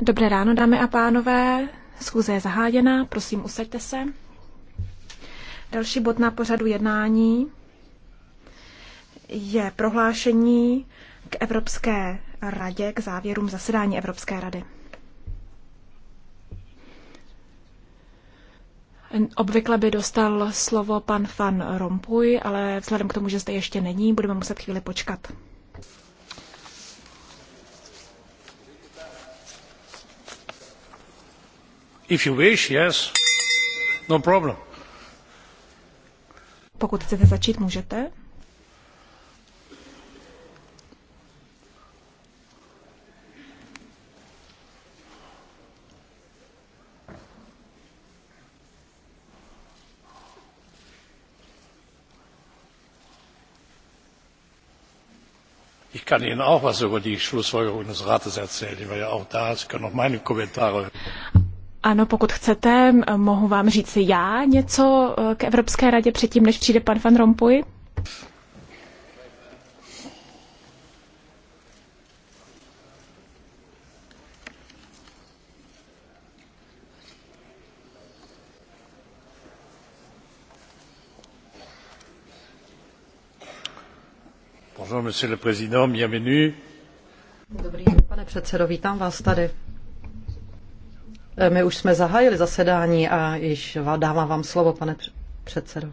Dobré ráno, dámy a pánové. Schůze je zahájena, prosím, usaďte se. Další bod na pořadu jednání je prohlášení k Evropské radě, k závěrům zasedání Evropské rady. Obvykle by dostal slovo pan Van Rompuy, ale vzhledem k tomu, že zde ještě není, budeme muset chvíli počkat. If you wish, yes. No problem. Pokud chcete začít, můžete. Ich kann Ihnen auch was über die Schlussfolgerungen des Rates erzählen. Ich war ja auch da. Sie können auch meine Kommentare. Ano, pokud chcete, mohu vám říct já něco e, k Evropské radě předtím, než přijde pan Van Rompuy. Bonjour, monsieur le président, Dobrý den, pane předsedo, vítám vás tady. Eh, my už jsme zahájili zasedání a již dávám vám slovo, pane předsedo.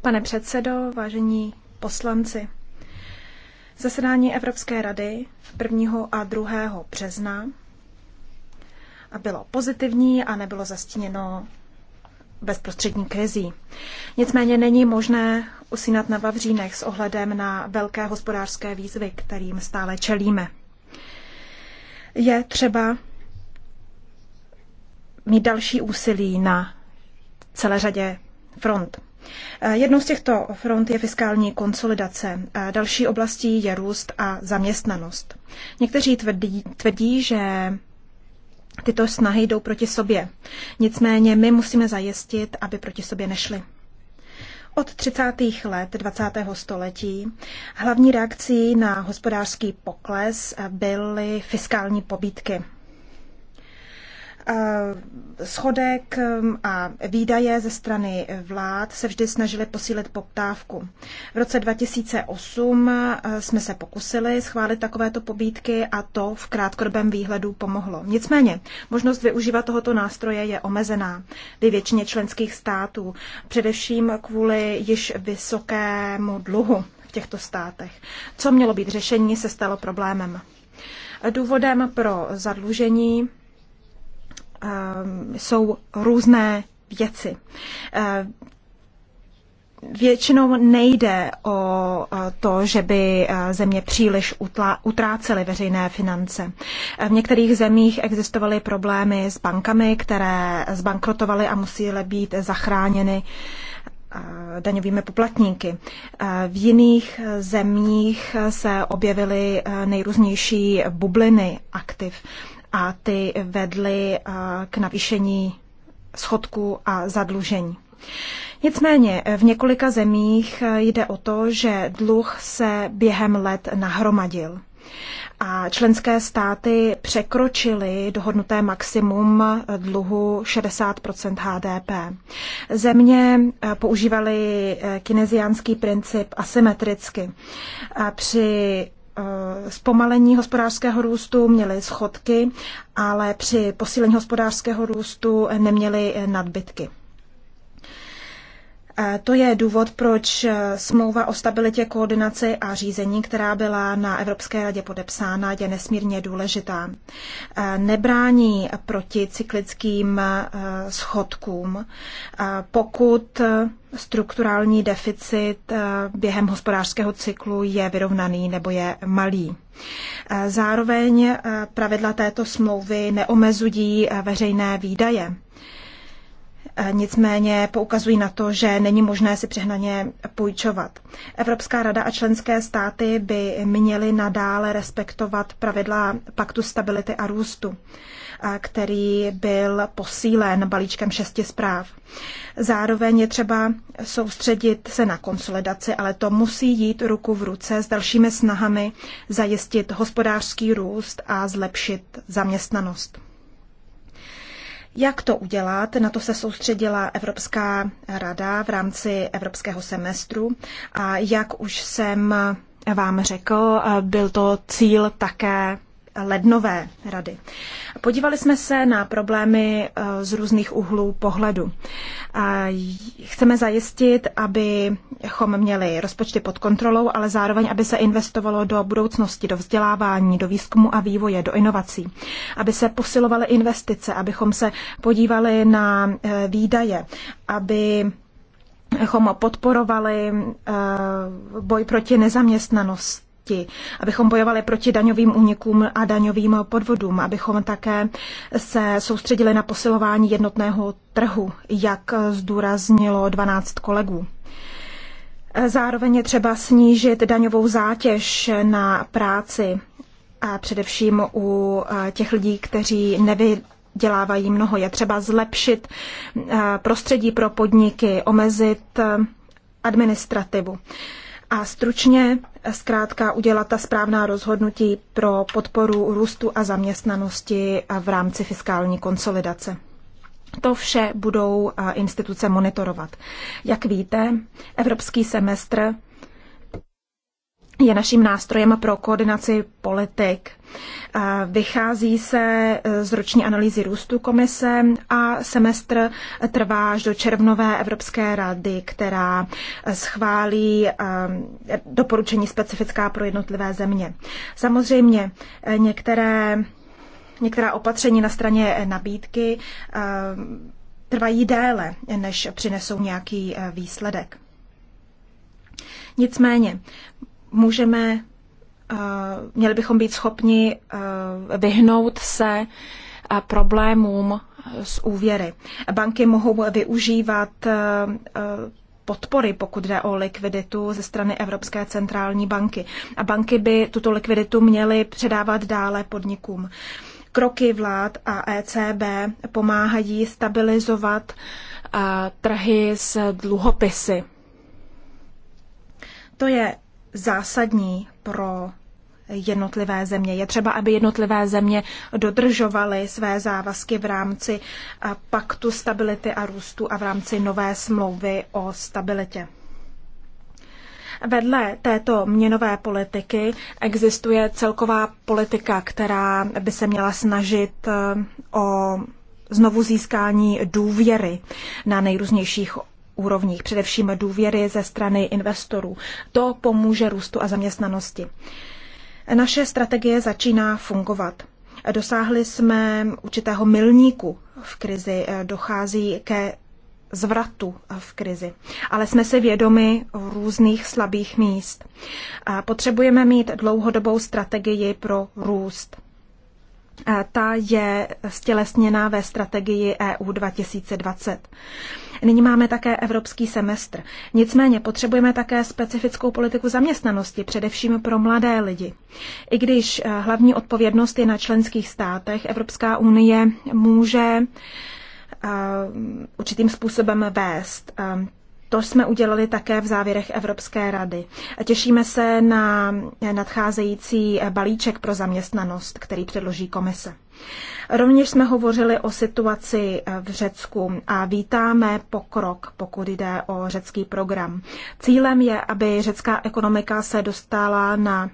Pane předsedo, vážení poslanci, zasedání Evropské rady 1. a 2. března bylo pozitivní a nebylo zastíněno bezprostřední krizí. Nicméně není možné usínat na Vavřínech s ohledem na velké hospodářské výzvy, kterým stále čelíme. Je třeba mít další úsilí na celé řadě front. Jednou z těchto front je fiskální konsolidace. Další oblastí je růst a zaměstnanost. Někteří tvrdí, tvrdí že tyto snahy jdou proti sobě. Nicméně my musíme zajistit, aby proti sobě nešly. Od 30. let 20. století hlavní reakcí na hospodářský pokles byly fiskální pobídky. Eh, schodek eh, a výdaje ze strany vlád se vždy snažili posílit poptávku. V roce 2008 eh, jsme se pokusili schválit takovéto pobídky a to v krátkodobém výhledu pomohlo. Nicméně, možnost využívat tohoto nástroje je omezená ve většině členských států, především kvůli již vysokému dluhu v těchto státech. Co mělo být řešení, se stalo problémem. Důvodem pro zadlužení Ehm, jsou různé věci. Ehm, většinou nejde o e, to, že by e, země příliš utrácely veřejné finance. E, v některých zemích existovaly problémy s bankami, které zbankrotovaly a musí být zachráněny daňovými poplatníky. V jiných zemích se objevily nejrůznější bubliny aktiv a ty vedly k navýšení schodku a zadlužení. Nicméně v několika zemích e, jde o to, že dluh se během let nahromadil a členské státy překročily dohodnuté maximum dluhu 60 HDP. Země e, používaly e, kineziánský princip asymetricky. Při Eh, zpomalení hospodářského růstu, měli schodky, ale při posílení hospodářského růstu neměli nadbytky. Eh, to je důvod, proč eh, smlouva o stabilitě, koordinaci a řízení, která byla na Evropské radě podepsána, je nesmírně důležitá. Nebrání proti cyklickým schodkům, pokud strukturální deficit eh, během hospodářského cyklu je vyrovnaný nebo je malý. Eh, zároveň eh, pravidla této smlouvy neomezují veřejné výdaje. Nicméně poukazují na to, že není možné si přehnaně půjčovat. Evropská rada a členské státy by měly nadále respektovat pravidla Paktu stability a růstu který byl posílen balíčkem šesti zpráv. Zároveň je třeba soustředit se na konsolidaci, ale to musí jít ruku v ruce s dalšími snahami zajistit hospodářský růst a zlepšit zaměstnanost. Jak to udělat? Na to se soustředila Evropská rada v rámci evropského semestru a jak už jsem vám řekl, byl to cíl také lednové rady. Podívali jsme se na problémy eh, z různých úhlů pohledu. Chceme zajistit, abychom měli rozpočty pod kontrolou, ale zároveň, aby se investovalo do budoucnosti, do vzdělávání, do výzkumu a vývoje, do inovací, aby se posilovaly investice, abychom se podívali na eh, výdaje, aby abychom podporovali eh, boj proti nezaměstnanosti proti, abychom bojovali proti daňovým únikům a daňovým podvodům, abychom také se soustředili na posilování jednotného trhu, jak zdůraznilo 12 kolegů. Zároveň je třeba snížit daňovou zátěž na práci, a především u eh, těch lidí, kteří nevy, dělávají mnoho. Je třeba zlepšit eh, prostředí pro podniky, omezit eh, administrativu a stručně zkrátka udělat ta správná rozhodnutí pro podporu růstu a zaměstnanosti v rámci fiskální konsolidace. To vše budou eh, instituce monitorovat. Jak víte, evropský semestr je naším nástrojem pro koordinaci politik. Vychází se e, z roční analýzy růstu komise a semestr trvá až do červnové Evropské rady, která e, schválí e, doporučení specifická pro jednotlivé země. Samozřejmě některé, některá opatření na straně nabídky trvají déle, než přinesou nějaký výsledek. Nicméně můžeme, eh, měli bychom být schopni eh, vyhnout se eh, problémům s úvěry. Banky mohou využívat podpory, pokud jde o likviditu ze strany Evropské centrální banky. A banky by tuto likviditu měly předávat dále podnikům. Kroky vlád a ECB pomáhají stabilizovat trhy s dluhopisy. To je zásadní pro jednotlivé země. Je třeba, aby jednotlivé země dodržovaly své závazky v rámci eh, paktu stability a růstu a v rámci nové smlouvy o stabilitě. Vedle této měnové politiky existuje celková politika, která by se měla snažit eh, o znovu získání důvěry na nejrůznějších úrovních, především důvěry ze strany investorů. To pomůže růstu a zaměstnanosti. Naše strategie začíná fungovat. Dosáhli jsme určitého milníku v krizi, dochází ke zvratu v krizi. Ale jsme si vědomi různých slabých míst. Potřebujeme mít dlouhodobou strategii pro růst ta je stělesněná ve strategii EU 2020. Nyní máme také evropský semestr. Nicméně potřebujeme také specifickou politiku zaměstnanosti, především pro mladé lidi. I když eh, hlavní odpovědnost je na členských státech, Evropská unie může eh, určitým způsobem vést eh, to jsme udělali také v závěrech Evropské rady. Těšíme se na nadcházející balíček pro zaměstnanost, který předloží komise. Rovněž jsme hovořili o situaci v Řecku a vítáme pokrok, pokud jde o řecký program. Cílem je, aby řecká ekonomika se dostala na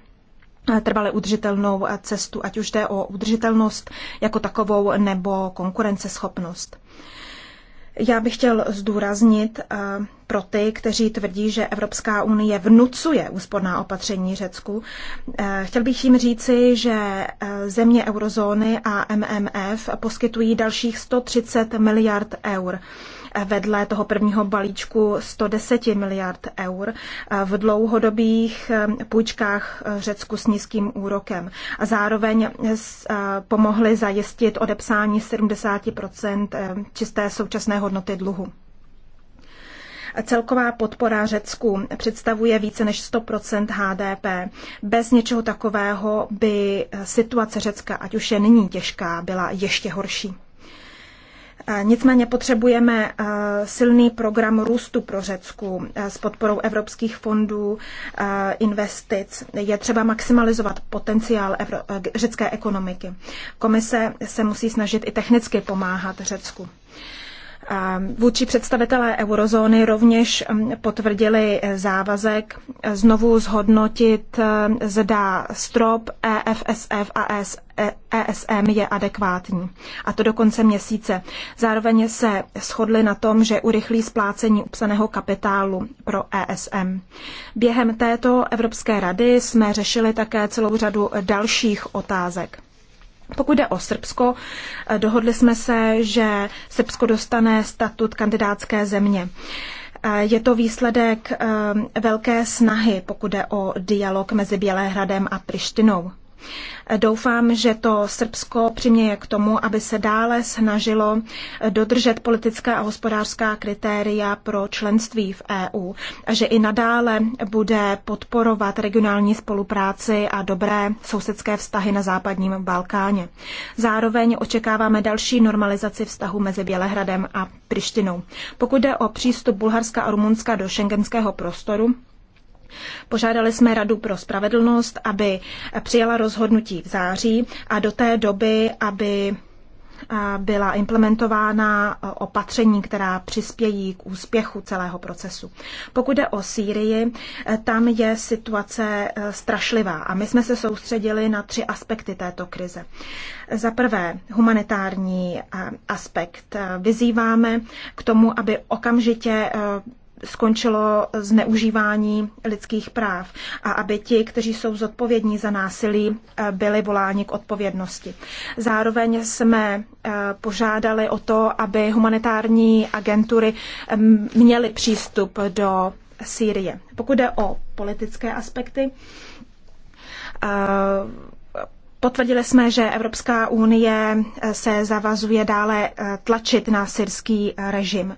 trvale udržitelnou cestu, ať už jde o udržitelnost jako takovou nebo konkurenceschopnost. Já bych chtěl zdůraznit eh, pro ty, kteří tvrdí, že Evropská unie vnucuje úsporná opatření Řecku. Eh, chtěl bych jim říci, že eh, země eurozóny a MMF poskytují dalších 130 miliard eur vedle toho prvního balíčku 110 miliard eur v dlouhodobých eh, půjčkách eh, Řecku s nízkým úrokem. A zároveň eh, pomohly zajistit odepsání 70 čisté současné hodnoty dluhu. Celková podpora Řecku představuje více než 100 HDP. Bez něčeho takového by situace Řecka, ať už je nyní těžká, byla ještě horší. Nicméně potřebujeme eh, silný program růstu pro Řecku eh, s podporou evropských fondů, eh, investic. Je třeba maximalizovat potenciál řecké ekonomiky. Komise se musí snažit i technicky pomáhat Řecku. Vůči představitelé eurozóny rovněž mm, potvrdili závazek znovu zhodnotit, e, zda strop EFSF a ESM e je adekvátní. A to do konce měsíce. Zároveň se shodli na tom, že urychlí splácení upsaného kapitálu pro ESM. Během této Evropské rady jsme řešili také celou řadu dalších otázek. Pokud jde o Srbsko, eh, dohodli jsme se, že Srbsko dostane statut kandidátské země. Eh, je to výsledek eh, velké snahy, pokud jde o dialog mezi Bělehradem a Prištinou. Doufám, že to Srbsko přiměje k tomu, aby se dále snažilo dodržet politická a hospodářská kritéria pro členství v EU a že i nadále bude podporovat regionální spolupráci a dobré sousedské vztahy na západním Balkáně. Zároveň očekáváme další normalizaci vztahu mezi Bělehradem a Prištinou. Pokud jde o přístup Bulharska a Rumunska do šengenského prostoru, Požádali jsme Radu pro spravedlnost, aby přijala rozhodnutí v září a do té doby, aby byla implementována opatření, která přispějí k úspěchu celého procesu. Pokud jde o Sýrii, tam je situace e, strašlivá a my jsme se soustředili na tři aspekty této krize. Za prvé, humanitární e, aspekt. E, vyzýváme k tomu, aby okamžitě skončilo zneužívání lidských práv a aby ti, kteří jsou zodpovědní za násilí, eh, byli voláni k odpovědnosti. Zároveň jsme eh, požádali o to, aby humanitární agentury eh, měly přístup do Sýrie. Pokud jde o politické aspekty, Potvrdili jsme, že Evropská unie eh, se zavazuje dále eh, tlačit na syrský eh, režim.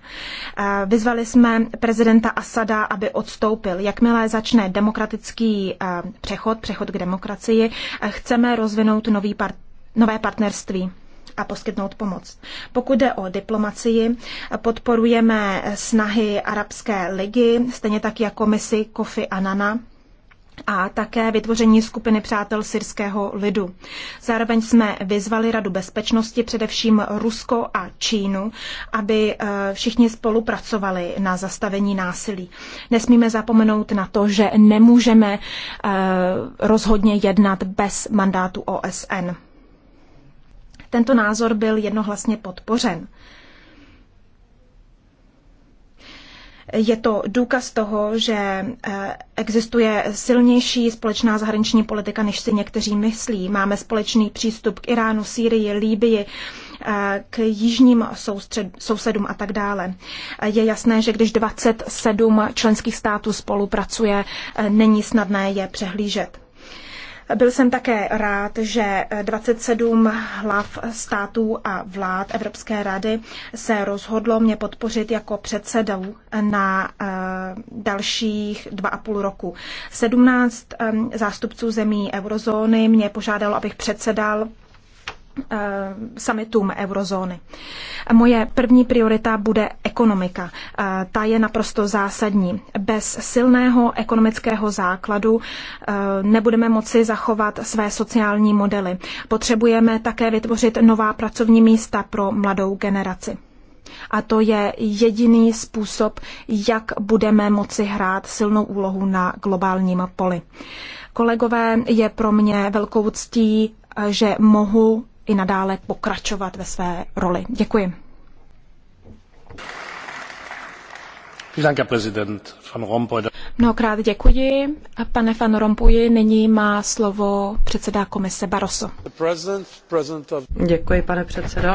Vyzvali jsme prezidenta Asada, aby odstoupil. Jakmile začne demokratický přechod, přechod k demokracii, chceme rozvinout nový nové partnerství a poskytnout pomoc. Pokud jde o diplomacii, podporujeme snahy Arabské ligy, stejně tak jako misi Kofi Anana a také vytvoření skupiny přátel syrského lidu. Zároveň jsme vyzvali Radu bezpečnosti, především Rusko a Čínu, aby e, všichni spolupracovali na zastavení násilí. Nesmíme zapomenout na to, že nemůžeme e, rozhodně jednat bez mandátu OSN. Tento názor byl jednohlasně podpořen. Je to důkaz toho, že eh, existuje silnější společná zahraniční politika, než si někteří myslí. Máme společný přístup k Iránu, Sýrii, Líbii, eh, k jižním soustřed, sousedům a tak dále. Eh, je jasné, že když 27 členských států spolupracuje, není snadné je přehlížet. Byl jsem také rád, že 27 hlav států a vlád Evropské rady se rozhodlo mě podpořit jako předsedou na eh, dalších dva a půl roku. 17 eh, zástupců zemí eurozóny mě požádalo, abych předsedal Eh, summitům eurozóny. Moje první priorita bude ekonomika. Eh, ta je naprosto zásadní. Bez silného ekonomického základu eh, nebudeme moci zachovat své sociální modely. Potřebujeme také vytvořit nová pracovní místa pro mladou generaci. A to je jediný způsob, jak budeme moci hrát silnou úlohu na globálním poli. Kolegové, je pro mě velkou ctí, že mohu i nadále pokračovat ve své roli. Děkuji. Mnohokrát děkuji. Pane Van Rompuy nyní má slovo předseda komise Barroso. Děkuji, pane předsedo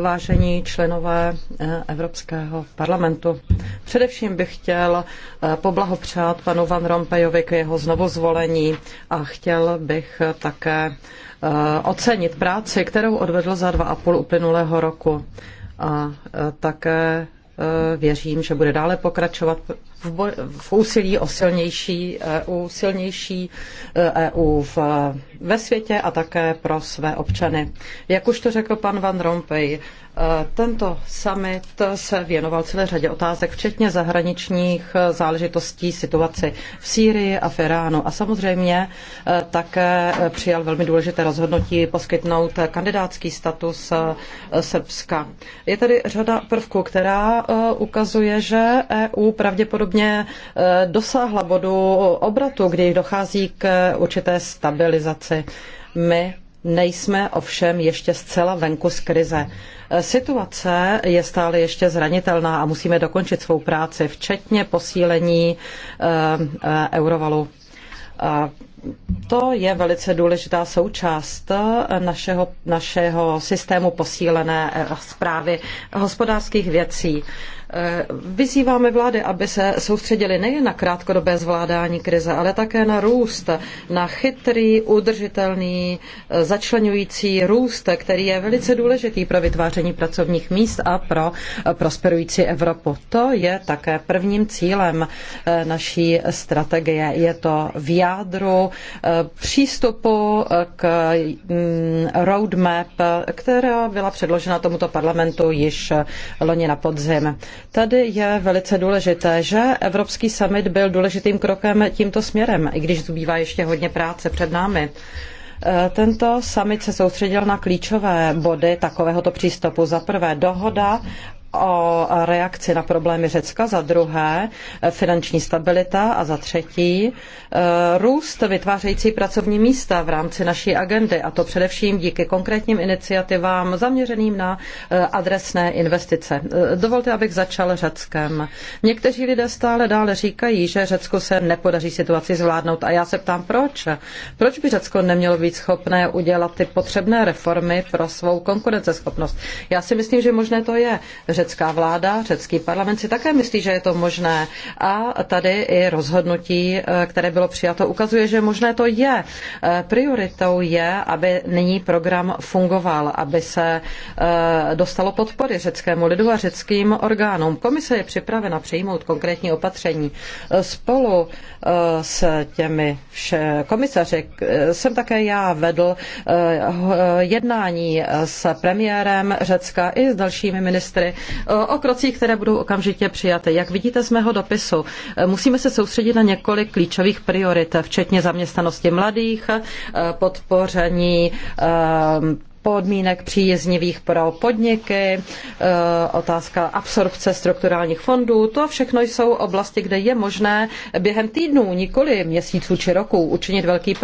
vážení členové eh, Evropského parlamentu. Především bych chtěl eh, poblahopřát panu Van Rompejovi k jeho znovuzvolení a chtěl bych také eh, ocenit práci, kterou odvedl za dva a půl uplynulého roku. A také věřím, že bude dále pokračovat v, boj, v úsilí o silnější EU, eh, silnější EU eh, e v, eh, ve světě a také pro své občany. Jak už to řekl pan Van Rompuy, tento summit se věnoval celé řadě otázek, včetně zahraničních záležitostí situaci v Sýrii a v Iránu. A samozřejmě také přijal velmi důležité rozhodnutí poskytnout kandidátský status Srbska. Je tady řada prvků, která ukazuje, že EU pravděpodobně postupně eh, dosáhla bodu obratu, kdy dochází k určité stabilizaci. My nejsme ovšem ještě zcela venku z krize. Eh, situace je stále ještě zranitelná a musíme dokončit svou práci, včetně posílení eh, eurovalu. To je velice důležitá součást našeho, našeho systému posílené zprávy hospodářských věcí. Eh, vyzýváme vlády, aby se soustředili nejen na krátkodobé zvládání krize, ale také na růst, na chytrý, udržitelný, eh, začlenující růst, který je velice důležitý pro vytváření pracovních míst a pro eh, prosperující Evropu. To je také prvním cílem naší strategie. Je to v jádru přístupu k mm, roadmap, která byla předložena tomuto parlamentu již loni na podzim. Tady je velice důležité, že Evropský summit byl důležitým krokem tímto směrem, i když zbývá ještě hodně práce před námi. E, tento summit se soustředil na klíčové body takovéhoto přístupu. Za prvé dohoda o reakci na problémy Řecka, za druhé e, finanční stabilita a za třetí e, růst vytvářející pracovní místa v rámci naší agendy a to především díky konkrétním iniciativám zaměřeným na e, adresné investice. Dovolte, abych začal Řeckem. Někteří lidé stále dále říkají, že Řecku se nepodaří situaci zvládnout a já se ptám, proč? Proč by Řecko nemělo být schopné udělat ty potřebné reformy pro svou konkurenceschopnost? Já si myslím, že možné to je. Řecko Řecká vláda, řecký parlament si také myslí, že je to možné. A tady i rozhodnutí, eh, které bylo přijato, ukazuje, že možné to je. Eh, prioritou je, aby nyní program fungoval, aby se eh, dostalo podpory řeckému lidu a řeckým orgánům. Komise je připravena přijmout konkrétní opatření. Spolu s těmi vše, komisaři jsem také já vedl jednání s premiérem Řecka i s dalšími ministry o krocích, které budou okamžitě přijaty. Jak vidíte z mého dopisu, e, musíme se soustředit na několik klíčových priorit, včetně zaměstnanosti mladých, e, podpoření e, podmínek příjezdnivých pro podniky, otázka absorpce strukturálních fondů. To všechno jsou oblasti, kde je možné během týdnů, nikoli měsíců či roků, učinit velký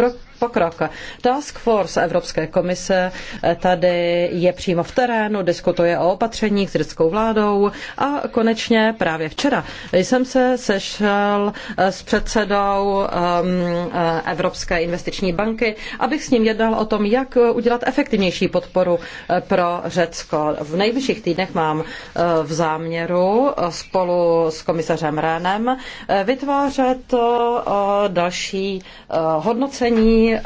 pokrok. Task Force Evropské komise eh, tady je přímo v terénu, diskutuje o opatřeních s řeckou vládou a konečně právě včera jsem se sešel eh, s předsedou ehm, eh, Evropské investiční banky, abych s ním jednal o tom, jak udělat efektivnější podporu pro Řecko. V nejbližších týdnech mám v záměru spolu s komisařem Rénem vytvářet další hodnocení Eh,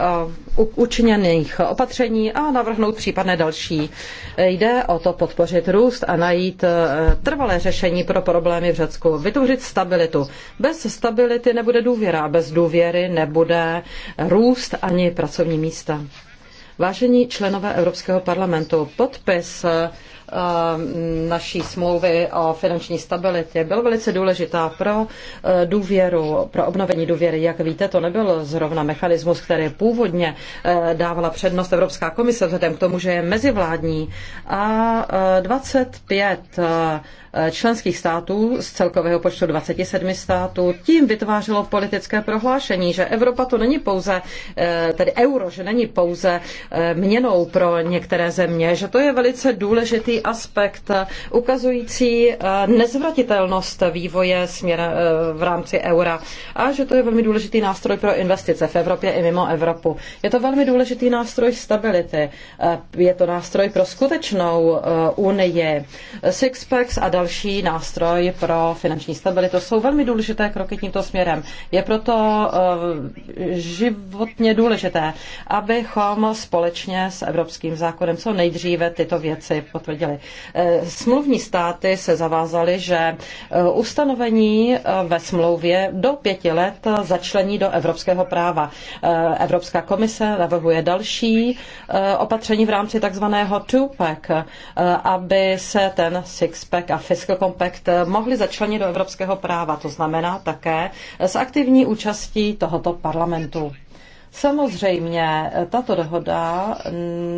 učiněných opatření a navrhnout případné další. Jde o to podpořit růst a najít eh, trvalé řešení pro problémy v Řecku, vytvořit stabilitu. Bez stability nebude důvěra a bez důvěry nebude růst ani pracovní místa. Vážení členové Evropského parlamentu, podpis eh, Eh, naší smlouvy o finanční stabilitě byla velice důležitá pro eh, důvěru, pro obnovení důvěry. Jak víte, to nebyl zrovna mechanismus, který původně eh, dávala přednost Evropská komise vzhledem k tomu, že je mezivládní a 25 členských států z celkového počtu 27 států. Tím vytvářelo politické prohlášení, že Evropa to není pouze, eh, tedy euro, že není pouze eh, měnou pro některé země, že to je velice důležitý aspekt eh, ukazující nezvratitelnost vývoje směr v rámci eura a že to je velmi důležitý nástroj pro investice v Evropě i mimo Evropu. Je to velmi důležitý nástroj stability, je to nástroj pro skutečnou unii, sixpacks a další další nástroj pro finanční stabilitu. Jsou velmi důležité kroky tímto směrem. Je proto eh, životně důležité, abychom společně s evropským zákonem co nejdříve tyto věci potvrdili. Eh, smluvní státy se zavázaly, že eh, ustanovení ve smlouvě do pěti let začlení do evropského práva. Evropská komise navrhuje další opatření v rámci takzvaného two-pack, aby se ten six-pack a Fiscal Compact eh, mohli začlenit do evropského práva. To znamená také s aktivní účastí tohoto parlamentu. Samozřejmě tato dohoda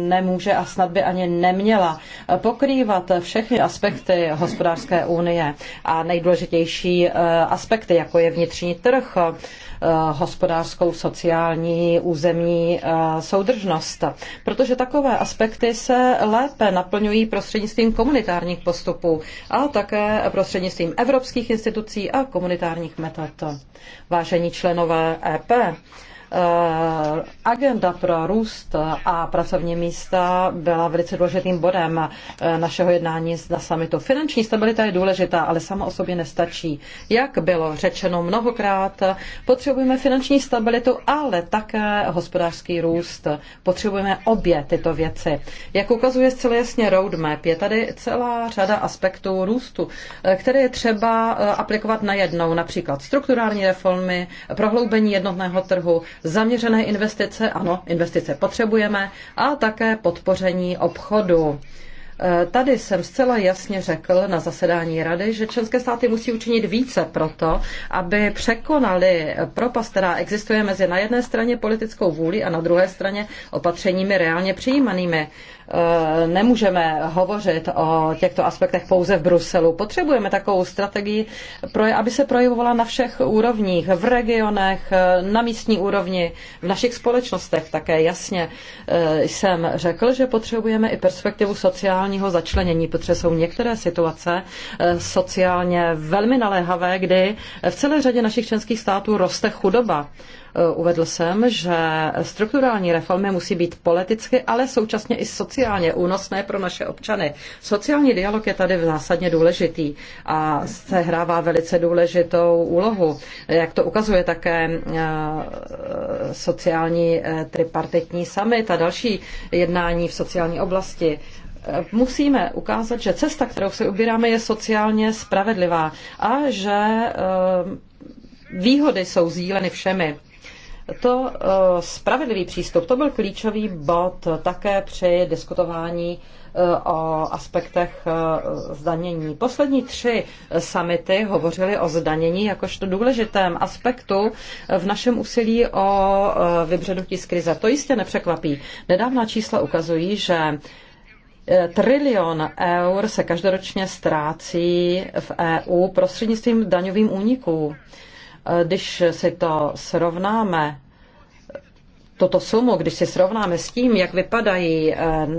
nemůže a snad by ani neměla pokrývat všechny aspekty hospodářské unie a nejdůležitější eh, aspekty, jako je vnitřní trh, eh, hospodářskou, sociální, územní eh, soudržnost. Protože takové aspekty se lépe naplňují prostřednictvím komunitárních postupů a také prostřednictvím evropských institucí a komunitárních metod. Vážení členové EP, Eh, agenda pro růst a pracovní místa byla velice důležitým bodem eh, našeho jednání na samitu. Finanční stabilita je důležitá, ale sama o sobě nestačí. Jak bylo řečeno mnohokrát, potřebujeme finanční stabilitu, ale také hospodářský růst. Potřebujeme obě tyto věci. Jak ukazuje zcela jasně roadmap, je tady celá řada aspektů růstu, eh, které je třeba aplikovat najednou, například strukturální reformy, prohloubení jednotného trhu, Zaměřené investice, ano, investice potřebujeme, a také podpoření obchodu. E, tady jsem zcela jasně řekl na zasedání rady, že členské státy musí učinit více proto, aby překonali propast, která existuje mezi na jedné straně politickou vůli a na druhé straně opatřeními reálně přijímanými. Eh, nemůžeme hovořit o těchto aspektech pouze v Bruselu. Potřebujeme takovou strategii, aby se projevovala na všech úrovních, v regionech, eh, na místní úrovni, v našich společnostech také jasně eh, jsem řekl, že potřebujeme i perspektivu sociálního začlenění, protože jsou některé situace sociálně velmi naléhavé, kdy v celé řadě našich členských států roste chudoba. Eh, uvedl jsem, že strukturální reformy musí být politicky, ale současně i sociálně únosné pro naše občany. Sociální dialog je tady zásadně důležitý a hrává velice důležitou úlohu, jak to ukazuje také eh, sociální eh, tripartitní summit a další jednání v sociální oblasti musíme ukázat, že cesta, kterou se ubíráme, je sociálně spravedlivá a že výhody jsou sdíleny všemi. To eh, spravedlivý přístup, to byl klíčový bod také při diskutování eh, o aspektech eh, zdanění. Poslední tři samity hovořily o zdanění jakožto důležitém aspektu v našem úsilí o vybřednutí z krize. To jistě nepřekvapí. Nedávná čísla ukazují, že trilion eur se každoročně ztrácí v EU prostřednictvím daňovým úniků. Eh, když si to srovnáme tuto sumu, když si srovnáme s tím, jak vypadají eh,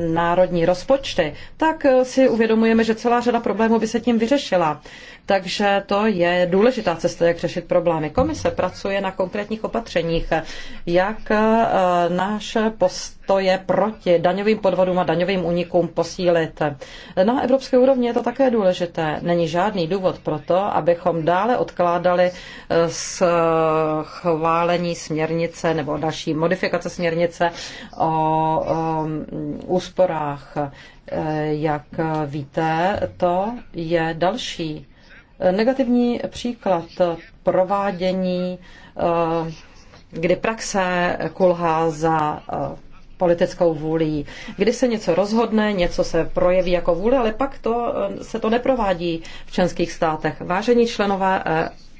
národní rozpočty, tak eh, si uvědomujeme, že celá řada problémů by se tím vyřešila. Takže to je důležitá cesta, jak řešit problémy. Komise pracuje na konkrétních opatřeních, jak eh, náš postoje proti daňovým podvodům a daňovým únikům posílit. Na evropské úrovni je to také důležité. Není žádný důvod pro to, abychom dále odkládali schválení směrnice nebo další modifikace aplikace směrnice o, o um, úsporách. Eh, jak víte, to je další eh, negativní příklad provádění, eh, kdy praxe kulhá za politickou vůlí. Kdy se něco rozhodne, něco se projeví jako vůle, ale pak to, se to neprovádí v členských státech. Vážení členové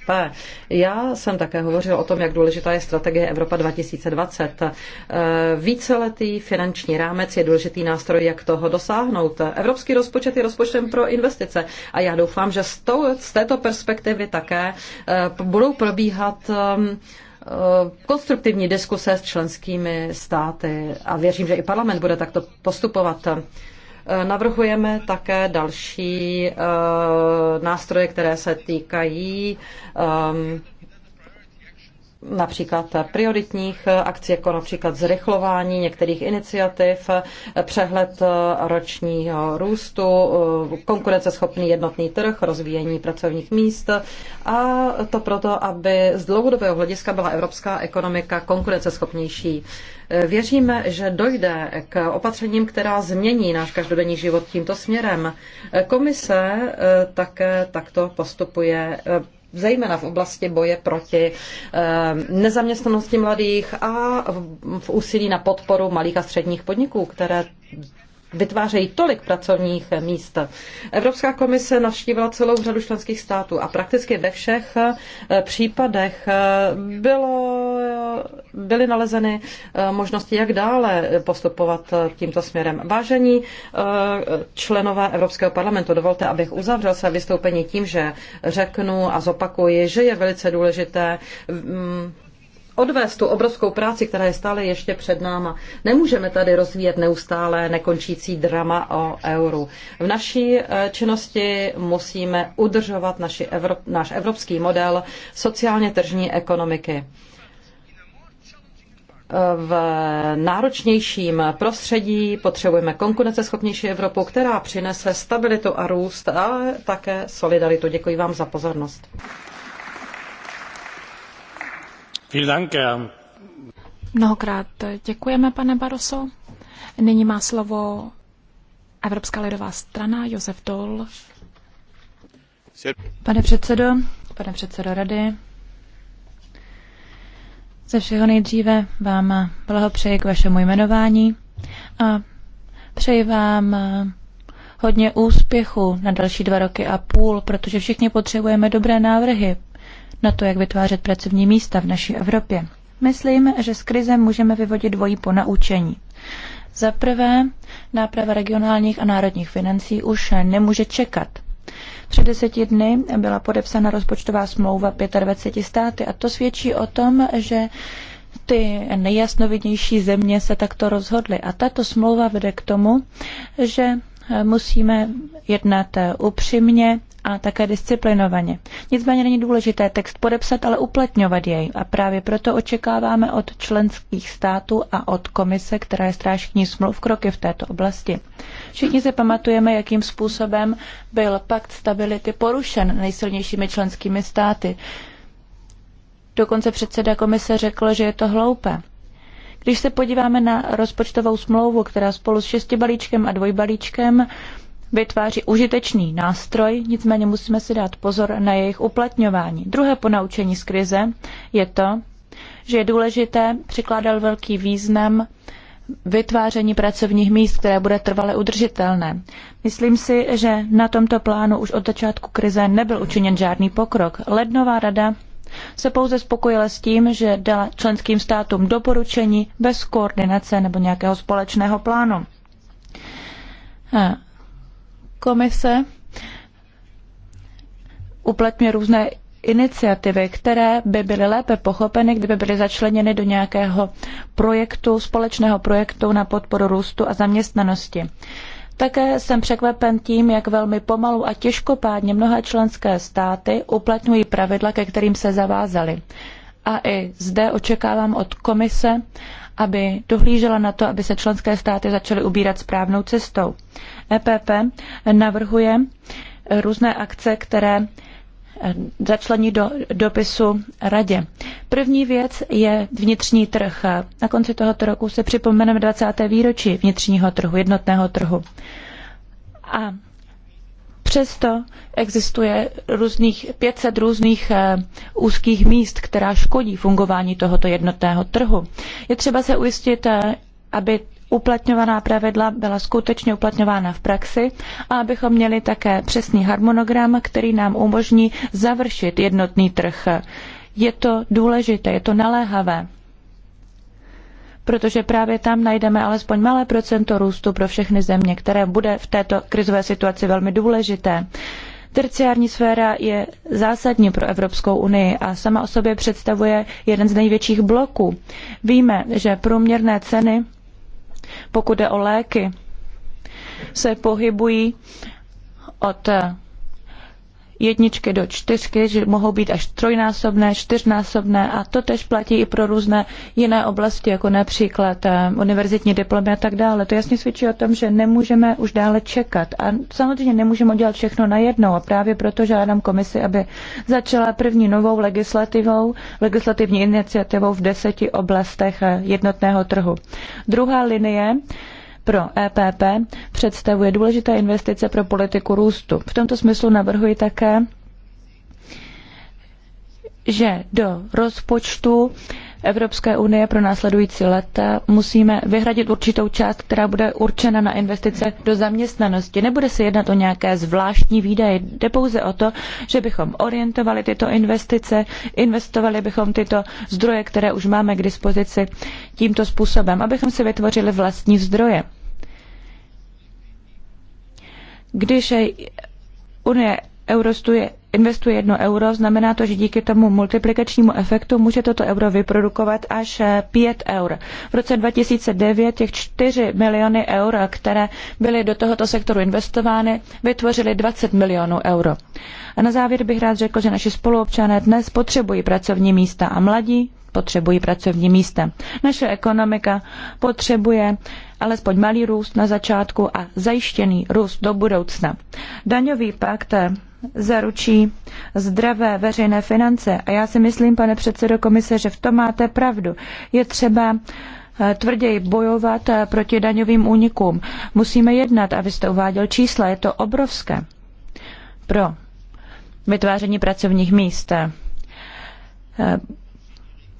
HDP. Já jsem také hovořil o tom, jak důležitá je strategie Evropa 2020. Eh, víceletý finanční rámec je důležitý nástroj, jak toho dosáhnout. Evropský rozpočet je rozpočtem pro investice a já doufám, že z této perspektivy také eh, budou probíhat ehm, eh, konstruktivní diskuse s členskými státy a věřím, že i parlament bude takto postupovat. Navrhujeme také další eh, nástroje, které se týkají ehm, například prioritních akcí, jako například zrychlování některých iniciativ, přehled ročního růstu, konkurenceschopný jednotný trh, rozvíjení pracovních míst a to proto, aby z dlouhodobého hlediska byla evropská ekonomika konkurenceschopnější. Věříme, že dojde k opatřením, která změní náš každodenní život tímto směrem. Komise také takto postupuje zejména v oblasti boje proti eh, nezaměstnanosti mladých a v úsilí na podporu malých a středních podniků, které vytvářejí tolik pracovních míst. Evropská komise navštívila celou řadu členských států a prakticky ve všech eh, případech eh, bylo, eh, byly nalezeny možnosti, jak dále postupovat tímto směrem. Vážení členové Evropského parlamentu, dovolte, abych uzavřel své vystoupení tím, že řeknu a zopakuji, že je velice důležité mm, odvést tu obrovskou práci, která je stále ještě před náma. Nemůžeme tady rozvíjet neustále nekončící drama o euru. V naší eh, činnosti musíme udržovat naši Evrop, náš evropský model sociálně tržní ekonomiky v náročnějším prostředí, potřebujeme konkurenceschopnější Evropu, která přinese stabilitu a růst, ale také solidaritu. Děkuji vám za pozornost. Mnohokrát děkujeme, pane Barroso. Nyní má slovo Evropská lidová strana, Josef Dol. Pane předsedo, pane předsedo rady, ze všeho nejdříve vám blahopřeji k vašemu jmenování a přeji vám hodně úspěchu na další dva roky a půl, protože všichni potřebujeme dobré návrhy na to, jak vytvářet pracovní místa v naší Evropě. Myslím, že z krize můžeme vyvodit dvojí ponaučení. Za prvé, náprava regionálních a národních financí už nemůže čekat. Před deseti dny byla podepsána rozpočtová smlouva 25 státy a to svědčí o tom, že ty nejjasnovidnější země se takto rozhodly. A tato smlouva vede k tomu, že musíme jednat upřímně, a také disciplinovaně. Nicméně není důležité text podepsat, ale uplatňovat jej. A právě proto očekáváme od členských států a od komise, která je strážkní smluv, kroky v této oblasti. Všichni se pamatujeme, jakým způsobem byl pakt stability porušen nejsilnějšími členskými státy. Dokonce předseda komise řekl, že je to hloupé. Když se podíváme na rozpočtovou smlouvu, která spolu s šesti balíčkem a dvojbalíčkem vytváří užitečný nástroj, nicméně musíme si dát pozor na jejich uplatňování. Druhé ponaučení z krize je to, že je důležité přikládal velký význam vytváření pracovních míst, které bude trvale udržitelné. Myslím si, že na tomto plánu už od začátku krize nebyl učiněn žádný pokrok. Lednová rada se pouze spokojila s tím, že dala členským státům doporučení bez koordinace nebo nějakého společného plánu. Komise uplatňuje různé iniciativy, které by byly lépe pochopeny, kdyby byly začleněny do nějakého projektu, společného projektu na podporu růstu a zaměstnanosti. Také jsem překvapen tím, jak velmi pomalu a těžkopádně mnohé členské státy uplatňují pravidla, ke kterým se zavázaly. A i zde očekávám od komise, aby dohlížela na to, aby se členské státy začaly ubírat správnou cestou. EPP navrhuje různé akce, které eh, začlení do dopisu radě. První věc je vnitřní trh. Na konci tohoto roku se připomeneme 20. výročí vnitřního trhu, jednotného trhu. A přesto existuje různých 500 různých eh, úzkých míst, která škodí fungování tohoto jednotného trhu. Je třeba se ujistit, eh, aby uplatňovaná pravidla byla skutečně uplatňována v praxi a abychom měli také přesný harmonogram, který nám umožní završit jednotný trh. Je to důležité, je to naléhavé, protože právě tam najdeme alespoň malé procento růstu pro všechny země, které bude v této krizové situaci velmi důležité. Terciární sféra je zásadní pro Evropskou unii a sama o sobě představuje jeden z největších bloků. Víme, že průměrné ceny pokud jde o léky, se pohybují od jedničky do čtyřky, že mohou být až trojnásobné, čtyřnásobné a to tež platí i pro různé jiné oblasti, jako například eh, univerzitní diplomy a tak dále. To jasně svědčí o tom, že nemůžeme už dále čekat a samozřejmě nemůžeme dělat všechno najednou a právě proto žádám komisi, aby začala první novou legislativou, legislativní iniciativou v deseti oblastech eh, jednotného trhu. Druhá linie pro EPP představuje důležité investice pro politiku růstu. V tomto smyslu navrhuji také, že do rozpočtu Evropské unie pro následující leta musíme vyhradit určitou část, která bude určena na investice do zaměstnanosti. Nebude se jednat o nějaké zvláštní výdaje, jde pouze o to, že bychom orientovali tyto investice, investovali bychom tyto zdroje, které už máme k dispozici tímto způsobem, abychom si vytvořili vlastní zdroje. Když Unie Eurostuje investuje jedno euro, znamená to, že díky tomu multiplikačnímu efektu může toto euro vyprodukovat až 5 eh, eur. V roce 2009 těch 4 miliony eur, které byly do tohoto sektoru investovány, vytvořily 20 milionů euro. A na závěr bych rád řekl, že naši spoluobčané dnes potřebují pracovní místa a mladí potřebují pracovní místa. Naše ekonomika potřebuje alespoň malý růst na začátku a zajištěný růst do budoucna. Daňový pakt zaručí zdravé veřejné finance a já si myslím, pane předsedo komise, že v tom máte pravdu. Je třeba eh, tvrději bojovat eh, proti daňovým únikům. Musíme jednat a uváděl čísla, je to obrovské pro vytváření pracovních míst. Eh,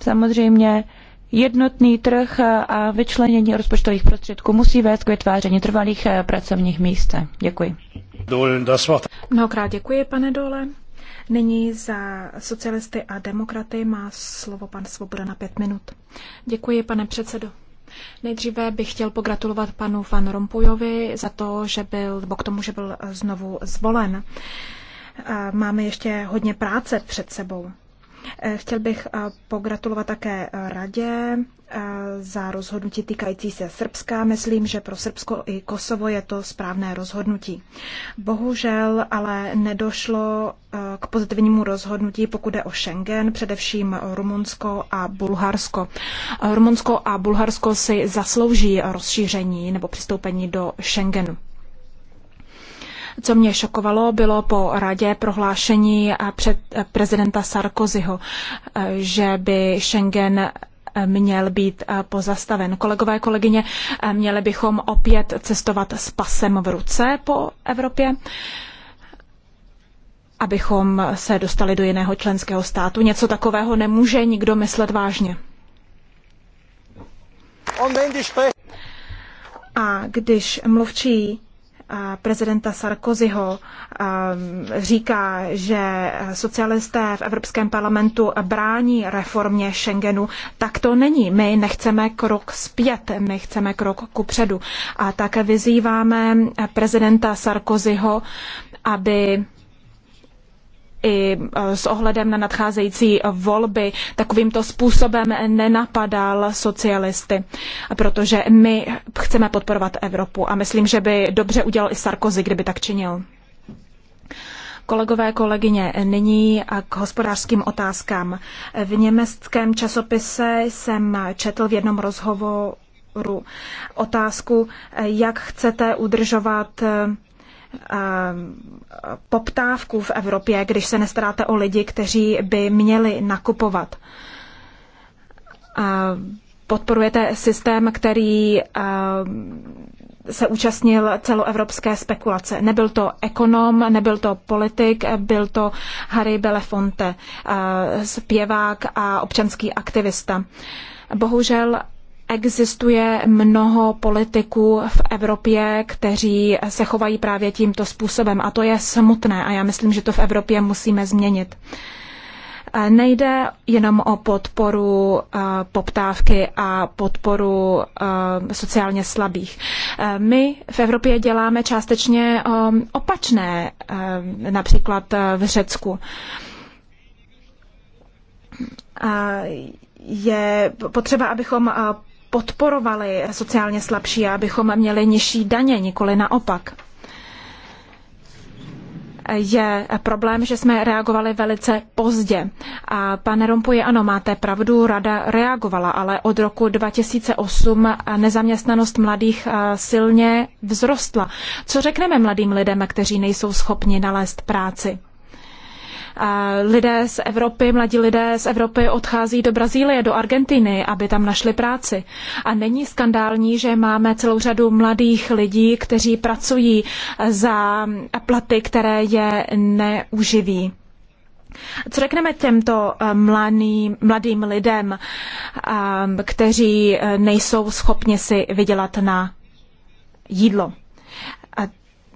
samozřejmě Jednotný trh a vyčlenění rozpočtových prostředků musí vést k vytváření trvalých eh, pracovních míst. Děkuji. Mnohokrát děkuji, pane Dole. Nyní za socialisty a demokraty má slovo pan Svoboda na pět minut. Děkuji, pane předsedo. Nejdříve bych chtěl pogratulovat panu Van Rompuyovi za to, že byl, nebo k tomu, že byl eh, znovu zvolen. Eh, máme ještě hodně práce před sebou. Eh, chtěl bych eh, pogratulovat také eh, radě za rozhodnutí týkající se Srbska. Myslím, že pro Srbsko i Kosovo je to správné rozhodnutí. Bohužel ale nedošlo k pozitivnímu rozhodnutí, pokud jde o Schengen, především Rumunsko a Bulharsko. Rumunsko a Bulharsko si zaslouží rozšíření nebo přistoupení do Schengenu. Co mě šokovalo, bylo po radě prohlášení před prezidenta Sarkozyho, že by Schengen měl být pozastaven. Kolegové, kolegyně, měli bychom opět cestovat s pasem v ruce po Evropě abychom se dostali do jiného členského státu. Něco takového nemůže nikdo myslet vážně. A když mluvčí prezidenta Sarkozyho říká, že socialisté v Evropském parlamentu brání reformě Schengenu, tak to není. My nechceme krok zpět, my chceme krok kupředu. A také vyzýváme prezidenta Sarkozyho, aby i e, s ohledem na nadcházející volby takovýmto způsobem nenapadal socialisty, protože my chceme podporovat Evropu a myslím, že by dobře udělal i Sarkozy, kdyby tak činil. Kolegové, kolegyně, nyní k hospodářským otázkám. V německém časopise jsem četl v jednom rozhovoru otázku, jak chcete udržovat e, poptávku v Evropě, když se nestaráte o lidi, kteří by měli nakupovat. Podporujete systém, který se účastnil celoevropské spekulace. Nebyl to ekonom, nebyl to politik, byl to Harry Belafonte, zpěvák a občanský aktivista. Bohužel Existuje mnoho politiků v Evropě, kteří se chovají právě tímto způsobem a to je smutné a já myslím, že to v Evropě musíme změnit. Eh, nejde jenom o podporu eh, poptávky a podporu eh, sociálně slabých. My v Evropě děláme částečně opačné, například v Řecku je potřeba, abychom podporovali sociálně slabší a abychom měli nižší daně, nikoli naopak. Je problém, že jsme reagovali velice pozdě. A pane Rompuji, ano, máte pravdu, rada reagovala, ale od roku 2008 nezaměstnanost mladých silně vzrostla. Co řekneme mladým lidem, kteří nejsou schopni nalézt práci? Lidé z Evropy, mladí lidé z Evropy odchází do Brazílie, do Argentiny, aby tam našli práci. A není skandální, že máme celou řadu mladých lidí, kteří pracují za platy, které je neuživí. Co řekneme těmto eh, mladým, mladým lidem, eh, kteří eh, nejsou schopni si vydělat na jídlo?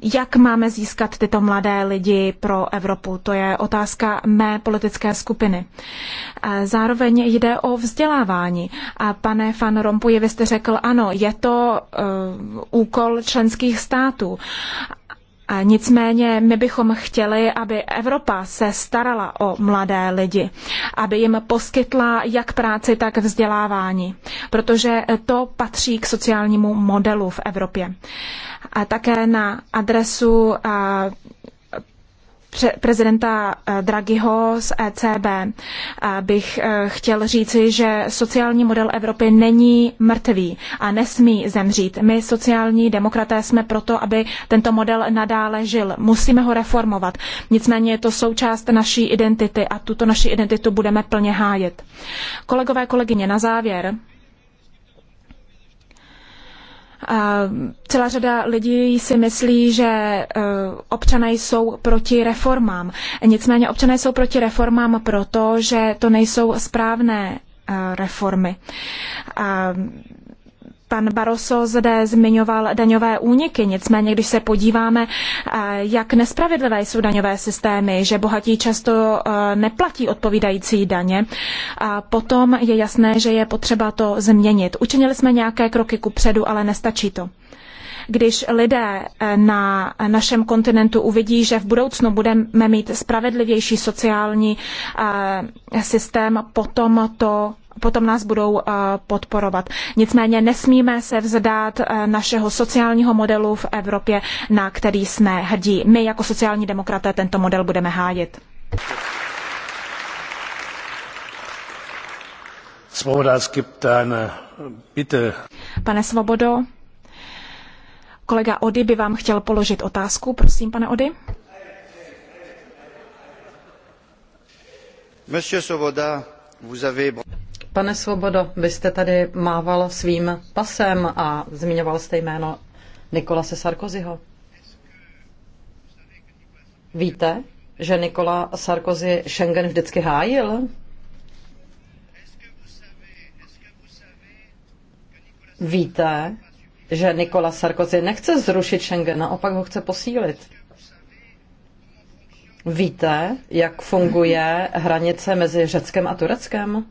Jak máme získat tyto mladé lidi pro Evropu? To je otázka mé politické skupiny. Zároveň jde o vzdělávání. A pane Fan Rompuy, vy jste řekl, ano, je to uh, úkol členských států. Nicméně my bychom chtěli, aby Evropa se starala o mladé lidi, aby jim poskytla jak práci, tak vzdělávání, protože to patří k sociálnímu modelu v Evropě. A také na adresu prezidenta eh, Draghiho z ECB eh, bych eh, chtěl říci, že sociální model Evropy není mrtvý a nesmí zemřít. My sociální demokraté jsme proto, aby tento model nadále žil. Musíme ho reformovat. Nicméně je to součást naší identity a tuto naši identitu budeme plně hájit. Kolegové, kolegyně, na závěr Celá řada lidí si myslí, že eh, občané jsou proti reformám. Nicméně občané jsou proti reformám proto, že to nejsou správné eh, reformy. Pan Barroso zde zmiňoval daňové úniky, nicméně když se podíváme, eh, jak nespravedlivé jsou daňové systémy, že bohatí často eh, neplatí odpovídající daně, a potom je jasné, že je potřeba to změnit. Učinili jsme nějaké kroky kupředu, ale nestačí to když lidé eh, na našem kontinentu uvidí, že v budoucnu budeme mít spravedlivější sociální systém, potom to potom nás budou eh, podporovat. Nicméně nesmíme se vzdát eh, našeho sociálního modelu v Evropě, na který jsme hrdí. My jako sociální demokraté tento model budeme hájit. Pane Svobodo, kolega Ody by vám chtěl položit otázku. Prosím, pane Ody. Monsieur Svoboda, vous avez... Pane Svobodo, vy jste tady mával svým pasem a zmiňoval jste jméno Nikolase Sarkozyho. Víte, že Nikola Sarkozy Schengen vždycky hájil? Víte, že Nikola Sarkozy nechce zrušit Schengen, naopak ho chce posílit. Víte, jak funguje hranice mezi Řeckem a Tureckem?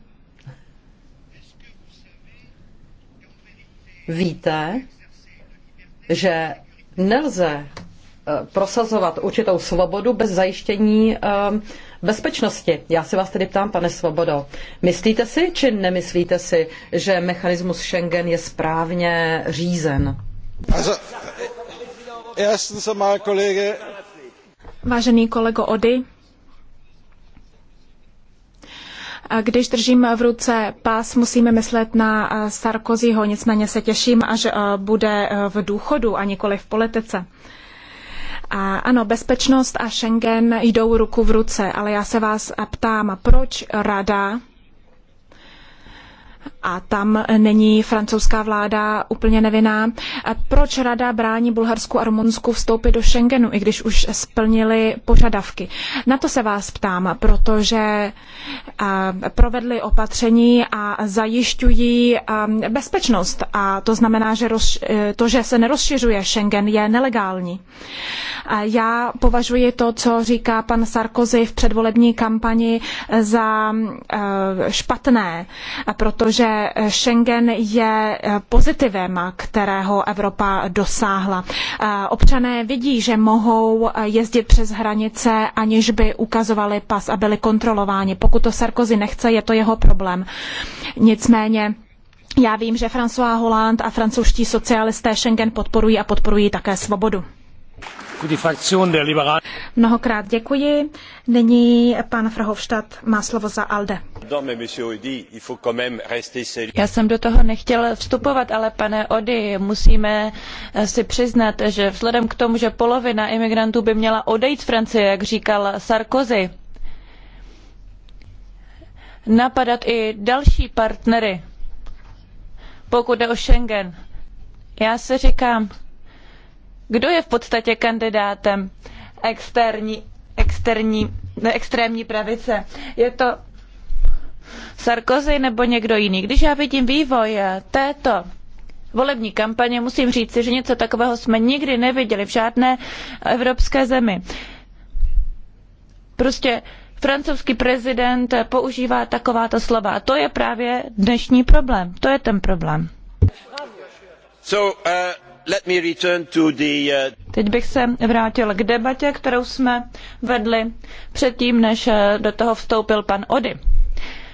víte, že nelze eh, prosazovat určitou svobodu bez zajištění eh, bezpečnosti. Já se vás tedy ptám, pane Svobodo, myslíte si či nemyslíte si, že mechanismus Schengen je správně řízen? Vážený kolego Ody, Když držím v ruce pás, musíme myslet na eh, Sarkozyho, nicméně se těším, až eh, bude eh, v důchodu a nikoli v politice. A ano, bezpečnost a Schengen jdou ruku v ruce, ale já se vás ptám, proč Rada a tam není francouzská vláda úplně nevinná. Proč rada brání Bulharsku a Rumunsku vstoupit do Schengenu, i když už splnili požadavky? Na to se vás ptám, protože provedli opatření a zajišťují bezpečnost a to znamená, že e, to, že se nerozšiřuje Schengen, je nelegální. Já považuji to, co říká pan Sarkozy v předvolební kampani za e, špatné, protože že Schengen je pozitivem, kterého Evropa dosáhla. Občané vidí, že mohou jezdit přes hranice, aniž by ukazovali pas a byli kontrolováni. Pokud to Sarkozy nechce, je to jeho problém. Nicméně já vím, že François Hollande a francouzští socialisté Schengen podporují a podporují také svobodu. Mnohokrát děkuji. Nyní pan Frhovštad má slovo za ALDE. Já jsem do toho nechtěl vstupovat, ale pane Ody, musíme eh, si přiznat, že vzhledem k tomu, že polovina imigrantů by měla odejít z Francie, jak říkal Sarkozy, napadat i další partnery, pokud jde o Schengen. Já si říkám, kdo je v podstatě kandidátem externí, externí, ne, extrémní pravice. Je to Sarkozy nebo někdo jiný. Když já vidím vývoj této volební kampaně, musím si, že něco takového jsme nikdy neviděli v žádné evropské zemi. Prostě francouzský prezident používá takováto slova. A to je právě dnešní problém. To je ten problém. So, uh... Uh, Teď bych se vrátil k debatě, kterou jsme vedli předtím, než eh, do toho vstoupil pan Ody.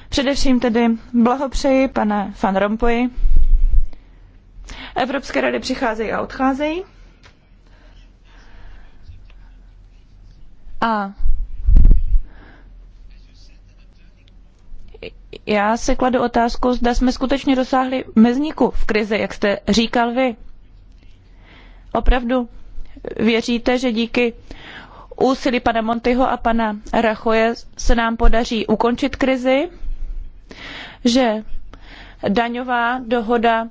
Především tedy blahopřeji pane Van Rompuy. Evropské rady přicházejí a odcházejí. A já si kladu otázku, zda jsme skutečně dosáhli mezníku v krizi, jak jste říkal vy. Opravdu věříte, že díky úsilí pana Montyho a pana Rachoje se nám podaří ukončit krizi, že daňová dohoda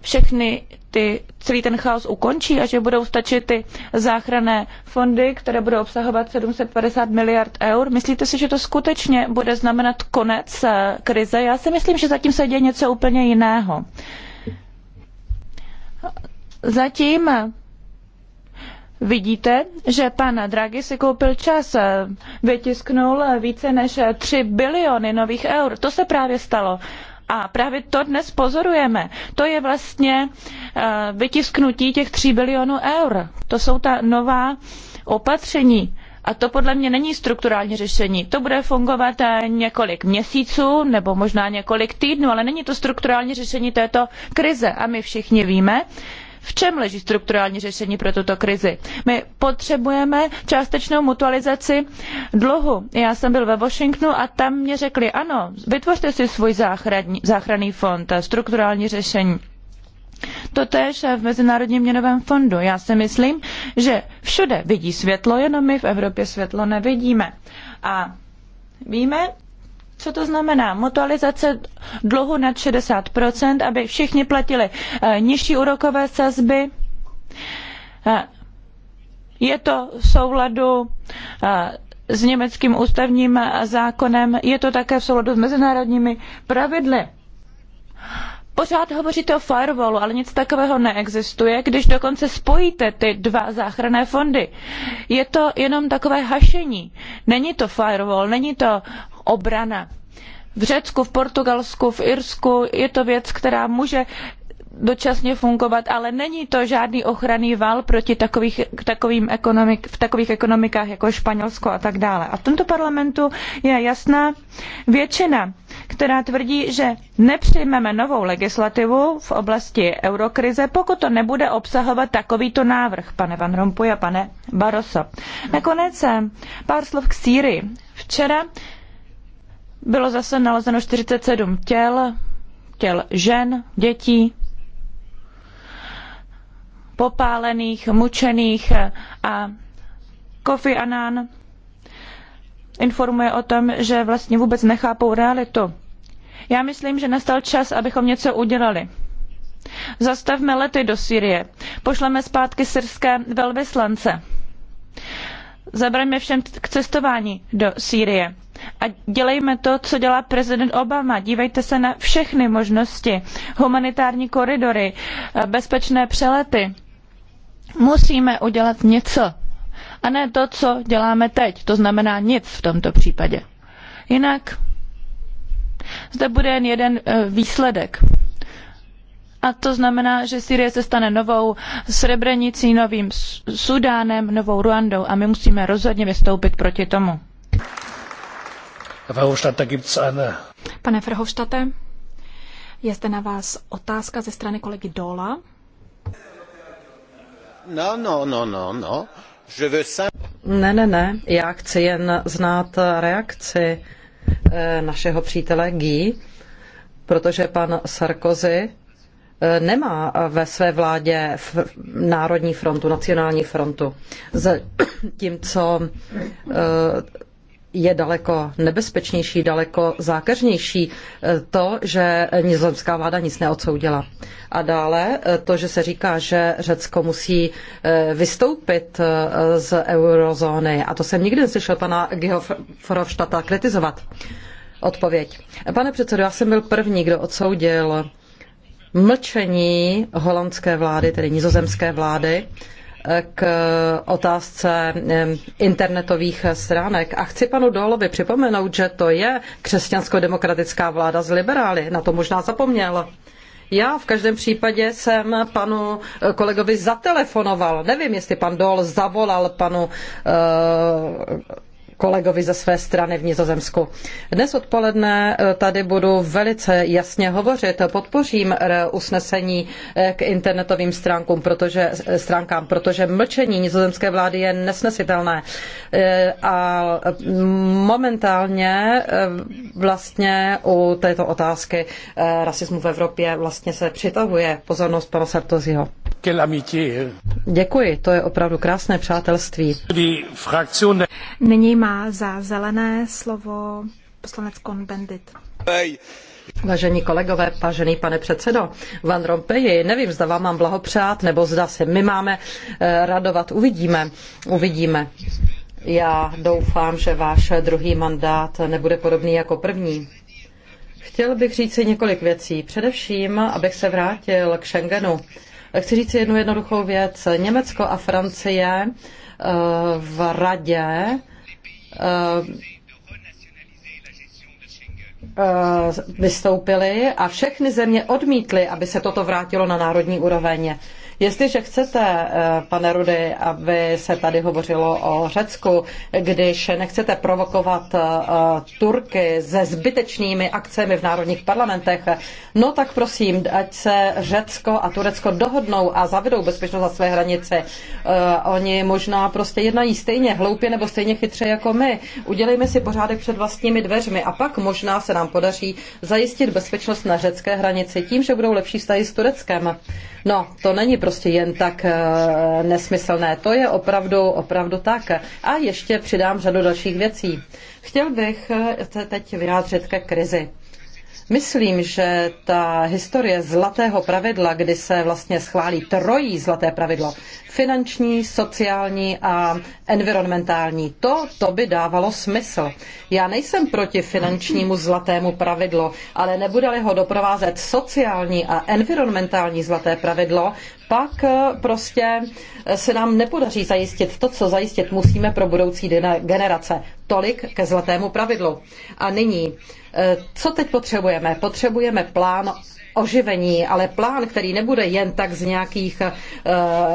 všechny ty, celý ten chaos ukončí a že budou stačit ty záchranné fondy, které budou obsahovat 750 miliard eur. Myslíte si, že to skutečně bude znamenat konec eh, krize? Já si myslím, že zatím se děje něco úplně jiného. Zatím vidíte, že pan Draghi si koupil čas, vytisknul více než 3 biliony nových eur. To se právě stalo. A právě to dnes pozorujeme. To je vlastně eh, vytisknutí těch 3 bilionů eur. To jsou ta nová opatření. A to podle mě není strukturální řešení. To bude fungovat eh, několik měsíců nebo možná několik týdnů, ale není to strukturální řešení této krize. A my všichni víme, v čem leží strukturální řešení pro tuto krizi? My potřebujeme částečnou mutualizaci dluhu. Já jsem byl ve Washingtonu a tam mě řekli, ano, vytvořte si svůj záchranný, záchranný fond, eh, strukturální řešení. Totež v Mezinárodním měnovém fondu. Já si myslím, že všude vidí světlo, jenom my v Evropě světlo nevidíme. A víme, co to znamená? Mutualizace dluhu nad 60%, aby všichni platili eh, nižší úrokové sazby. Eh, je to v souladu eh, s německým ústavním zákonem, je to také v souladu s mezinárodními pravidly. Pořád hovoříte o firewallu, ale nic takového neexistuje, když dokonce spojíte ty dva záchranné fondy. Je to jenom takové hašení. Není to firewall, není to obrana. V Řecku, v Portugalsku, v Irsku je to věc, která může dočasně fungovat, ale není to žádný ochranný val proti takových, takovým ekonomik, v takových ekonomikách jako Španělsko a tak dále. A v tomto parlamentu je jasná většina, která tvrdí, že nepřijmeme novou legislativu v oblasti eurokrize, pokud to nebude obsahovat takovýto návrh, pane Van Rompuy a pane Barroso. Nakonec eh, pár slov k Sýrii. Včera bylo zase nalezeno 47 těl, těl žen, dětí, popálených, mučených a Kofi Annan informuje o tom, že vlastně vůbec nechápou realitu. Já myslím, že nastal čas, abychom něco udělali. Zastavme lety do Syrie. Pošleme zpátky syrské velvyslance. Zabraňme všem k cestování do Sýrie. A dělejme to, co dělá prezident Obama. Dívejte se na všechny možnosti. Humanitární koridory, eh, bezpečné přelety. Musíme udělat něco. A ne to, co děláme teď. To znamená nic v tomto případě. Jinak zde bude jen jeden eh, výsledek. A to znamená, že Syrie se stane novou Srebrenicí, novým Sudánem, novou Ruandou a my musíme rozhodně vystoupit proti tomu. Pane Verhofstadte, je zde na vás otázka ze strany kolegy Dola. No, no, no, no, no. Je veux... Ne, ne, ne, já chci jen znát reakci eh, našeho přítele Guy, protože pan Sarkozy eh, nemá ve své vládě Národní frontu, Nacionální frontu. Zatímco eh, je daleko nebezpečnější, daleko zákeřnější eh, to, že nizozemská vláda nic neodsoudila. A dále eh, to, že se říká, že Řecko musí eh, vystoupit z eurozóny. A to jsem nikdy neslyšel pana Geofrovštata kritizovat. Odpověď. Pane předsedo, já jsem byl první, kdo odsoudil mlčení holandské vlády, tedy nizozemské vlády, k otázce internetových stránek. A chci panu Dolovi připomenout, že to je křesťansko-demokratická vláda z liberály. Na to možná zapomněl. Já v každém případě jsem panu eh, kolegovi zatelefonoval. Nevím, jestli pan Dol zavolal panu eh, kolegovi ze své strany v Nizozemsku. Dnes odpoledne eh, tady budu velice jasně hovořit. Podpořím eh, usnesení eh, k internetovým stránkům, protože, stránkám, protože mlčení nizozemské vlády je nesnesitelné. A momentálně vlastně u této otázky rasismu v Evropě vlastně se přitahuje pozornost pana Sartozyho. Děkuji, to je opravdu krásné přátelství. Nyní má má za zelené slovo poslanec Konbendit. Vážení kolegové, vážený pane předsedo, Van Rompuyi, nevím, zda vám mám blahopřát, nebo zda se my máme eh, radovat. Uvidíme, uvidíme. Já doufám, že váš druhý mandát nebude podobný jako první. Chtěl bych říci několik věcí. Především, abych se vrátil k Schengenu. Chci říci jednu jednoduchou věc. Německo a Francie eh, v radě Eh, eh, vystoupili a všechny země odmítly, aby se toto vrátilo na národní úroveň. Jestliže chcete, eh, pane Rudy, aby se tady hovořilo o Řecku, když nechcete provokovat eh, Turky se zbytečnými akcemi v národních parlamentech, no tak prosím, ať se Řecko a Turecko dohodnou a zavedou bezpečnost za své hranice. Eh, oni možná prostě jednají stejně hloupě nebo stejně chytře jako my. Udělejme si pořádek před vlastními dveřmi a pak možná se nám podaří zajistit bezpečnost na řecké hranici tím, že budou lepší vztahy s Tureckem. No, to není prostě jen tak eh, nesmyslné. To je opravdu, opravdu tak. A ještě přidám řadu dalších věcí. Chtěl bych eh, teď vyjádřit ke krizi. Myslím, že ta historie zlatého pravidla, kdy se vlastně schválí trojí zlaté pravidlo, finanční, sociální a environmentální, to, to by dávalo smysl. Já nejsem proti finančnímu zlatému pravidlu, ale nebude-li ho doprovázet sociální a environmentální zlaté pravidlo, pak eh, prostě eh, se nám nepodaří zajistit to, co zajistit musíme pro budoucí generace. Tolik ke zlatému pravidlu. A nyní, eh, co teď potřebujeme? Potřebujeme plán oživení, ale plán, který nebude jen tak z nějakých eh,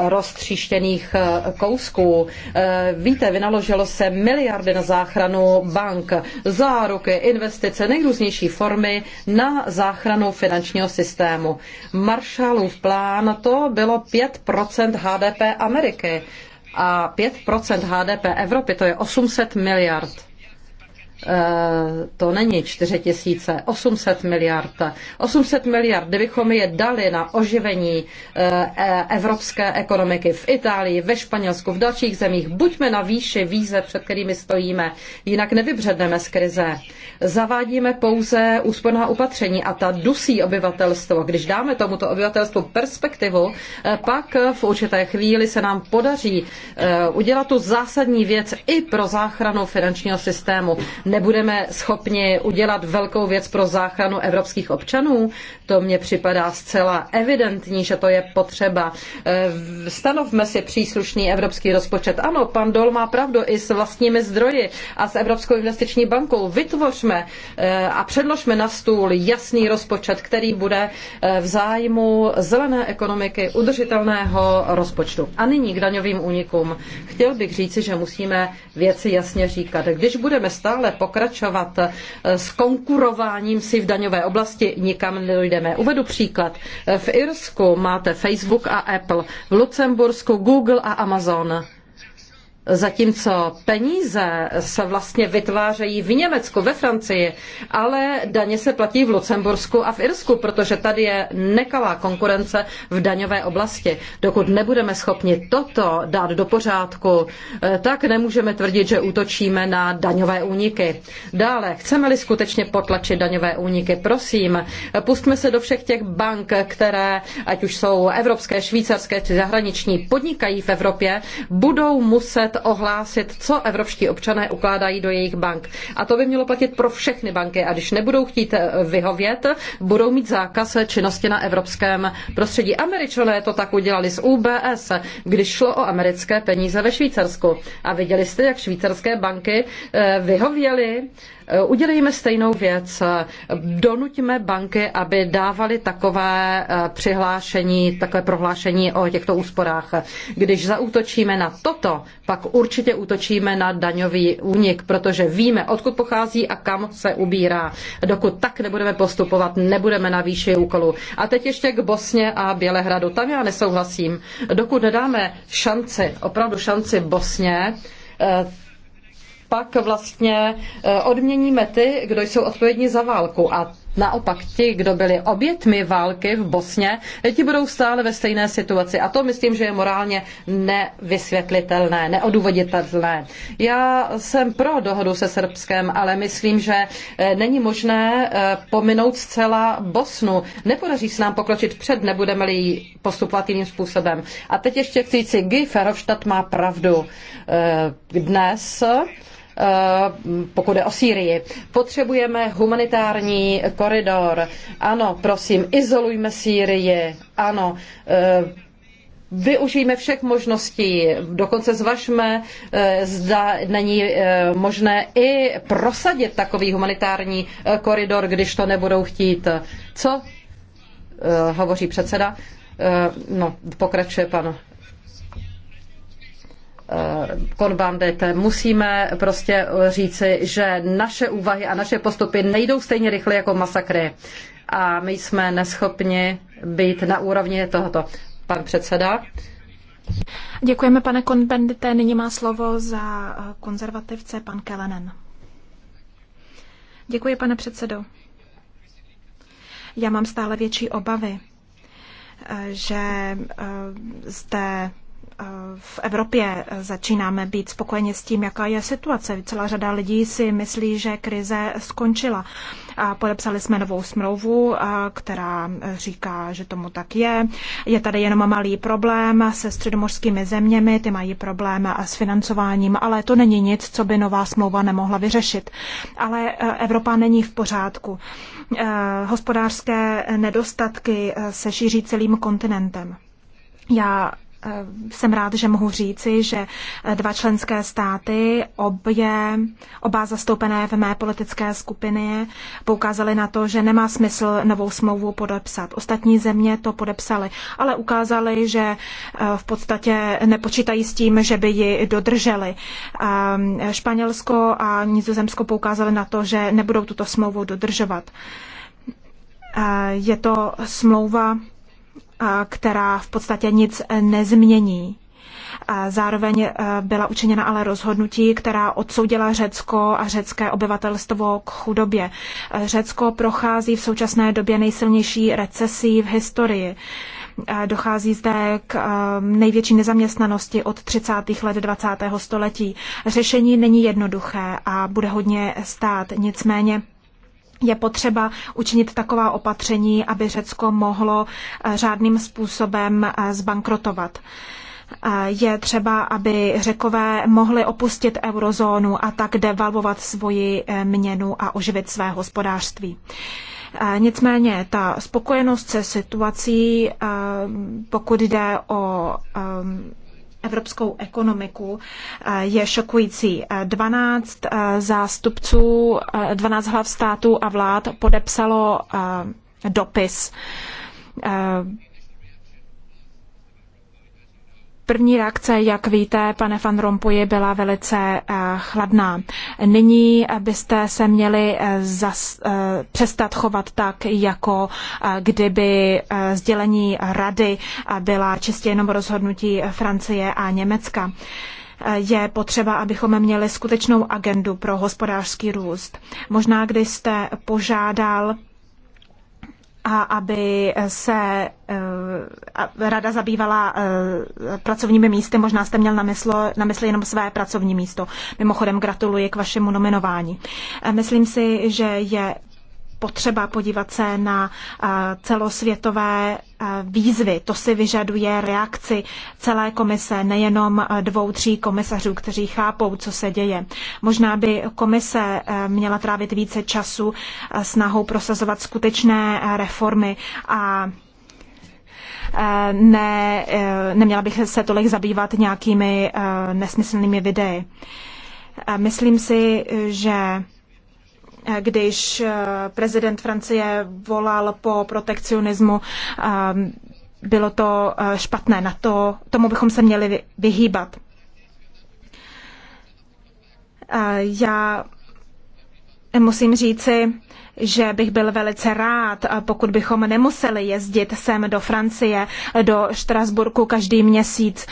roztříštěných eh, kousků. Eh, víte, vynaložilo se miliardy na záchranu bank, záruky, investice, nejrůznější formy na záchranu finančního systému. Marshallův plán to bylo 5% HDP Ameriky a 5% HDP Evropy, to je 800 miliard. Eh, to není 4000, 800 miliard. 800 miliard, kdybychom je dali na oživení eh, evropské ekonomiky v Itálii, ve Španělsku, v dalších zemích, buďme na výši víze, před kterými stojíme, jinak nevybředneme z krize. Zavádíme pouze úsporná opatření a ta dusí obyvatelstvo. Když dáme tomuto obyvatelstvu perspektivu, eh, pak v určité chvíli se nám podaří udělat tu zásadní věc i pro záchranu finančního systému nebudeme schopni udělat velkou věc pro záchranu evropských občanů? To mně připadá zcela evidentní, že to je potřeba. E, stanovme si příslušný evropský rozpočet. Ano, pan Dol má pravdu i s vlastními zdroji a s Evropskou investiční bankou. Vytvořme e, a předložme na stůl jasný rozpočet, který bude e, v zájmu zelené ekonomiky, udržitelného rozpočtu. A nyní k daňovým únikům. Chtěl bych říci, že musíme věci jasně říkat. Když budeme stále pokračovat eh, s konkurováním si v daňové oblasti, nikam nedojdeme. Uvedu příklad. Eh, v Irsku máte Facebook a Apple, v Lucembursku Google a Amazon. Zatímco peníze se vlastně vytvářejí v Německu, ve Francii, ale daně se platí v Lucembursku a v Irsku, protože tady je nekalá konkurence v daňové oblasti. Dokud nebudeme schopni toto dát do pořádku, eh, tak nemůžeme tvrdit, že útočíme na daňové úniky. Dále, chceme-li skutečně potlačit daňové úniky, prosím, pustme se do všech těch bank, které, ať už jsou evropské, švýcarské či zahraniční, podnikají v Evropě, budou muset muset ohlásit, co evropští občané ukládají do jejich bank. A to by mělo platit pro všechny banky. A když nebudou chtít eh, vyhovět, budou mít zákaz činnosti na evropském prostředí. Američané to tak udělali s UBS, když šlo o americké peníze ve Švýcarsku. A viděli jste, jak švýcarské banky eh, vyhověly Eh, udělejme stejnou věc. Donuťme banky, aby dávali takové eh, přihlášení, takové prohlášení o těchto úsporách. Když zaútočíme na toto, pak určitě útočíme na daňový únik, protože víme, odkud pochází a kam se ubírá. Dokud tak nebudeme postupovat, nebudeme na výši úkolu. A teď ještě k Bosně a Bělehradu. Tam já nesouhlasím. Dokud nedáme šanci, opravdu šanci Bosně, eh, pak vlastně eh, odměníme ty, kdo jsou odpovědní za válku. A Naopak ti, kdo byli obětmi války v Bosně, ti budou stále ve stejné situaci. A to myslím, že je morálně nevysvětlitelné, neodůvoditelné. Já jsem pro dohodu se Srbskem, ale myslím, že eh, není možné eh, pominout zcela Bosnu. Nepodaří se nám pokročit před, nebudeme-li postupovat jiným způsobem. A teď ještě chci říct, Guy Ferovštat má pravdu. Dnes Eh, pokud je o Sýrii. Potřebujeme humanitární koridor. Ano, prosím, izolujme Sýrii. Ano, eh, Využijme všech možností, dokonce zvažme, eh, zda není možné i prosadit takový humanitární koridor, když to nebudou chtít. Co hovoří předseda? No, pokračuje pan konbandit. Musíme prostě říci, že naše úvahy a naše postupy nejdou stejně rychle jako masakry. A my jsme neschopni být na úrovni tohoto. Pan předseda. Děkujeme, pane Konbendite. Nyní má slovo za konzervativce pan Kelenen. Děkuji, pane předsedo. Já mám stále větší obavy, eh, že eh, zde Eh, v Evropě začínáme být spokojeni s tím, jaká je situace. Celá řada lidí si myslí, že krize skončila. Podepsali jsme novou smlouvu, eh, která říká, že tomu tak je. Je tady jenom malý problém se středomořskými zeměmi, ty mají problém s financováním, ale to není nic, co by nová smlouva nemohla vyřešit. Ale eh, Evropa není v pořádku. Hospodářské nedostatky se šíří celým kontinentem. Já Eh, jsem rád, že mohu říci, že eh, dva členské státy, obě, oba zastoupené v mé politické skupině, poukázaly na to, že nemá smysl novou smlouvu podepsat. Ostatní země to podepsaly, ale ukázaly, že eh, v podstatě nepočítají s tím, že by ji dodrželi. Španělsko a Nizozemsko poukázali na to, že nebudou tuto smlouvu dodržovat. Je to smlouva která v podstatě nic eh, nezmění. Zároveň eh, byla učiněna ale rozhodnutí, která odsoudila Řecko a řecké obyvatelstvo k chudobě. Eh, Řecko prochází v současné době nejsilnější recesí v historii. Dochází zde k největší nezaměstnanosti od 30. let 20. století. Řešení není jednoduché a bude hodně stát. Nicméně je potřeba učinit taková opatření, aby Řecko mohlo eh, řádným způsobem eh, zbankrotovat. Eh, je třeba, aby Řekové mohli opustit eurozónu a tak devalvovat svoji měnu a oživit své hospodářství. Nicméně ta spokojenost se situací, pokud jde o evropskou ekonomiku eh, je šokující. 12 eh, eh, zástupců, 12 hlav států a vlád podepsalo dopis První reakce, jak víte, pane Van Rompuy, byla velice eh, chladná. Nyní byste se měli eh, zas, eh, přestat chovat tak, jako kdyby sdělení rady byla čistě jenom rozhodnutí Francie a Německa je potřeba, abychom měli skutečnou agendu pro hospodářský růst. Možná, když jste požádal a aby se eh, rada zabývala eh, pracovními místy. Možná jste měl na, mysli, na mysli jenom své pracovní místo. Mimochodem gratuluji k vašemu nominování. Eh, myslím si, že je potřeba podívat se na eh, celosvětové eh, výzvy. To si vyžaduje reakci celé komise, nejenom eh, dvou, tří komisařů, kteří chápou, co se děje. Možná by komise měla trávit více času snahou prosazovat skutečné reformy a ne, neměla bych se tolik zabývat nějakými nesmyslnými videi. Myslím si, že když eh, prezident Francie volal po protekcionismu. Eh, bylo to eh, špatné na to, tomu bychom se měli vyhýbat. Já musím říci, že bych byl velice rád, pokud bychom nemuseli jezdit sem do Francie, do Štrasburku každý měsíc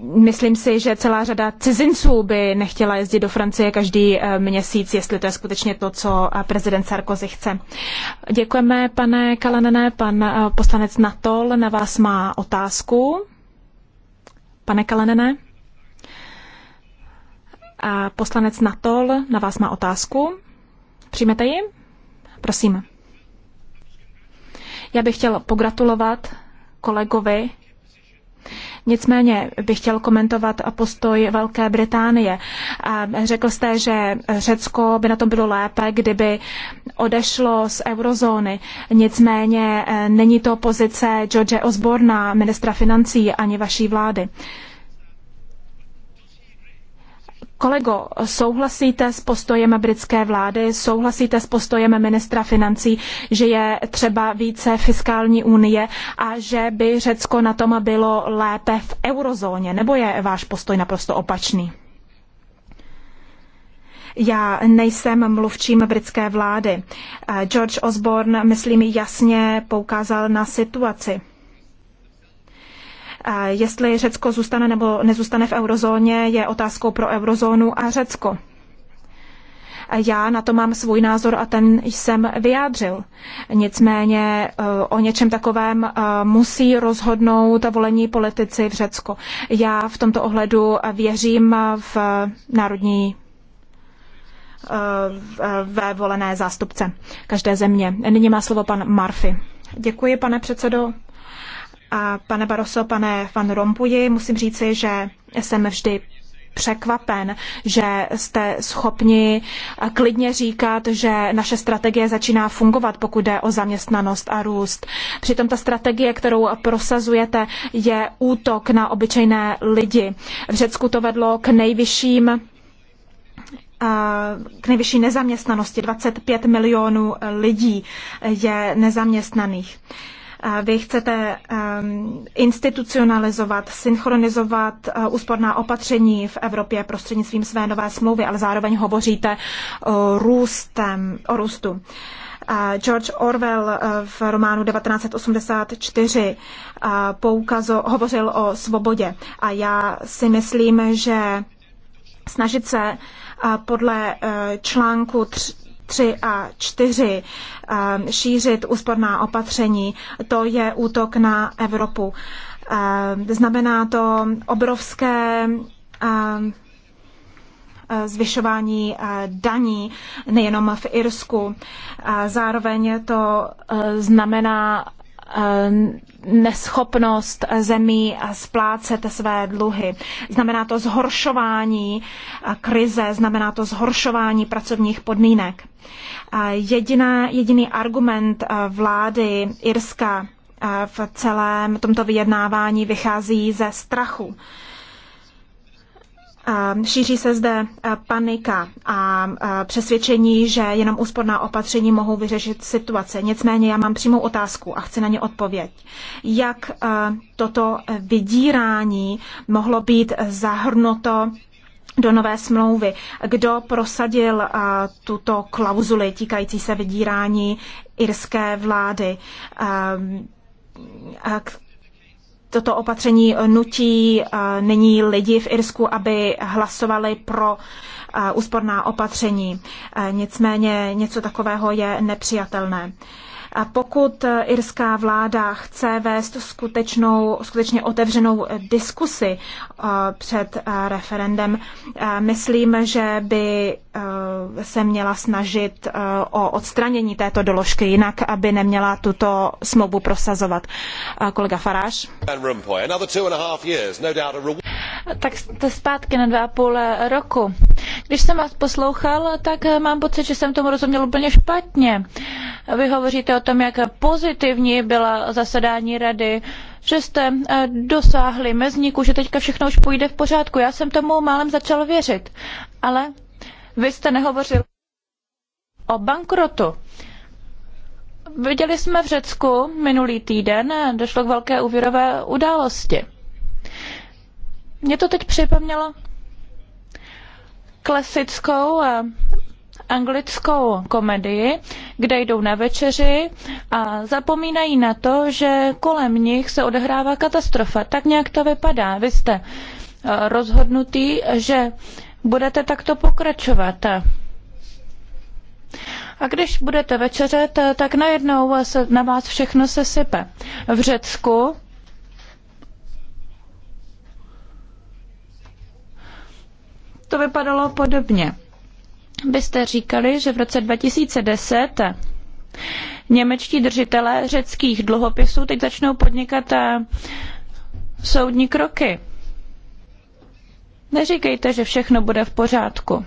Myslím si, že celá řada cizinců by nechtěla jezdit do Francie každý eh, měsíc, jestli to je skutečně to, co eh, prezident Sarkozy chce. Děkujeme, pane Kalanené. Pan eh, poslanec Natol na vás má otázku. Pane Kalanené? A poslanec Natol na vás má otázku. Přijmete ji? Prosím. Já bych chtěl pogratulovat kolegovi Nicméně bych chtěl komentovat postoj Velké Británie. Řekl jste, že Řecko by na tom bylo lépe, kdyby odešlo z eurozóny. Nicméně e, není to pozice George Osborna, ministra financí, ani vaší vlády. Kolego, souhlasíte s postojem britské vlády, souhlasíte s postojem ministra financí, že je třeba více fiskální unie a že by Řecko na tom bylo lépe v eurozóně, nebo je váš postoj naprosto opačný? Já nejsem mluvčím britské vlády. Eh, George Osborne, myslím, jasně poukázal na situaci. Jestli Řecko zůstane nebo nezůstane v eurozóně, je otázkou pro eurozónu a Řecko. Já na to mám svůj názor a ten jsem vyjádřil. Nicméně eh, o něčem takovém eh, musí rozhodnout volení politici v Řecku. Já v tomto ohledu věřím v národní eh, ve volené zástupce každé země. Nyní má slovo pan Marfi. Děkuji, pane předsedo. A pane Baroso, pane Van Rompuyi, musím říci, že jsem vždy překvapen, že jste schopni klidně říkat, že naše strategie začíná fungovat, pokud jde o zaměstnanost a růst. Přitom ta strategie, kterou prosazujete, je útok na obyčejné lidi. V Řecku to vedlo k nejvyšším k nejvyšší nezaměstnanosti. 25 milionů lidí je nezaměstnaných. Vy chcete ehm, institucionalizovat, synchronizovat eh, úsporná opatření v Evropě prostřednictvím své nové smlouvy, ale zároveň hovoříte o, růstem, o růstu. George Orwell eh, v románu 1984 eh, poukazo, hovořil o svobodě a já si myslím, že snažit se podle článku 3 a 4 eh, šířit úsporná opatření, to je útok na Evropu. Eh, znamená to obrovské eh, zvyšování daní nejenom v Irsku. Zároveň to znamená Eh, neschopnost zemí splácet své dluhy. Znamená to zhoršování eh, krize, znamená to zhoršování pracovních podmínek. Eh, jediná, jediný argument vlády Irska v celém tomto vyjednávání vychází ze strachu. Šíří se zde e, panika a e, přesvědčení, že jenom úsporná opatření mohou vyřešit situace. Nicméně já mám přímou otázku a chci na ně odpověď. Jak e, toto vydírání mohlo být zahrnuto do nové smlouvy? Kdo prosadil tuto klauzuli týkající se vydírání irské vlády? toto opatření nutí eh, nyní lidi v Irsku, aby hlasovali pro eh, úsporná opatření. Eh, nicméně něco takového je nepřijatelné. A pokud irská vláda chce vést skutečnou, skutečně otevřenou diskusi před referendem, myslím, že by Eh, se měla snažit eh, o odstranění této doložky, jinak aby neměla tuto smlouvu prosazovat. Eh, kolega Faráš. No tak jste zpátky na dva a půl roku. Když jsem vás poslouchal, tak mám pocit, že jsem tomu rozuměl úplně špatně. Vy hovoříte o tom, jak pozitivní byla zasedání rady, že jste dosáhli mezníku, že teďka všechno už půjde v pořádku. Já jsem tomu málem začal věřit. Ale vy jste nehovořil o bankrotu. Viděli jsme v Řecku minulý týden, došlo k velké úvěrové události. Mě to teď připomnělo klasickou eh, anglickou komedii, kde jdou na večeři a zapomínají na to, že kolem nich se odehrává katastrofa. Tak nějak to vypadá. Vy jste eh, rozhodnutý, že budete takto pokračovat. A když budete večeřet, tak najednou se na vás všechno sesype. V Řecku to vypadalo podobně. Byste říkali, že v roce 2010 němečtí držitelé řeckých dluhopisů teď začnou podnikat eh, soudní kroky. Neříkejte, že všechno bude v pořádku.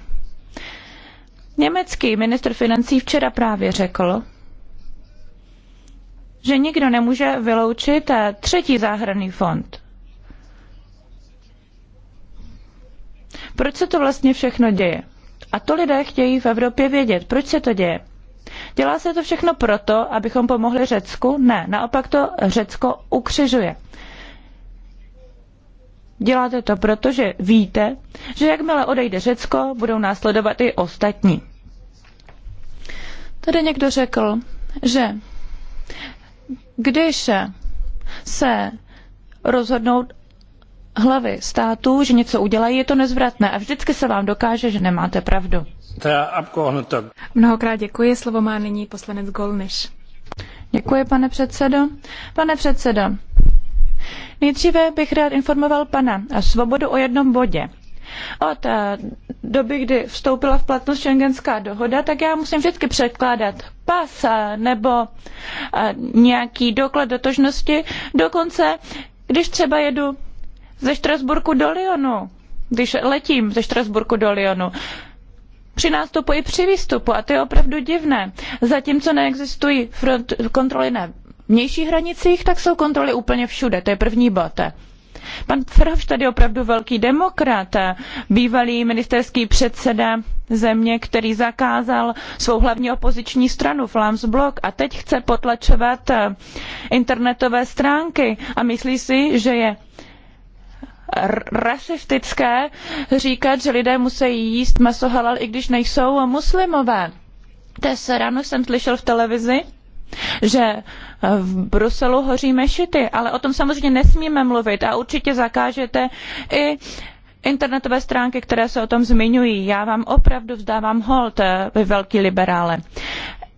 Německý ministr financí včera právě řekl, že nikdo nemůže vyloučit eh, třetí záhranný fond. Proč se to vlastně všechno děje? A to lidé chtějí v Evropě vědět. Proč se to děje? Dělá se to všechno proto, abychom pomohli Řecku? Ne, naopak to Řecko ukřižuje. Děláte to, protože víte, že jakmile odejde Řecko, budou následovat i ostatní. Tady někdo řekl, že když se rozhodnou hlavy států, že něco udělají, je to nezvratné a vždycky se vám dokáže, že nemáte pravdu. Mnohokrát děkuji. Slovo má nyní poslanec Golniš. Děkuji, pane předsedo. Pane předsedo, Nejdříve bych rád informoval pana Svobodu o jednom bodě. Od eh, doby, kdy vstoupila v platnost šengenská dohoda, tak já musím vždycky překládat pas eh, nebo eh, nějaký doklad dotožnosti. Dokonce, když třeba jedu ze Štrasburku do Lyonu, když letím ze Štrasburku do Lyonu, při nástupu i při výstupu a to je opravdu divné. Zatímco neexistují front, kontroly na vnějších hranicích, tak jsou kontroly úplně všude. To je první bod. Pan Verhofstadt je opravdu velký demokrat, bývalý ministerský předseda země, který zakázal svou hlavní opoziční stranu Flams Blok a teď chce potlačovat eh, internetové stránky a myslí si, že je rasistické říkat, že lidé musí jíst maso halal, i když nejsou muslimové. Dnes ráno jsem slyšel v televizi, že eh, v Bruselu hoří mešity, ale o tom samozřejmě nesmíme mluvit a určitě zakážete i internetové stránky, které se o tom zmiňují. Já vám opravdu vzdávám hold, eh, vy velký liberále.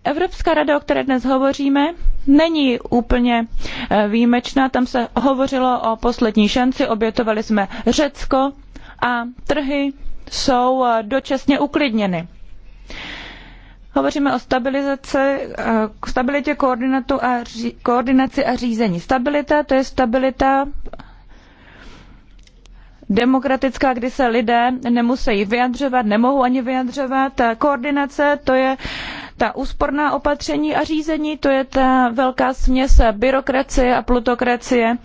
Evropská rada, o které dnes hovoříme, není úplně eh, výjimečná. Tam se hovořilo o poslední šanci, obětovali jsme Řecko a trhy jsou dočasně uklidněny. Hovoříme o stabilizaci, eh, stabilitě koordinatu a ří, koordinaci a řízení. Stabilita to je stabilita demokratická, kdy se lidé nemusí vyjadřovat, nemohou ani vyjadřovat. Eh, koordinace to je ta úsporná opatření a řízení, to je ta velká směs byrokracie a plutokracie,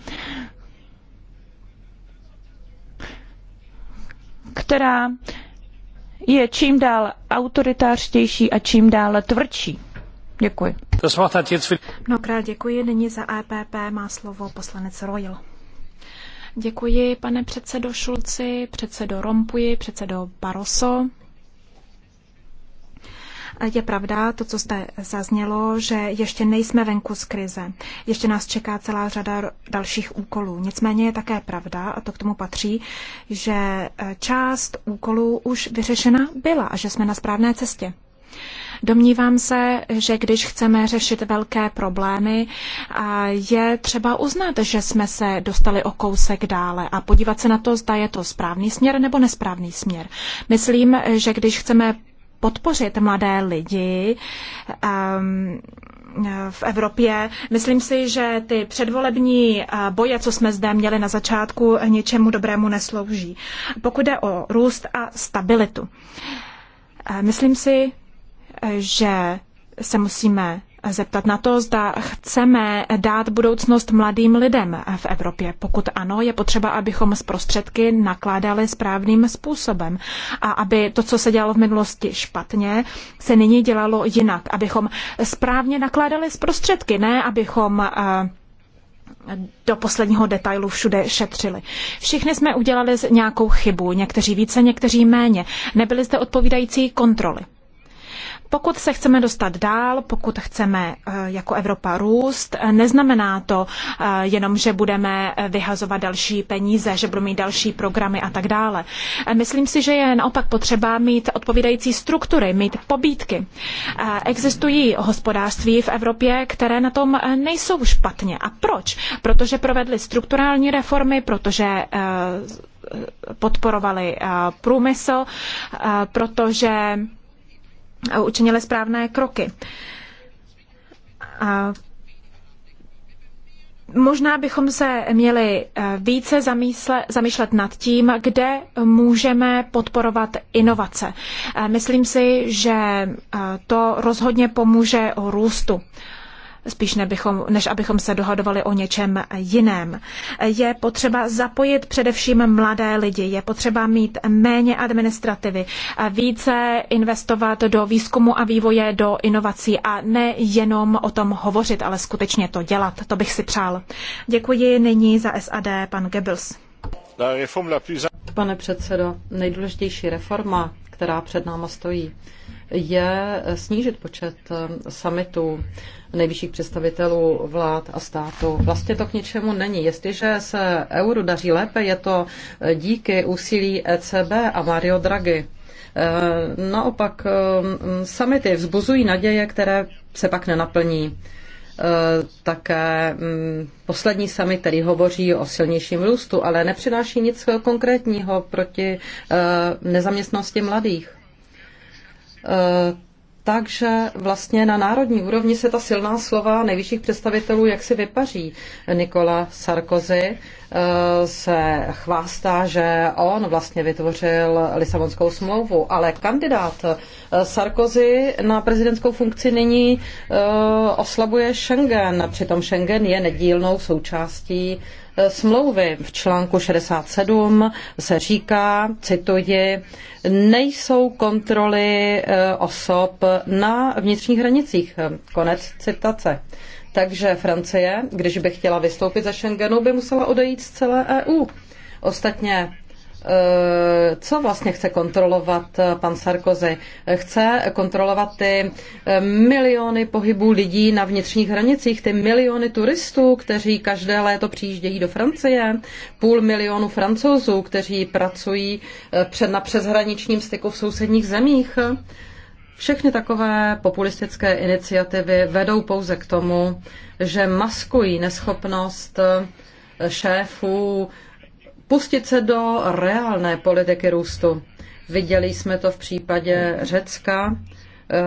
která je čím dál autoritářtější a čím dál tvrdší. Děkuji. Mnohokrát děkuji. Nyní za EPP má slovo poslanec Royal. Děkuji, pane předsedo Šulci, předsedo Rompuji, předsedo Barroso. Je pravda to, co jste zaznělo, že ještě nejsme venku z krize. Ještě nás čeká celá řada dalších úkolů. Nicméně je také pravda, a to k tomu patří, že e, část úkolů už vyřešena byla a že jsme na správné cestě. Domnívám se, že když chceme řešit velké problémy, je třeba uznat, že jsme se dostali o kousek dále a podívat se na to, zda je to správný směr nebo nesprávný směr. Myslím, že když chceme podpořit mladé lidi ehm, v Evropě. Myslím si, že ty předvolební eh, boje, co jsme zde měli na začátku, ničemu dobrému neslouží. Pokud jde o růst a stabilitu, eh, myslím si, že se musíme zeptat na to, zda chceme dát budoucnost mladým lidem v Evropě. Pokud ano, je potřeba, abychom s prostředky nakládali správným způsobem a aby to, co se dělalo v minulosti špatně, se nyní dělalo jinak, abychom správně nakládali s prostředky, ne abychom eh, do posledního detailu všude šetřili. Všichni jsme udělali nějakou chybu, někteří více, někteří méně. Nebyly zde odpovídající kontroly. Pokud se chceme dostat dál, pokud chceme eh, jako Evropa růst, eh, neznamená to eh, jenom, že budeme vyhazovat další peníze, že budeme mít další programy a tak dále. Myslím si, že je naopak potřeba mít odpovídající struktury, mít pobídky. Existují hospodářství v Evropě, které na tom nejsou špatně. A proč? Protože provedly strukturální reformy, protože podporovali průmysl, protože učinili správné kroky. A Možná bychom se měli eh, více zamýšle, zamýšlet nad tím, kde můžeme podporovat inovace. Myslím si, že eh, to rozhodně pomůže růstu spíš nebychom, než abychom se dohadovali o něčem jiném. Je potřeba zapojit především mladé lidi, je potřeba mít méně administrativy, více investovat do výzkumu a vývoje, do inovací a ne jenom o tom hovořit, ale skutečně to dělat. To bych si přál. Děkuji nyní za SAD pan Goebbels. Pane předsedo, nejdůležitější reforma, která před náma stojí, je snížit počet eh, summitů nejvyšších představitelů vlád a států. Vlastně to k ničemu není. Jestliže se euro daří lépe, je to eh, díky úsilí ECB a Mario Draghi. Eh, naopak samity vzbuzují naděje, které se pak nenaplní. Také mm, poslední summit, který hovoří o silnějším růstu, ale nepřináší nic konkrétního proti nezaměstnosti mladých. Eh, takže vlastně na národní úrovni se ta silná slova nejvyšších představitelů jak si vypaří. Nikola Sarkozy eh, se chvástá, že on vlastně vytvořil Lisabonskou smlouvu, ale kandidát eh, Sarkozy na prezidentskou funkci nyní oslabuje Schengen. Přitom Schengen je nedílnou součástí smlouvy v článku 67 se říká, cituji, nejsou kontroly e, osob na vnitřních hranicích. Konec citace. Takže Francie, když by chtěla vystoupit ze Schengenu, by musela odejít z celé EU. Ostatně Eh, co vlastně chce kontrolovat eh, pan Sarkozy? Eh, chce kontrolovat ty miliony pohybů lidí na vnitřních hranicích, ty miliony turistů, kteří každé léto přijíždějí do Francie, půl milionu francouzů, kteří pracují před, na přeshraničním styku v sousedních zemích. Všechny takové populistické iniciativy vedou pouze k tomu, že maskují neschopnost šéfů pustit se do reálné politiky růstu. Viděli jsme to v případě Řecka,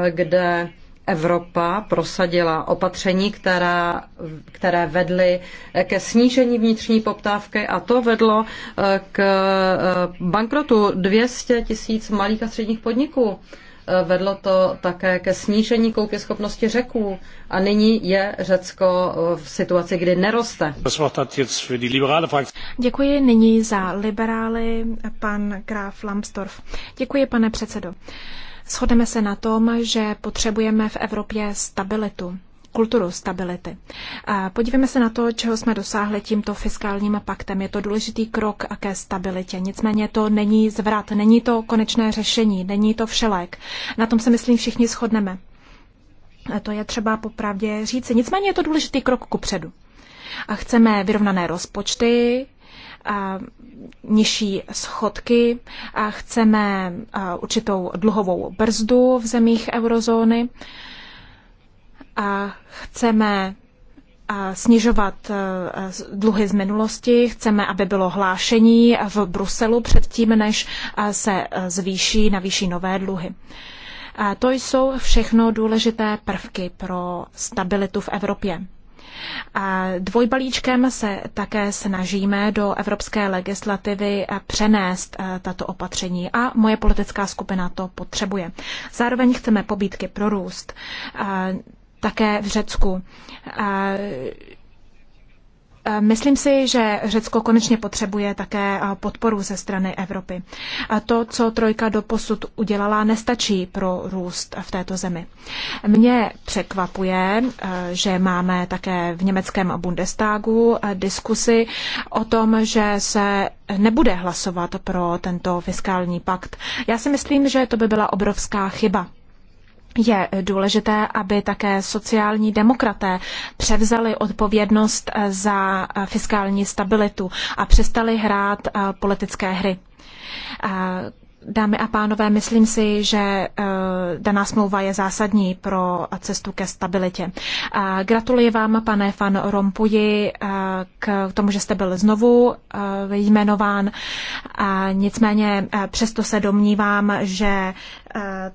eh, kde Evropa prosadila opatření, která, které vedly ke snížení vnitřní poptávky a to vedlo eh, k eh, bankrotu 200 tisíc malých a středních podniků. Eh, vedlo to také ke snížení koupěschopnosti řeků a nyní je Řecko eh, v situaci, kdy neroste. Děkuji nyní za liberály pan Graf Lambsdorff. Děkuji, pane předsedo. Shodeme se na tom, že potřebujeme v Evropě stabilitu kulturu stability. Podívejme se na to, čeho jsme dosáhli tímto fiskálním paktem. Je to důležitý krok a ke stabilitě. Nicméně to není zvrat, není to konečné řešení, není to všelek. Na tom se, myslím, všichni shodneme. A to je třeba popravdě říci. Nicméně je to důležitý krok ku předu. A chceme vyrovnané rozpočty, a nižší schodky, a chceme a určitou dluhovou brzdu v zemích eurozóny. A chceme snižovat e, dluhy z minulosti, chceme, aby bylo hlášení v Bruselu předtím, než se e, zvýší, navýší nové dluhy. To jsou všechno důležité prvky pro stabilitu v Evropě. Dvojbalíčkem se také snažíme do evropské legislativy přenést tato opatření a moje politická skupina to potřebuje. Zároveň chceme pobídky pro růst také v Řecku. Myslím si, že Řecko konečně potřebuje také podporu ze strany Evropy. A to, co Trojka doposud udělala, nestačí pro růst v této zemi. Mě překvapuje, že máme také v německém Bundestagu diskusy o tom, že se nebude hlasovat pro tento fiskální pakt. Já si myslím, že to by byla obrovská chyba je důležité, aby také sociální demokraté převzali odpovědnost eh, za eh, fiskální stabilitu a přestali hrát eh, politické hry. Dámy a pánové, myslím si, že eh, daná smlouva je zásadní pro cestu ke stabilitě. Gratuluji vám, pane Fan Rompuji, eh, k tomu, že jste byl znovu eh, jmenován. Nicméně přesto se domnívám, že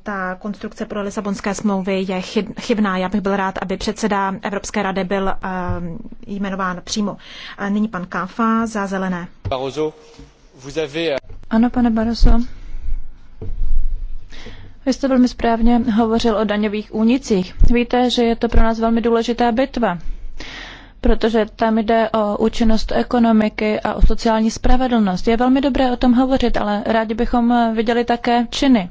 ta konstrukce pro Lisabonské smlouvy je chybná. Já bych byl rád, aby předseda Evropské rady byl jmenován přímo. Nyní pan Káfa za zelené. Barozo, vous avez... Ano, pane Barroso. Vy jste velmi správně hovořil o daňových únicích. Víte, že je to pro nás velmi důležitá bitva, protože tam jde o účinnost ekonomiky a o sociální spravedlnost. Je velmi dobré o tom hovořit, ale rádi bychom viděli také činy.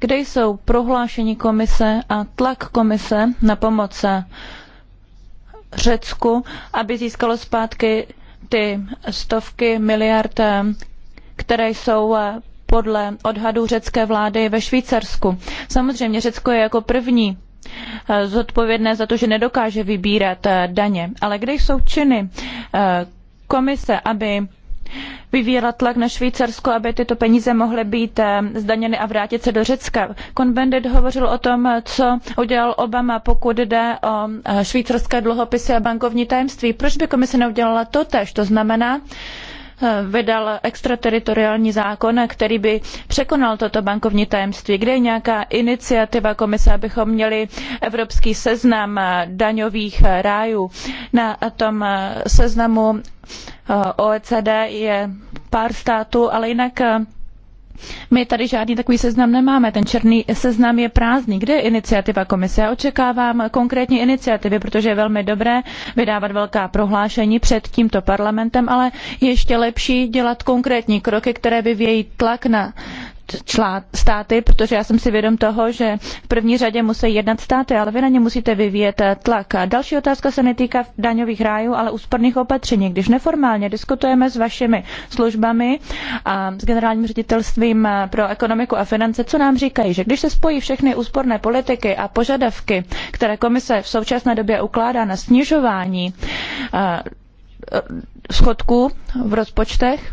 Kde jsou prohlášení komise a tlak komise na pomoc Řecku, aby získalo zpátky ty stovky miliard, které jsou podle odhadů řecké vlády ve Švýcarsku. Samozřejmě Řecko je jako první eh, zodpovědné za to, že nedokáže vybírat eh, daně. Ale kde jsou činy eh, komise, aby vyvíjela tlak na Švýcarsko, aby tyto peníze mohly být zdaněny a vrátit se do Řecka. Konbendit hovořil o tom, co udělal Obama, pokud jde o švýcarské dluhopisy a bankovní tajemství. Proč by komise neudělala to tež? To znamená, vydal extrateritoriální zákon, který by překonal toto bankovní tajemství. Kde je nějaká iniciativa komise, abychom měli evropský seznam daňových rájů? Na tom seznamu eh, OECD je pár států, ale jinak eh, my tady žádný takový seznam nemáme, ten černý seznam je prázdný. Kde je iniciativa komise? Já očekávám konkrétní iniciativy, protože je velmi dobré vydávat velká prohlášení před tímto parlamentem, ale ještě lepší dělat konkrétní kroky, které by vějí tlak na státy, protože já jsem si vědom toho, že v první řadě musí jednat státy, ale vy na ně musíte vyvíjet eh, tlak. A další otázka se netýká daňových rájů, ale úsporných opatření. Když neformálně diskutujeme s vašimi službami a s generálním ředitelstvím eh, pro ekonomiku a finance, co nám říkají, že když se spojí všechny úsporné politiky a požadavky, které komise v současné době ukládá na snižování eh, schodků v rozpočtech,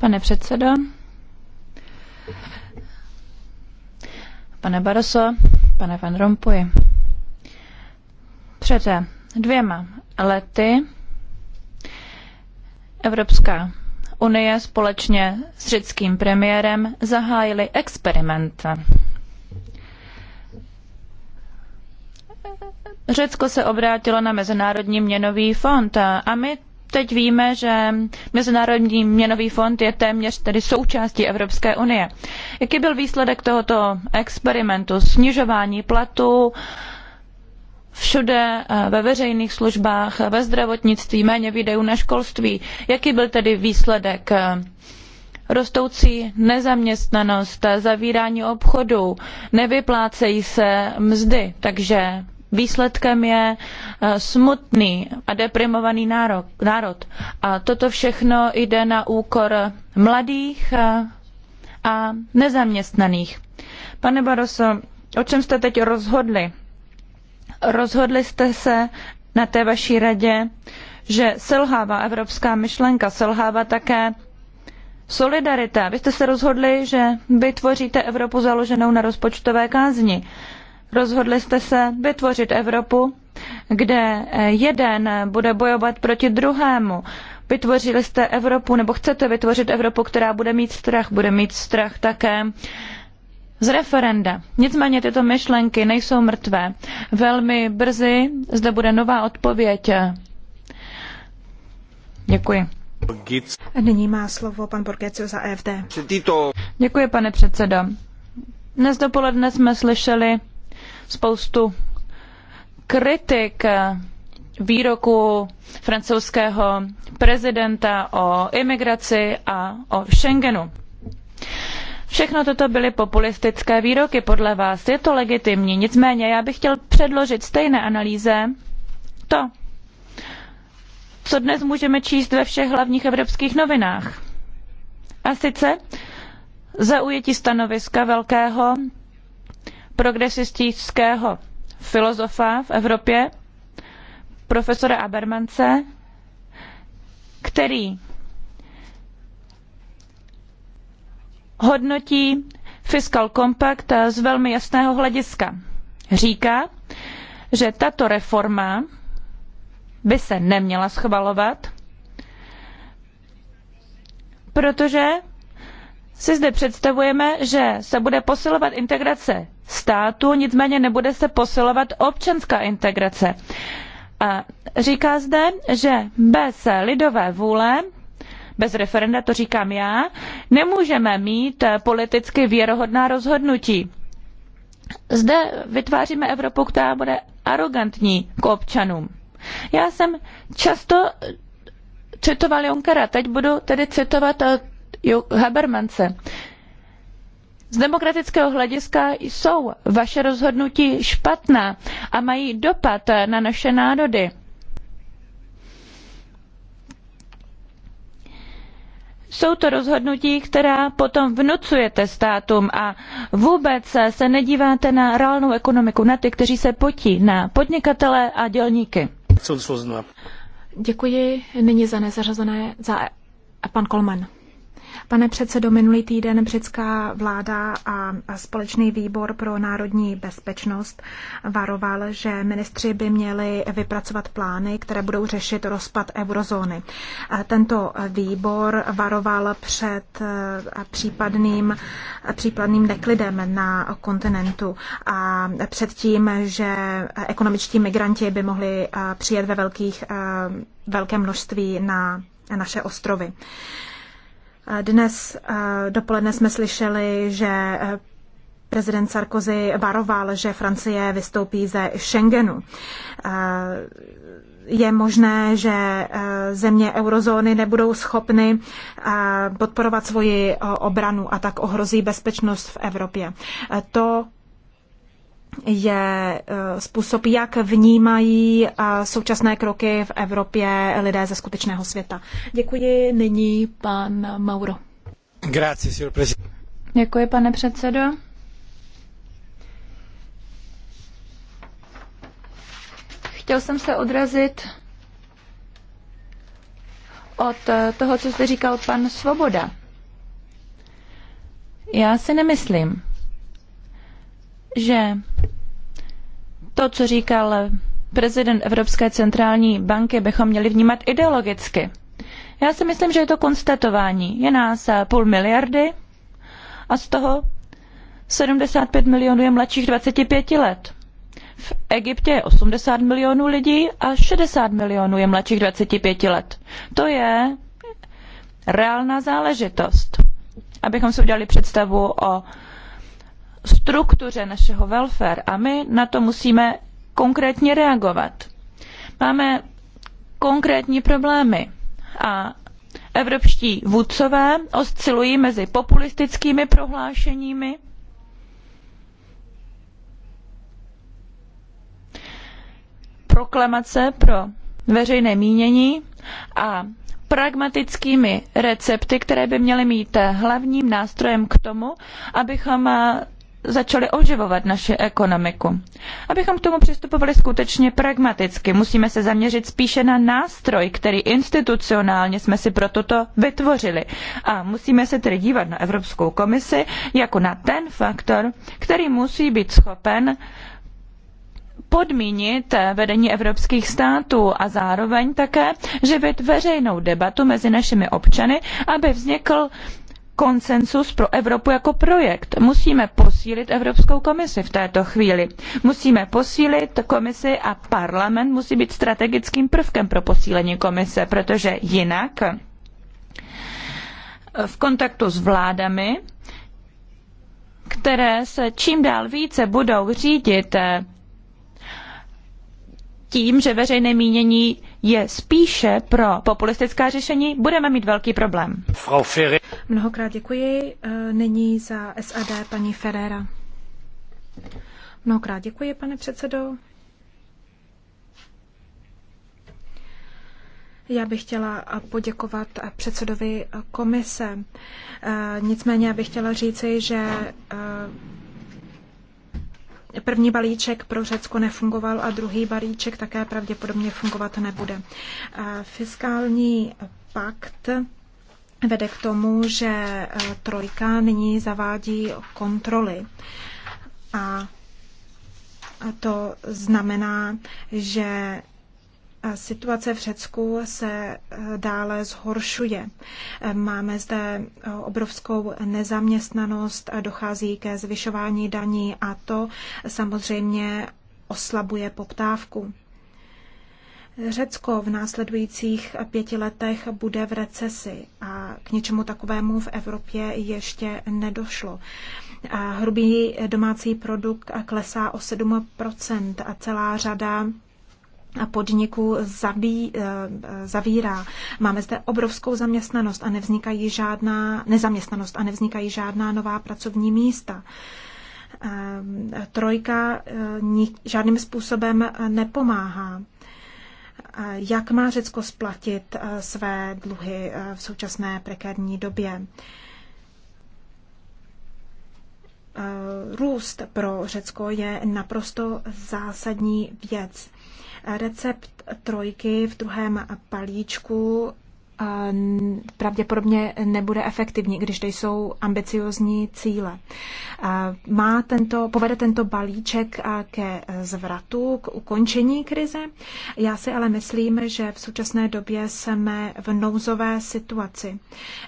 Pane předsedo, pane Barroso, pane Van Rompuy, před dvěma lety Evropská unie společně s řeckým premiérem zahájili experiment. Řecko se obrátilo na Mezinárodní měnový fond a my teď víme, že Mezinárodní měnový fond je téměř tedy součástí Evropské unie. Jaký byl výsledek tohoto experimentu? Snižování platů všude eh, ve veřejných službách, ve zdravotnictví, méně výdejů na školství. Jaký byl tedy výsledek? Rostoucí nezaměstnanost, zavírání obchodů, nevyplácejí se mzdy, takže výsledkem je eh, smutný a deprimovaný národ. A toto všechno jde na úkor mladých eh, a nezaměstnaných. Pane Baroso, o čem jste teď rozhodli? Rozhodli jste se na té vaší radě, že selhává evropská myšlenka, selhává také solidarita. Vy jste se rozhodli, že vytvoříte Evropu založenou na rozpočtové kázni. Rozhodli jste se vytvořit Evropu, kde jeden bude bojovat proti druhému. Vytvořili jste Evropu, nebo chcete vytvořit Evropu, která bude mít strach, bude mít strach také z referenda. Nicméně tyto myšlenky nejsou mrtvé. Velmi brzy zde bude nová odpověď. Děkuji. Nyní má slovo pan Borgecio za EFD. Děkuji, pane předsedo. Dnes dopoledne jsme slyšeli spoustu kritik eh, výroku francouzského prezidenta o imigraci a o Schengenu. Všechno toto byly populistické výroky podle vás. Je to legitimní. Nicméně já bych chtěl předložit stejné analýze to, co dnes můžeme číst ve všech hlavních evropských novinách. A sice zaujetí stanoviska velkého progresistického filozofa v Evropě, profesora Abermance, který hodnotí Fiscal Compact z velmi jasného hlediska. Říká, že tato reforma by se neměla schvalovat, protože si zde představujeme, že se bude posilovat integrace států, nicméně nebude se posilovat občanská integrace. říká zde, že bez lidové vůle, bez referenda, to říkám já, nemůžeme mít politicky věrohodná rozhodnutí. Zde vytváříme Evropu, která bude arrogantní k občanům. Já jsem často citoval Junckera, teď budu tedy citovat Habermance. Z demokratického hlediska jsou vaše rozhodnutí špatná a mají dopad na naše národy. Jsou to rozhodnutí, která potom vnucujete státům a vůbec se nedíváte na reálnou ekonomiku, na ty, kteří se potí, na podnikatele a dělníky. Děkuji nyní za nezařazené, za pan Kolman. Pane předsedo, minulý týden britská vláda a společný výbor pro národní bezpečnost varoval, že ministři by měli vypracovat plány, které budou řešit rozpad eurozóny. Tento výbor varoval před e, případným, případným neklidem na kontinentu a před tím, že ekonomičtí migranti by mohli e, přijet ve velkých, e, velké množství na naše ostrovy. Dnes eh, dopoledne jsme slyšeli, že eh, prezident Sarkozy varoval, že Francie vystoupí ze Schengenu. Eh, je možné, že země eurozóny nebudou schopny podporovat svoji obranu a tak ohrozí bezpečnost v Evropě. To je eh, způsob, jak vnímají eh, současné kroky v Evropě lidé ze skutečného světa. Děkuji nyní pan Mauro. Grazie, Děkuji, pane předsedo. Chtěl jsem se odrazit od toho, co zde říkal pan Svoboda. Já si nemyslím, že to, co říkal prezident Evropské centrální banky, bychom měli vnímat ideologicky. Já si myslím, že je to konstatování. Je nás půl miliardy a z toho 75 milionů je mladších 25 let. V Egyptě je 80 milionů lidí a 60 milionů je mladších 25 let. To je reálná záležitost. Abychom si udělali představu o struktuře našeho welfare a my na to musíme konkrétně reagovat. Máme konkrétní problémy a evropští vůdcové oscilují mezi populistickými prohlášeními proklamace pro veřejné mínění a pragmatickými recepty, které by měly mít hlavním nástrojem k tomu, abychom začaly oživovat naši ekonomiku. Abychom k tomu přistupovali skutečně pragmaticky, musíme se zaměřit spíše na nástroj, který institucionálně jsme si pro toto vytvořili. A musíme se tedy dívat na Evropskou komisi jako na ten faktor, který musí být schopen podmínit vedení evropských států a zároveň také živit veřejnou debatu mezi našimi občany, aby vznikl konsensus pro Evropu jako projekt. Musíme posílit Evropskou komisi v této chvíli. Musíme posílit komisi a parlament musí být strategickým prvkem pro posílení komise, protože jinak v kontaktu s vládami, které se čím dál více budou řídit eh, tím, že veřejné mínění je spíše pro populistická řešení, budeme mít velký problém. Mnohokrát děkuji. Eh, nyní za SAD paní Ferrera. Mnohokrát děkuji, pane předsedo. Já bych chtěla eh, poděkovat eh, předsedovi komise. Nicméně bych chtěla říci, že První balíček pro Řecko nefungoval a druhý balíček také pravděpodobně fungovat nebude. Fiskální pakt vede k tomu, že e, trojka nyní zavádí kontroly. A to znamená, že Situace v Řecku se eh, dále zhoršuje. Eh, máme zde eh, obrovskou nezaměstnanost, dochází ke zvyšování daní a to samozřejmě oslabuje poptávku. Řecko v následujících pěti letech bude v recesi a k něčemu takovému v Evropě ještě nedošlo. Hrubý domácí produkt klesá o 7 a celá řada podniků zabí, eh, zavírá. Máme zde obrovskou zaměstnanost a nevznikají žádná nezaměstnanost a nevznikají žádná nová pracovní místa. Eh, trojka eh, žádným způsobem nepomáhá. Jak má Řecko splatit své dluhy v současné prekérní době? Růst pro Řecko je naprosto zásadní věc Recept trojky v druhém palíčku eh, pravděpodobně nebude efektivní, když to jsou ambiciozní cíle. Eh, má tento, povede tento balíček eh, ke zvratu, k ukončení krize? Já si ale myslím, že v současné době jsme v nouzové situaci.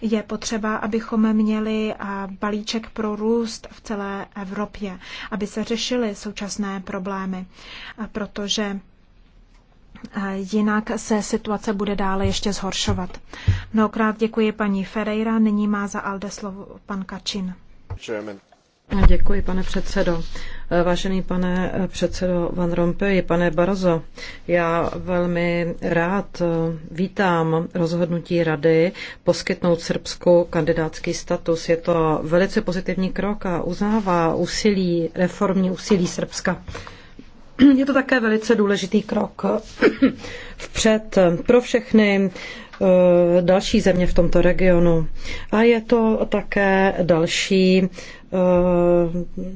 Je potřeba, abychom měli balíček pro růst v celé Evropě, aby se řešily současné problémy, protože jinak se situace bude dále ještě zhoršovat. Mnohokrát děkuji paní Ferreira, nyní má za Alde slovo pan Kačin. Děkuji, pane předsedo. Vážený pane předsedo Van Rompuy, pane Barozo, já velmi rád vítám rozhodnutí rady poskytnout Srbsku kandidátský status. Je to velice pozitivní krok a uznává úsilí, reformní úsilí Srbska. Je to také velice důležitý krok vpřed pro všechny eh, další země v tomto regionu. A je to také další eh,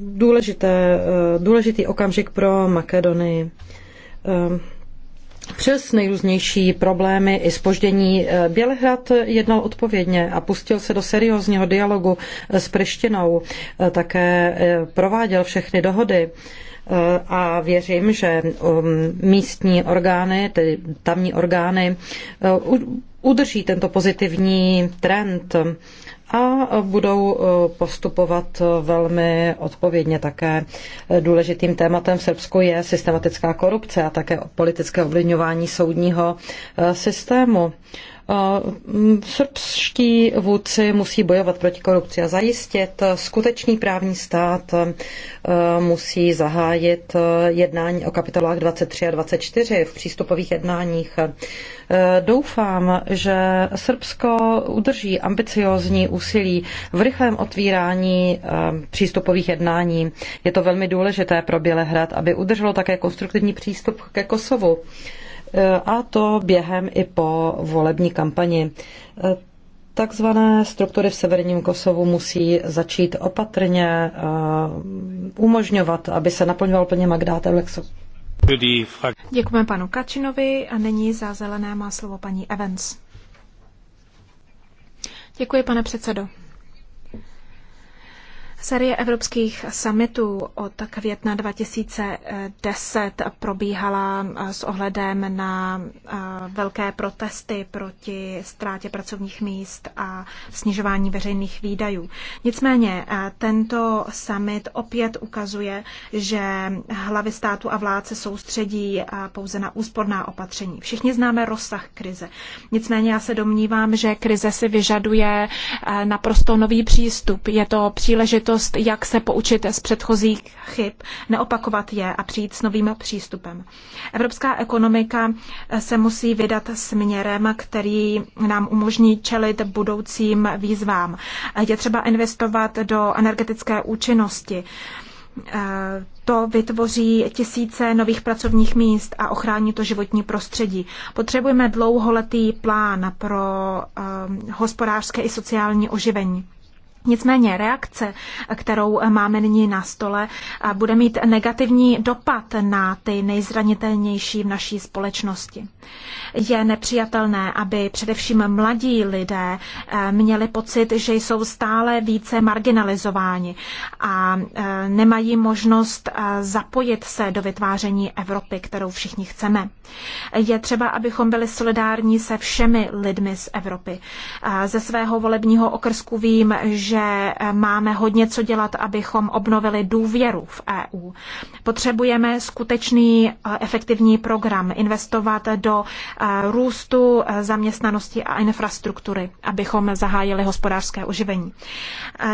důležité, eh, důležitý okamžik pro Makedonii. Přes nejrůznější problémy i spoždění Bělehrad jednal odpovědně a pustil se do seriózního dialogu s Prištinou. Také prováděl všechny dohody a věřím, že um, místní orgány, tedy tamní orgány, uh, udrží tento pozitivní trend a budou uh, postupovat velmi odpovědně. Také důležitým tématem v Srbsku je systematická korupce a také politické ovlivňování soudního uh, systému. Mm, srbští vůdci musí bojovat proti korupci a zajistit skutečný právní stát, musí zahájit jednání o kapitolách 23 a 24 v přístupových jednáních. Doufám, že Srbsko udrží ambiciozní úsilí v rychlém otvírání přístupových jednání. Je to velmi důležité pro Bělehrad, aby udrželo také konstruktivní přístup ke Kosovu. Eh, a to během i po volební kampani. Eh, takzvané struktury v severním Kosovu musí začít opatrně eh, umožňovat, aby se naplňoval plně Magdát Lexo. Děkujeme panu Kačinovi a nyní za zelené má slovo paní Evans. Děkuji, pane předsedo. Série evropských summitů od května 2010 probíhala eh, s ohledem na eh, velké protesty proti ztrátě pracovních míst a snižování veřejných výdajů. Nicméně eh, tento summit opět ukazuje, že hlavy státu a vlád se soustředí pouze na úsporná opatření. Všichni známe rozsah krize. Nicméně já se domnívám, že krize si vyžaduje naprosto nový přístup. Je to příležitost příležitost, jak se poučit z předchozích chyb, neopakovat je a přijít s novým přístupem. Evropská ekonomika se musí vydat směrem, který nám umožní čelit budoucím výzvám. Je třeba investovat do energetické účinnosti. To vytvoří tisíce nových pracovních míst a ochrání to životní prostředí. Potřebujeme dlouholetý plán pro eh, hospodářské i sociální oživení. Nicméně reakce, kterou máme nyní na stole, bude mít negativní dopad na ty nejzranitelnější v naší společnosti. Je nepřijatelné, aby především mladí lidé eh, měli pocit, že jsou stále více marginalizováni a eh, nemají možnost eh, zapojit se do vytváření Evropy, kterou všichni chceme. Je třeba, abychom byli solidární se všemi lidmi z Evropy. Ze svého volebního okrsku vím, že že eh, máme hodně co dělat, abychom obnovili důvěru v EU. Potřebujeme skutečný eh, efektivní program, investovat do eh, růstu, zaměstnanosti a infrastruktury, abychom zahájili hospodářské oživení.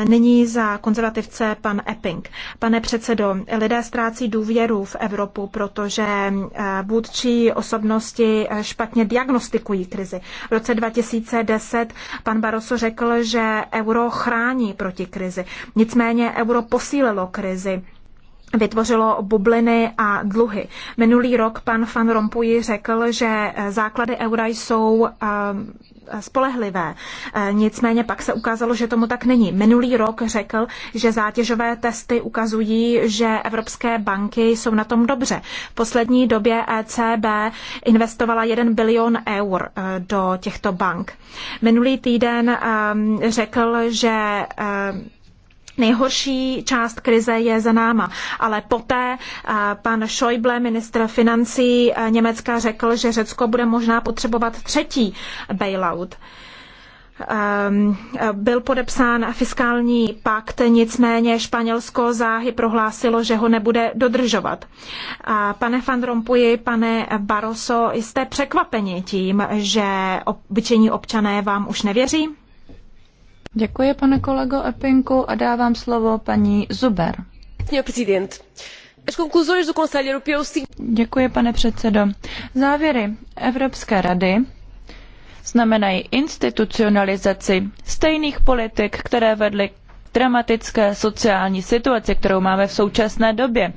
Nyní za konzervativce pan Epping. Pane předsedo, lidé ztrácí důvěru v Evropu, protože vůdčí osobnosti špatně diagnostikují krizi. V roce 2010 pan Barroso řekl, že euro chrání brání proti krizi. Nicméně euro posílilo krizi vytvořilo bubliny a dluhy. Minulý rok pan Van Rompuy řekl, že základy eura jsou eh, spolehlivé. Eh, nicméně pak se ukázalo, že tomu tak není. Minulý rok řekl, že zátěžové testy ukazují, že evropské banky jsou na tom dobře. V poslední době ECB investovala 1 bilion eur eh, do těchto bank. Minulý týden ehm, řekl, že ehm, Nejhorší část krize je za náma, ale poté eh, pan Schäuble, ministr financí eh, Německa, řekl, že Řecko bude možná potřebovat třetí bailout ehm, byl podepsán fiskální pakt, nicméně Španělsko záhy prohlásilo, že ho nebude dodržovat. Pane Van Rompuyi, pane Barroso, jste překvapeni tím, že obyčejní občané vám už nevěří? Děkuji, pane kolego Epinku, a dávám slovo paní Zuber. Děkuji, pane předsedo. Závěry Evropské rady znamenají institucionalizaci stejných politik, které vedly k dramatické sociální situaci, kterou máme v současné době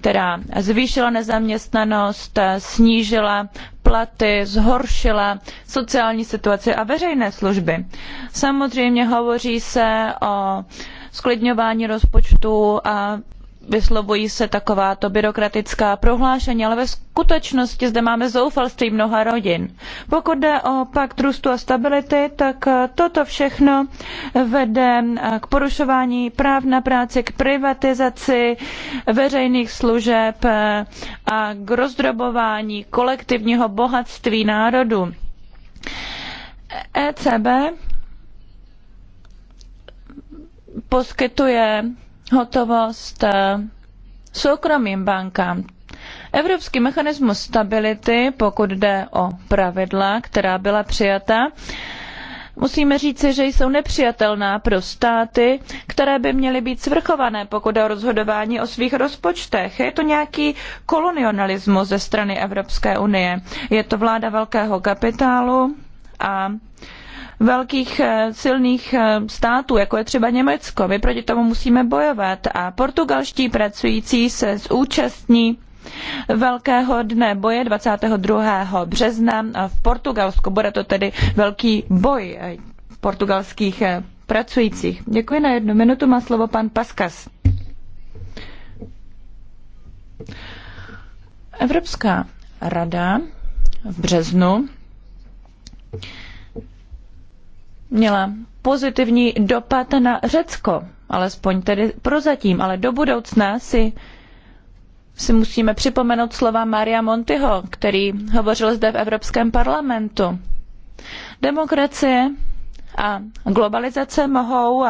která zvýšila nezaměstnanost, snížila platy, zhoršila sociální situaci a veřejné služby. Samozřejmě hovoří se o sklidňování rozpočtu a vyslovují se takováto byrokratická prohlášení, ale ve skutečnosti zde máme zoufalství mnoha rodin. Pokud jde o pakt růstu a stability, tak eh, toto všechno vede eh, k porušování práv na práci, k privatizaci veřejných služeb eh, a k rozdrobování kolektivního bohatství národu. ECB e poskytuje hotovost eh, soukromým bankám. Evropský mechanismus stability, pokud jde o pravidla, která byla přijata, musíme říci, že jsou nepřijatelná pro státy, které by měly být svrchované, pokud jde o rozhodování o svých rozpočtech. Je to nějaký kolonialismus ze strany Evropské unie. Je to vláda velkého kapitálu a velkých eh, silných eh, států, jako je třeba Německo. My proti tomu musíme bojovat a portugalští pracující se zúčastní Velkého dne boje 22. března v Portugalsku. Bude to tedy velký boj eh, portugalských pracujících. Děkuji na jednu minutu. Má slovo pan Paskas. Evropská rada v březnu měla pozitivní dopad na Řecko, alespoň tedy prozatím, ale do budoucna si, si musíme připomenout slova Maria Montiho, který hovořil zde v Evropském parlamentu. Demokracie a globalizace mohou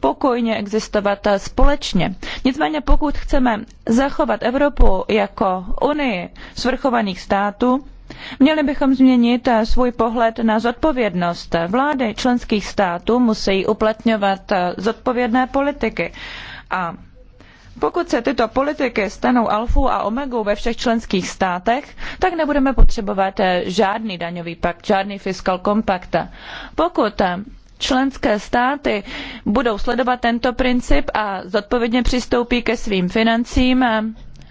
pokojně existovat společně. Nicméně pokud chceme zachovat Evropu jako unii svrchovaných států, Měli bychom změnit eh, svůj pohled na zodpovědnost. Vlády členských států musí uplatňovat eh, zodpovědné politiky. A pokud se tyto politiky stanou alfou a omegou ve všech členských státech, tak nebudeme potřebovat eh, žádný daňový pakt, žádný fiskal kompakt. Pokud členské státy budou sledovat tento princip a zodpovědně přistoupí ke svým financím,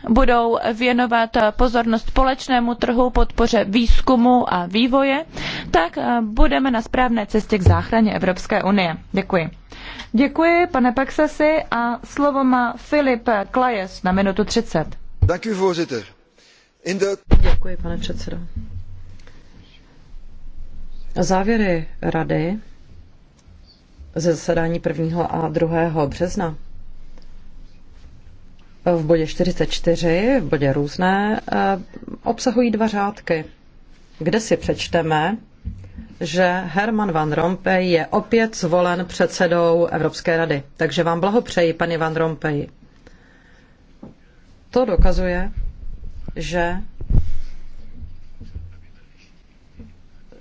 budou věnovat pozornost společnému trhu, podpoře výzkumu a vývoje, tak eh, budeme na správné cestě k záchraně Evropské unie. Děkuji. Děkuji, pane Paxasi, a slovo má Filip Klajes na minutu 30. Děkuji, Děkuji pane předsedo. Závěry rady ze zasedání 1. a 2. března v bodě 44, v bodě různé, eh, obsahují dva řádky, kde si přečteme, že Herman Van Rompuy je opět zvolen předsedou Evropské rady. Takže vám blahopřeji, paní Van Rompuy. To dokazuje, že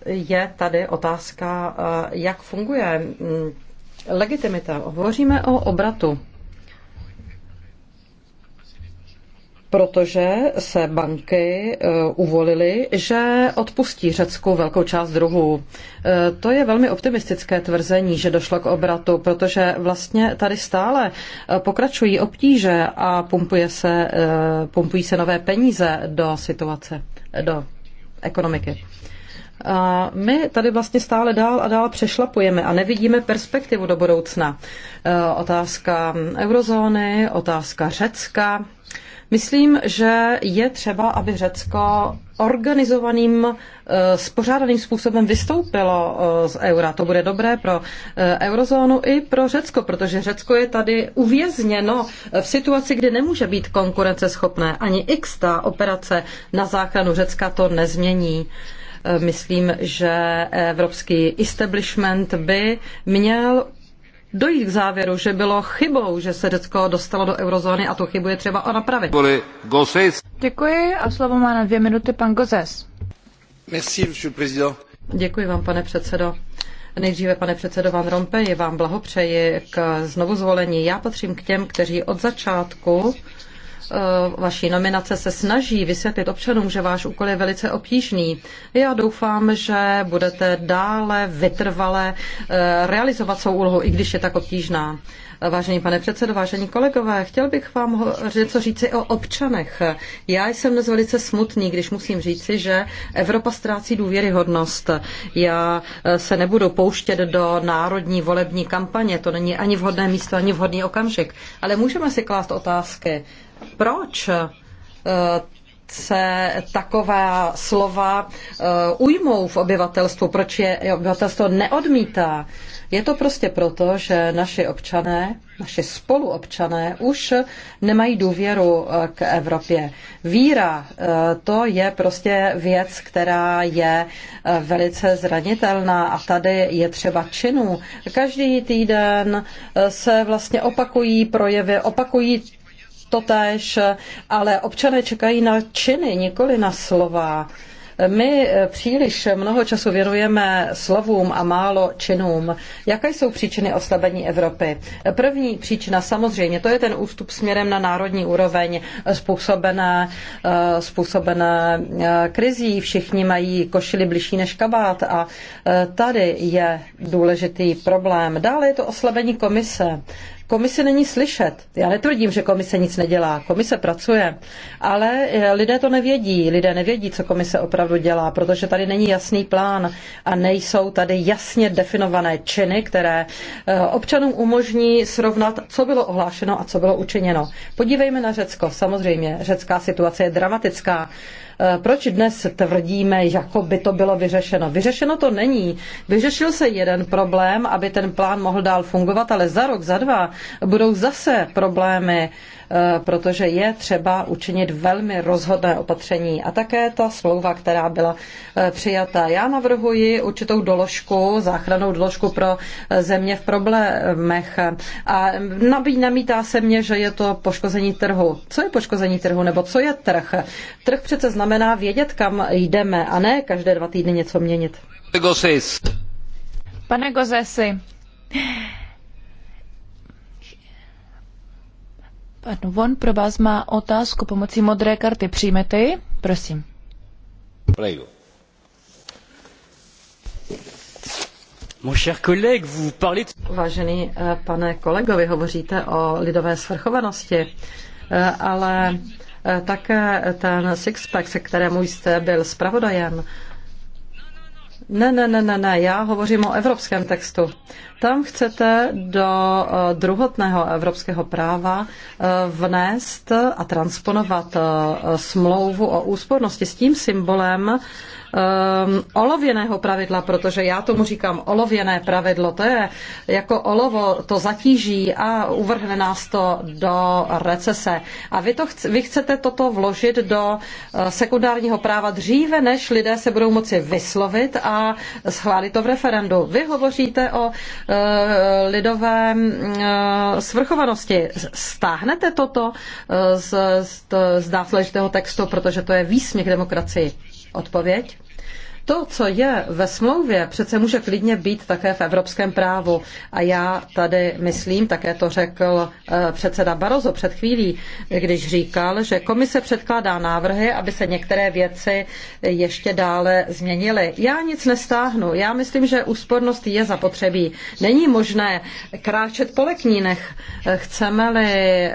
je tady otázka, eh, jak funguje mm, legitimita. Hovoříme o obratu protože se banky eh, uvolily, že odpustí Řecku velkou část druhů. Eh, to je velmi optimistické tvrzení, že došlo k obratu, protože vlastně tady stále eh, pokračují obtíže a pumpuje se, pumpují se nové peníze do situace, do ekonomiky. A my tady vlastně stále dál a dál přešlapujeme a nevidíme perspektivu do budoucna. Otázka eurozóny, otázka Řecka, Myslím, že je třeba, aby Řecko organizovaným, eh, spořádaným způsobem vystoupilo eh, z eura. To bude dobré pro eh, eurozónu i pro Řecko, protože Řecko je tady uvězněno v situaci, kdy nemůže být konkurenceschopné. Ani x ta operace na záchranu Řecka to nezmění myslím, že evropský establishment by měl dojít k závěru, že bylo chybou, že se Řecko dostalo do eurozóny a tu chybu je třeba napravit. Děkuji a slovo má na dvě minuty pan Gozes. Merci, Děkuji vám, pane předsedo. Nejdříve, pane předsedo Van Rompuy, vám blahopřeji k znovuzvolení. Já patřím k těm, kteří od začátku Eh, vaší nominace se snaží vysvětlit občanům, že váš úkol je velice obtížný. Já doufám, že budete dále vytrvale eh, realizovat svou úlohu, i když je tak obtížná. Vážený pane předsedo, vážení kolegové, chtěl bych vám něco říci o občanech. Já jsem dnes velice smutný, když musím říci, že Evropa ztrácí důvěryhodnost. Já eh, se nebudu pouštět do národní volební kampaně, to není ani vhodné místo, ani vhodný okamžik, ale můžeme si klást otázky. Proč eh, se taková slova eh, ujmou v obyvatelstvu, proč je obyvatelstvo neodmítá. Je to prostě proto, že naši občané, naši spoluobčané už nemají důvěru eh, k Evropě. Víra to je prostě věc, která je velice zranitelná a tady je třeba činů. Každý týden se vlastně opakují projevy, opakují totéž, ale občané čekají na činy, nikoli na slova. My příliš mnoho času věnujeme slovům a málo činům. Jaké jsou příčiny oslabení Evropy? První příčina samozřejmě, to je ten ústup směrem na národní úroveň způsobené, eh, způsobené eh, krizí. Všichni mají košily blížší než kabát a eh, tady je důležitý problém. Dále je to oslabení komise. Komise není slyšet. Já netvrdím, že komise nic nedělá. Komise pracuje, ale eh, lidé to nevědí. Lidé nevědí, co komise opravdu dělá, protože tady není jasný plán a nejsou tady jasně definované činy, které eh, občanům umožní srovnat, co bylo ohlášeno a co bylo učiněno. Podívejme na Řecko. Samozřejmě, řecká situace je dramatická. Eh, proč dnes tvrdíme, jako by to bylo vyřešeno? Vyřešeno to není. Vyřešil se jeden problém, aby ten plán mohl dál fungovat, ale za rok, za dva budou zase problémy Eh, protože je třeba učinit velmi rozhodné opatření. A také ta smlouva, která byla eh, přijata. Já navrhuji určitou doložku, záchranou doložku pro eh, země v problémech. A namítá se mě, že je to poškození trhu. Co je poškození trhu, nebo co je trh? Trh přece znamená vědět, kam jdeme, a ne každé dva týdny něco měnit. Pane Gozesi, Pan Von pro vás má otázku pomocí modré karty. Přijmete ji? Prosím. Prego. Vážený eh, pane kolego, vy hovoříte o lidové svrchovanosti, eh, ale eh, také ten sixpack, se kterému jste byl zpravodajem, ne, ne, ne, ne, ne, já hovořím o evropském textu. Tam chcete do eh, druhotného evropského práva eh, vnést a transponovat eh, smlouvu o úspornosti s tím symbolem, um, olověného pravidla, protože já tomu říkám olověné pravidlo. To je jako olovo, to zatíží a uvrhne nás to do recese. A vy, to chc- vy chcete toto vložit do uh, sekundárního práva dříve, než lidé se budou moci vyslovit a schválit to v referendu. Vy hovoříte o uh, lidové uh, svrchovanosti. Stáhnete toto uh, z, z, z dásležitého textu, protože to je výsměch demokracii. Odpověď? To, co je ve smlouvě, přece může klidně být také v evropském právu. A já tady myslím, také to řekl eh, předseda Barozo před chvílí, když říkal, že komise předkládá návrhy, aby se některé věci ještě dále změnily. Já nic nestáhnu. Já myslím, že úspornost je zapotřebí. Není možné kráčet po leknínech. Chceme-li eh,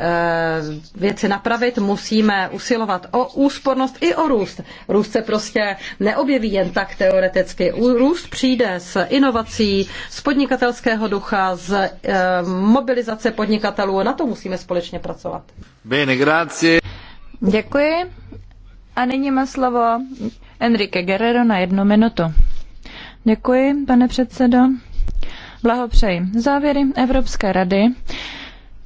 věci napravit, musíme usilovat o úspornost i o růst. Růst se prostě neobjeví jen tak teoreticky. Růst přijde s inovací, z podnikatelského ducha, z eh, mobilizace podnikatelů. Na to musíme společně pracovat. Bene, grazie. Děkuji. A nyní má slovo Enrique Guerrero na jednu minutu. Děkuji, pane předsedo. Blahopřeji. Závěry Evropské rady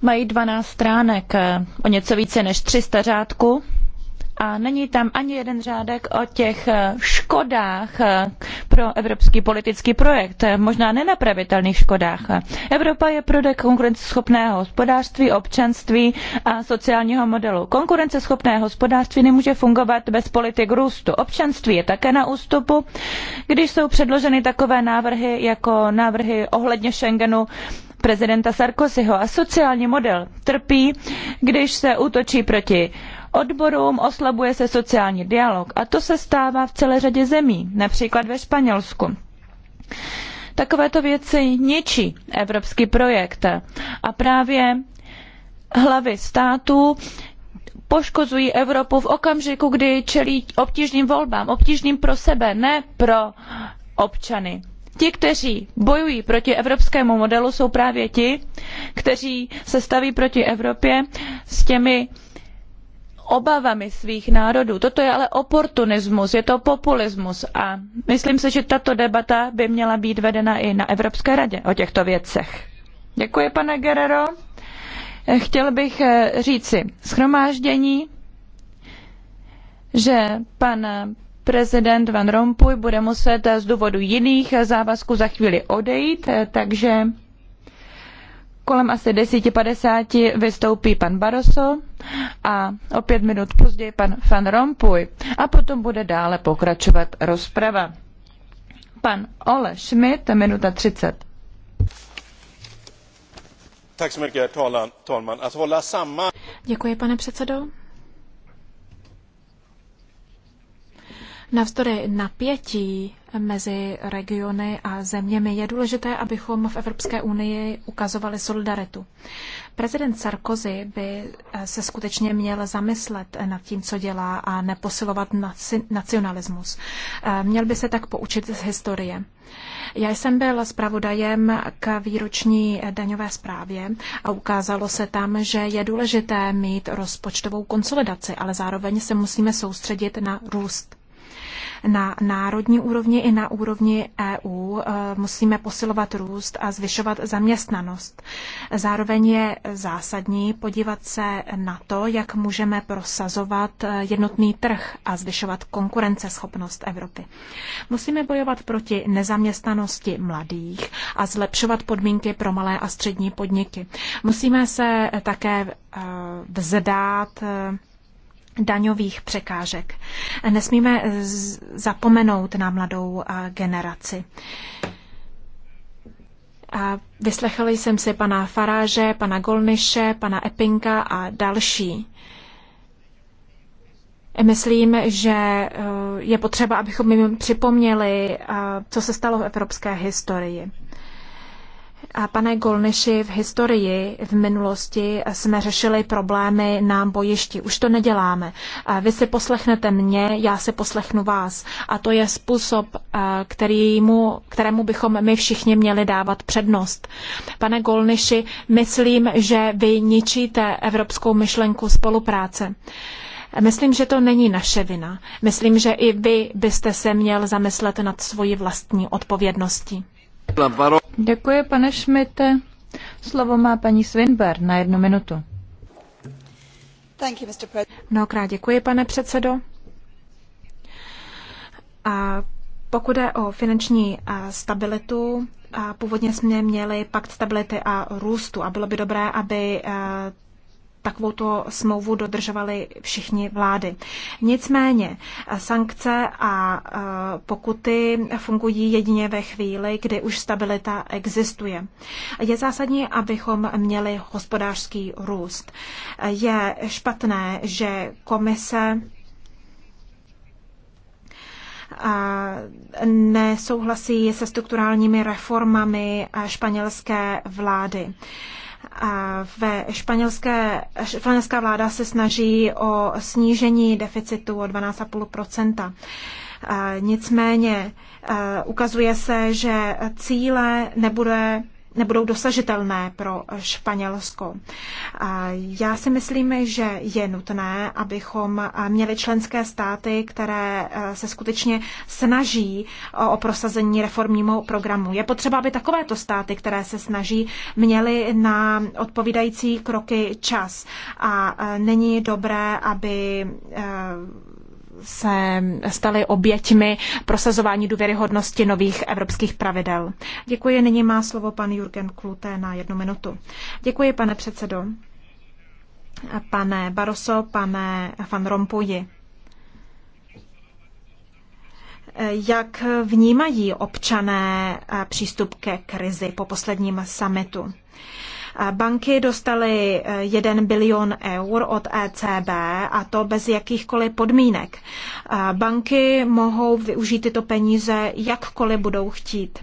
mají 12 stránek, eh, o něco více než 300 řádků a není tam ani jeden řádek o těch eh, škodách eh, pro evropský politický projekt, eh, možná nenapravitelných škodách. Evropa je produkt konkurenceschopného hospodářství, občanství a sociálního modelu. Konkurenceschopné hospodářství nemůže fungovat bez politik růstu. Občanství je také na ústupu, když jsou předloženy takové návrhy jako návrhy ohledně Schengenu prezidenta Sarkozyho a sociální model trpí, když se útočí proti odborům, oslabuje se sociální dialog. A to se stává v celé řadě zemí, například ve Španělsku. Takovéto věci ničí evropský projekt a právě hlavy států poškozují Evropu v okamžiku, kdy čelí obtížným volbám, obtížným pro sebe, ne pro občany. Ti, kteří bojují proti evropskému modelu, jsou právě ti, kteří se staví proti Evropě s těmi obavami svých národů. Toto je ale oportunismus, je to populismus a myslím si, že tato debata by měla být vedena i na Evropské radě o těchto věcech. Děkuji, pane Guerrero. Chtěl bych eh, říci schromáždění, že pan prezident Van Rompuy bude muset z důvodu jiných závazků za chvíli odejít, eh, takže kolem asi 10.50 vystoupí pan Barroso a o pět minut později pan Van Rompuy a potom bude dále pokračovat rozprava. Pan Ole Schmidt, minuta 30. Děkuji, pane předsedo. Navzdory napětí mezi regiony a zeměmi, je důležité, abychom v Evropské unii ukazovali solidaritu. Prezident Sarkozy by eh, se skutečně měl zamyslet nad tím, co dělá a neposilovat nacionalismus. Eh, měl by se tak poučit z historie. Já jsem byl zpravodajem k výroční eh, daňové zprávě a ukázalo se tam, že je důležité mít rozpočtovou konsolidaci, ale zároveň se musíme soustředit na růst na národní úrovni i na úrovni EU eh, musíme posilovat růst a zvyšovat zaměstnanost. Zároveň je zásadní podívat se na to, jak můžeme prosazovat eh, jednotný trh a zvyšovat konkurenceschopnost Evropy. Musíme bojovat proti nezaměstnanosti mladých a zlepšovat podmínky pro malé a střední podniky. Musíme se také eh, vzdát daňových překážek. Nesmíme zapomenout na mladou generaci. A vyslechali jsem si pana Faráže, pana Golniše, pana Epinka a další. Myslím, že e, je potřeba, abychom jim připomněli, co se stalo v evropské historii. A pane Golniši, v historii, v minulosti jsme řešili problémy na bojišti. Už to neděláme. Vy si poslechnete mě, já si poslechnu vás. A to je způsob, kterýmu, kterému bychom my všichni měli dávat přednost. Pane Golniši, myslím, že vy ničíte evropskou myšlenku spolupráce. Myslím, že to není naše vina. Myslím, že i vy byste se měl zamyslet nad svoji vlastní odpovědností. Děkuji, pane Šmite. Slovo má paní Svinber na jednu minutu. Mnohokrát děkuji, pane předsedo. A pokud je o finanční stabilitu, a původně jsme měli pakt stability a růstu a bylo by dobré, aby takovouto smlouvu dodržovaly všichni vlády. Nicméně sankce a e, pokuty fungují jedině ve chvíli, kdy už stabilita existuje. Je zásadní, abychom měli hospodářský růst. Je špatné, že komise nesouhlasí se strukturálními reformami španělské vlády. Ve španělské, španělská vláda se snaží o snížení deficitu o 12,5 Nicméně ukazuje se, že cíle nebude nebudou dosažitelné pro Španělsko. Já si myslím, že je nutné, abychom měli členské státy, které eh, se skutečně snaží o prosazení reformnímu programu. Je potřeba, aby takovéto státy, které se snaží, měly na odpovídající kroky čas. A eh, není dobré, aby eh, se staly oběťmi prosazování důvěryhodnosti nových evropských pravidel. Děkuji, nyní má slovo pan Jurgen Kluté na jednu minutu. Děkuji, pane předsedo. Pane Baroso, pane Van Rompuyi. Jak vnímají občané přístup ke krizi po posledním summitu? Banky dostaly 1 eh, bilion eur od ECB a to bez jakýchkoliv podmínek. Banky mohou využít tyto peníze jakkoliv budou chtít.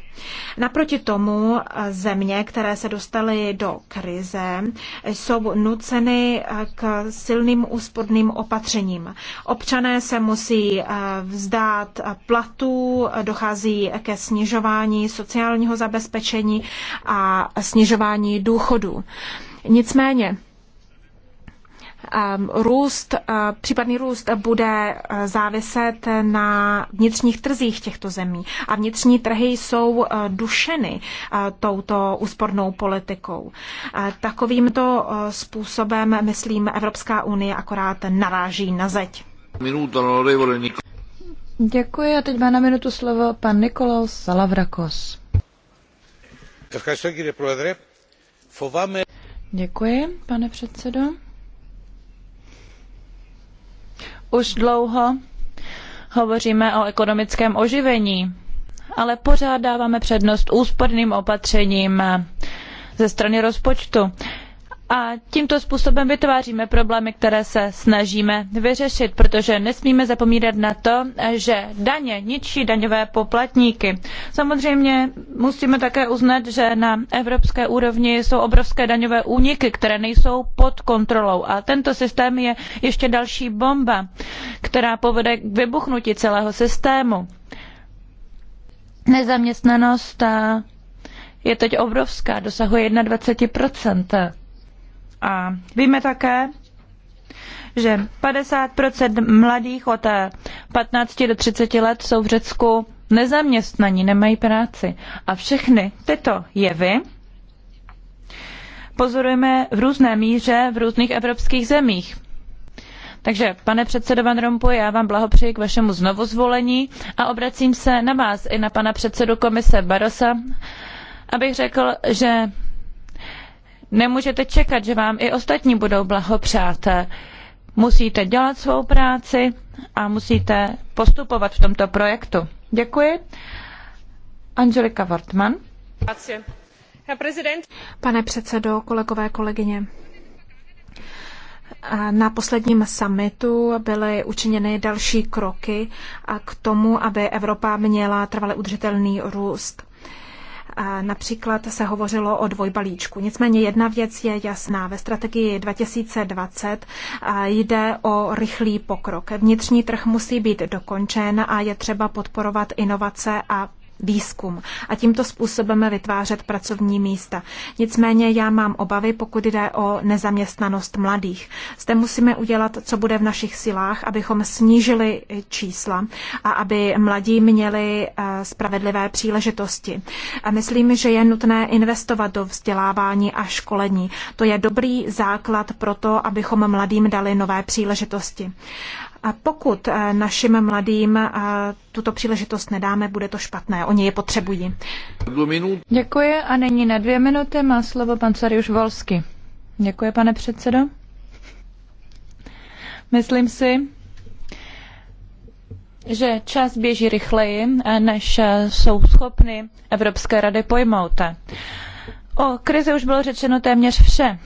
Naproti tomu eh, země, které se dostaly do krize, jsou nuceny eh, k silným úsporným opatřením. Občané se musí eh, vzdát platů, dochází ke snižování sociálního zabezpečení a snižování důchodů. Nicméně, Ehm, růst, eh, případný růst bude eh, záviset na vnitřních trzích těchto zemí. A vnitřní trhy jsou eh, dušeny touto úspornou politikou. Takovýmto způsobem, myslím, Evropská unie akorát naráží na zeď. Minuta, no, Děkuji a teď má na minutu slovo pan Nikolaus Salavrakos. Děkuji, pane předsedo. Už dlouho hovoříme o ekonomickém oživení, ale pořád dáváme přednost úsporným opatřením ze strany rozpočtu a tímto způsobem vytváříme problémy, které se snažíme vyřešit, protože nesmíme zapomínat na to, že daně ničí daňové poplatníky. Samozřejmě musíme také uznat, že na evropské úrovni jsou obrovské daňové úniky, které nejsou pod kontrolou a tento systém je ještě další bomba, která povede k vybuchnutí celého systému. Nezaměstnanost je teď obrovská, dosahuje 21 a víme také, že 50 mladých od 15 do 30 let jsou v Řecku nezaměstnaní, nemají práci. A všechny tyto jevy pozorujeme v různé míře v různých evropských zemích. Takže, pane předsedo Van Rompuy, já vám blahopřeji k vašemu znovuzvolení a obracím se na vás i na pana předsedu komise Barosa, abych řekl, že Nemůžete čekat, že vám i ostatní budou blahopřát. Musíte dělat svou práci a musíte postupovat v tomto projektu. Děkuji. Angelika Wortmann. Pane předsedo, kolegové, kolegyně. Na posledním summitu byly učiněny další kroky k tomu, aby Evropa měla trvale udržitelný růst. Například se hovořilo o dvojbalíčku. Nicméně jedna věc je jasná. Ve strategii 2020 jde o rychlý pokrok. Vnitřní trh musí být dokončen a je třeba podporovat inovace a výzkum a tímto způsobem vytvářet pracovní místa. Nicméně já mám obavy, pokud jde o nezaměstnanost mladých. Zde musíme udělat, co bude v našich silách, abychom snížili čísla a aby mladí měli eh, spravedlivé příležitosti. A myslím, že je nutné investovat do vzdělávání a školení. To je dobrý základ pro to, abychom mladým dali nové příležitosti. A pokud eh, našim mladým eh, tuto příležitost nedáme, bude to špatné. Oni je potřebují. Děkuji a není na dvě minuty má slovo pan Sariuš Volsky. Děkuji, pane předsedo. Myslím si, že čas běží rychleji, eh, než jsou schopny Evropské rady pojmout. O krizi už bylo řečeno téměř vše.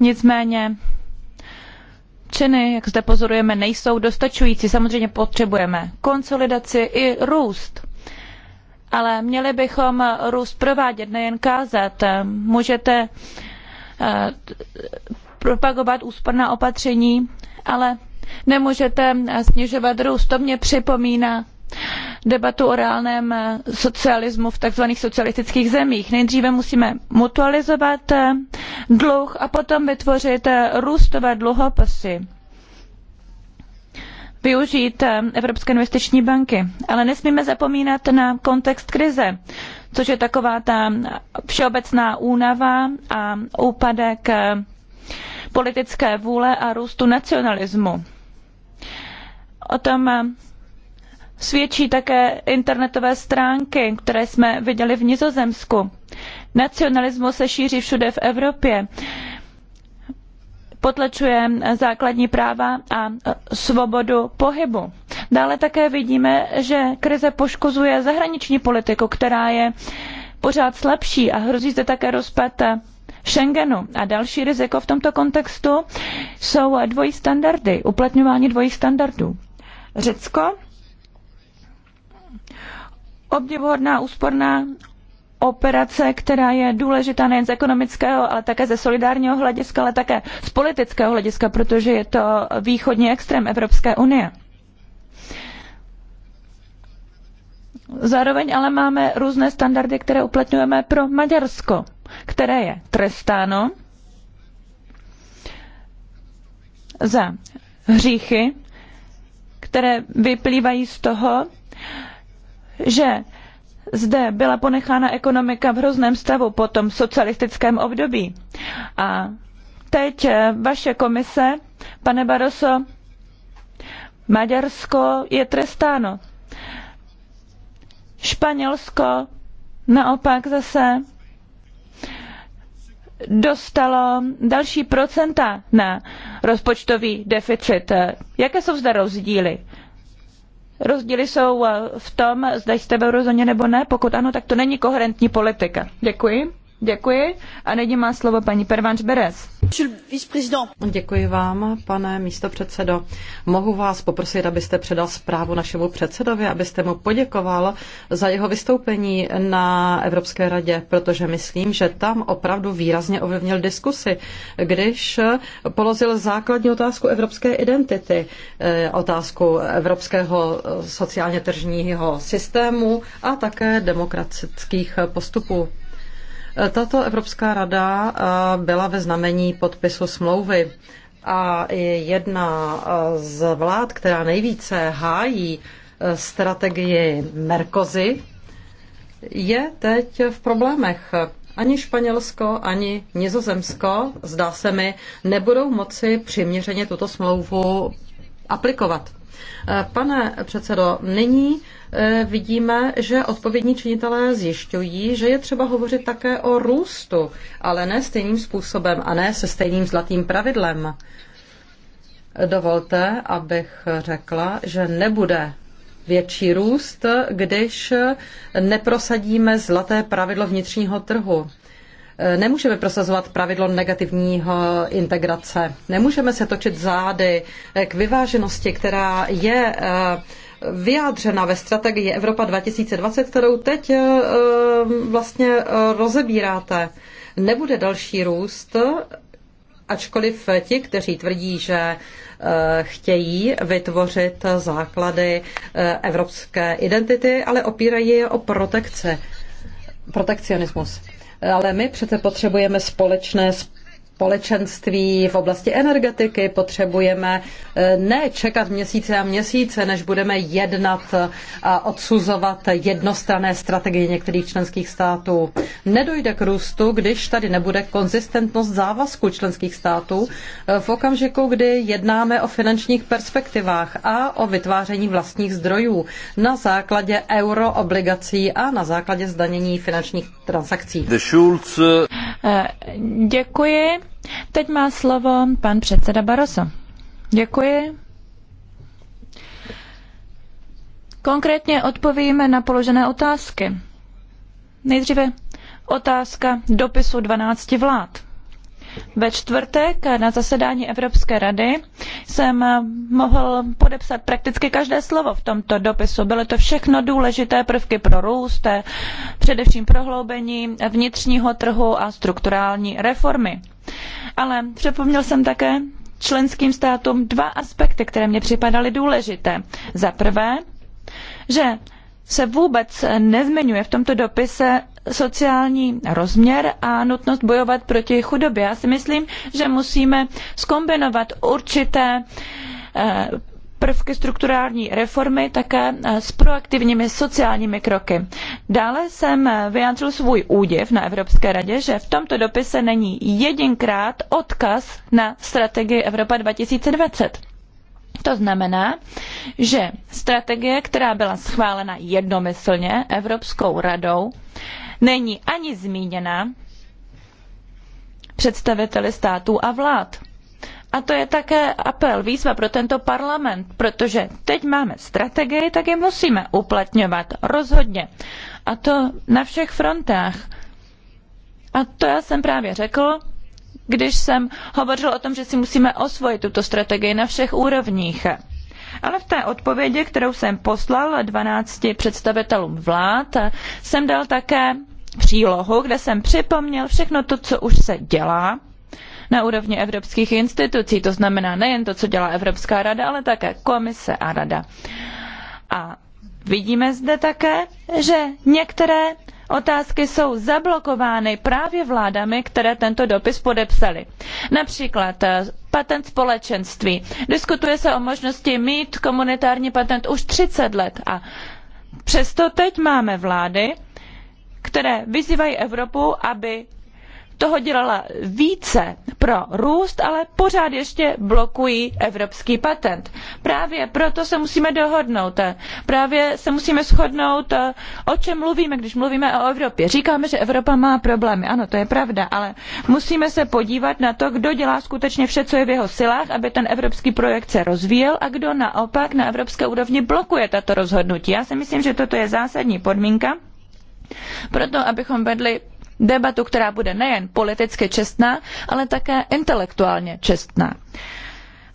Nicméně činy, jak zde pozorujeme, nejsou dostačující. Samozřejmě potřebujeme konsolidaci i růst. Ale měli bychom růst provádět, nejen kázat. Můžete eh, propagovat úsporná opatření, ale nemůžete eh, snižovat růst. To mě připomíná debatu o reálném eh, socialismu v tzv. socialistických zemích. Nejdříve musíme mutualizovat eh, dluh a potom vytvořit eh, růstové dluhopisy využít Evropské investiční banky. Ale nesmíme zapomínat na kontext krize, což je taková ta všeobecná únava a úpadek politické vůle a růstu nacionalismu. O tom svědčí také internetové stránky, které jsme viděli v Nizozemsku. Nacionalismus se šíří všude v Evropě potlačuje základní práva a svobodu pohybu. Dále také vidíme, že krize poškozuje zahraniční politiku, která je pořád slabší a hrozí zde také rozpad Schengenu. A další riziko v tomto kontextu jsou dvojí standardy, uplatňování dvojích standardů. Řecko obdivuhodná úsporná operace, která je důležitá nejen z ekonomického, ale také ze solidárního hlediska, ale také z politického hlediska, protože je to východní extrém Evropské unie. Zároveň ale máme různé standardy, které uplatňujeme pro Maďarsko, které je trestáno za hříchy, které vyplývají z toho, že zde byla ponechána ekonomika v hrozném stavu po tom socialistickém období. A teď eh, vaše komise, pane Baroso, Maďarsko je trestáno. Španělsko naopak zase dostalo další procenta na rozpočtový deficit. Jaké jsou zde rozdíly? Rozdíly jsou eh, v tom, zda jste v eurozóně nebo ne. Pokud ano, tak to není koherentní politika. Děkuji. Děkuji. A nyní má slovo paní Pervanč Beres. Děkuji vám, pane místopředsedo. Mohu vás poprosit, abyste předal zprávu našemu předsedovi, abyste mu poděkoval za jeho vystoupení na Evropské radě, protože myslím, že tam opravdu výrazně ovlivnil diskusy, když položil základní otázku evropské identity, eh, otázku evropského sociálně tržního systému a také demokratických postupů. Tato Evropská rada eh, byla ve znamení podpisu smlouvy a jedna eh, z vlád, která nejvíce hájí eh, strategii Merkozy, je teď v problémech. Ani Španělsko, ani Nizozemsko, zdá se mi, nebudou moci přiměřeně tuto smlouvu aplikovat. Pane předsedo, nyní eh, vidíme, že odpovědní činitelé zjišťují, že je třeba hovořit také o růstu, ale ne stejným způsobem a ne se stejným zlatým pravidlem. Dovolte, abych řekla, že nebude větší růst, když neprosadíme zlaté pravidlo vnitřního trhu. Eh, nemůžeme prosazovat pravidlo negativního integrace. Nemůžeme se točit zády eh, k vyváženosti, která je eh, vyjádřena ve strategii Evropa 2020, kterou teď vlastně rozebíráte. Nebude další růst, ačkoliv ti, kteří tvrdí, že chtějí vytvořit základy evropské identity, ale opírají je o protekce, protekcionismus ale my přece potřebujeme společné společnosti společenství v oblasti energetiky. Potřebujeme eh, ne čekat měsíce a měsíce, než budeme jednat a odsuzovat jednostranné strategie některých členských států. Nedojde k růstu, když tady nebude konzistentnost závazku členských států eh, v okamžiku, kdy jednáme o finančních perspektivách a o vytváření vlastních zdrojů na základě euroobligací a na základě zdanění finančních transakcí. Eh, děkuji. Teď má slovo pan předseda Barroso. Děkuji. Konkrétně odpovíme na položené otázky. Nejdříve otázka dopisu 12 vlád. Ve čtvrtek na zasedání Evropské rady jsem mohl podepsat prakticky každé slovo v tomto dopisu. Byly to všechno důležité prvky pro růst, eh, především prohloubení vnitřního trhu a strukturální reformy. Ale připomněl jsem také členským státům dva aspekty, které mě připadaly důležité. Za prvé, že se vůbec nezmiňuje v tomto dopise sociální rozměr a nutnost bojovat proti chudobě. Já si myslím, že musíme skombinovat určité eh, prvky strukturální reformy také eh, s proaktivními sociálními kroky. Dále jsem eh, vyjádřil svůj údiv na Evropské radě, že v tomto dopise není jedinkrát odkaz na strategii Evropa 2020. To znamená, že strategie, která byla schválena jednomyslně Evropskou radou, není ani zmíněna představiteli států a vlád. A to je také apel, výzva pro tento parlament, protože teď máme strategii, tak ji musíme uplatňovat rozhodně. A to na všech frontách. A to já jsem právě řekl, když jsem hovořil o tom, že si musíme osvojit tuto strategii na všech úrovních. Ale v té odpovědi, kterou jsem poslal 12 představitelům vlád, jsem dal také přílohu, kde jsem připomněl všechno to, co už se dělá na úrovni evropských institucí, to znamená nejen to, co dělá Evropská rada, ale také komise a rada. A vidíme zde také, že některé otázky jsou zablokovány právě vládami, které tento dopis podepsaly. Například eh, patent společenství. Diskutuje se o možnosti mít komunitární patent už 30 let a přesto teď máme vlády, které vyzývají Evropu, aby toho dělala více pro růst, ale pořád ještě blokují evropský patent. Právě proto se musíme dohodnout. Právě se musíme shodnout, o čem mluvíme, když mluvíme o Evropě. Říkáme, že Evropa má problémy. Ano, to je pravda, ale musíme se podívat na to, kdo dělá skutečně vše, co je v jeho silách, aby ten evropský projekt se rozvíjel a kdo naopak na evropské úrovni blokuje tato rozhodnutí. Já si myslím, že toto je zásadní podmínka proto, abychom vedli debatu, která bude nejen politicky čestná, ale také intelektuálně čestná.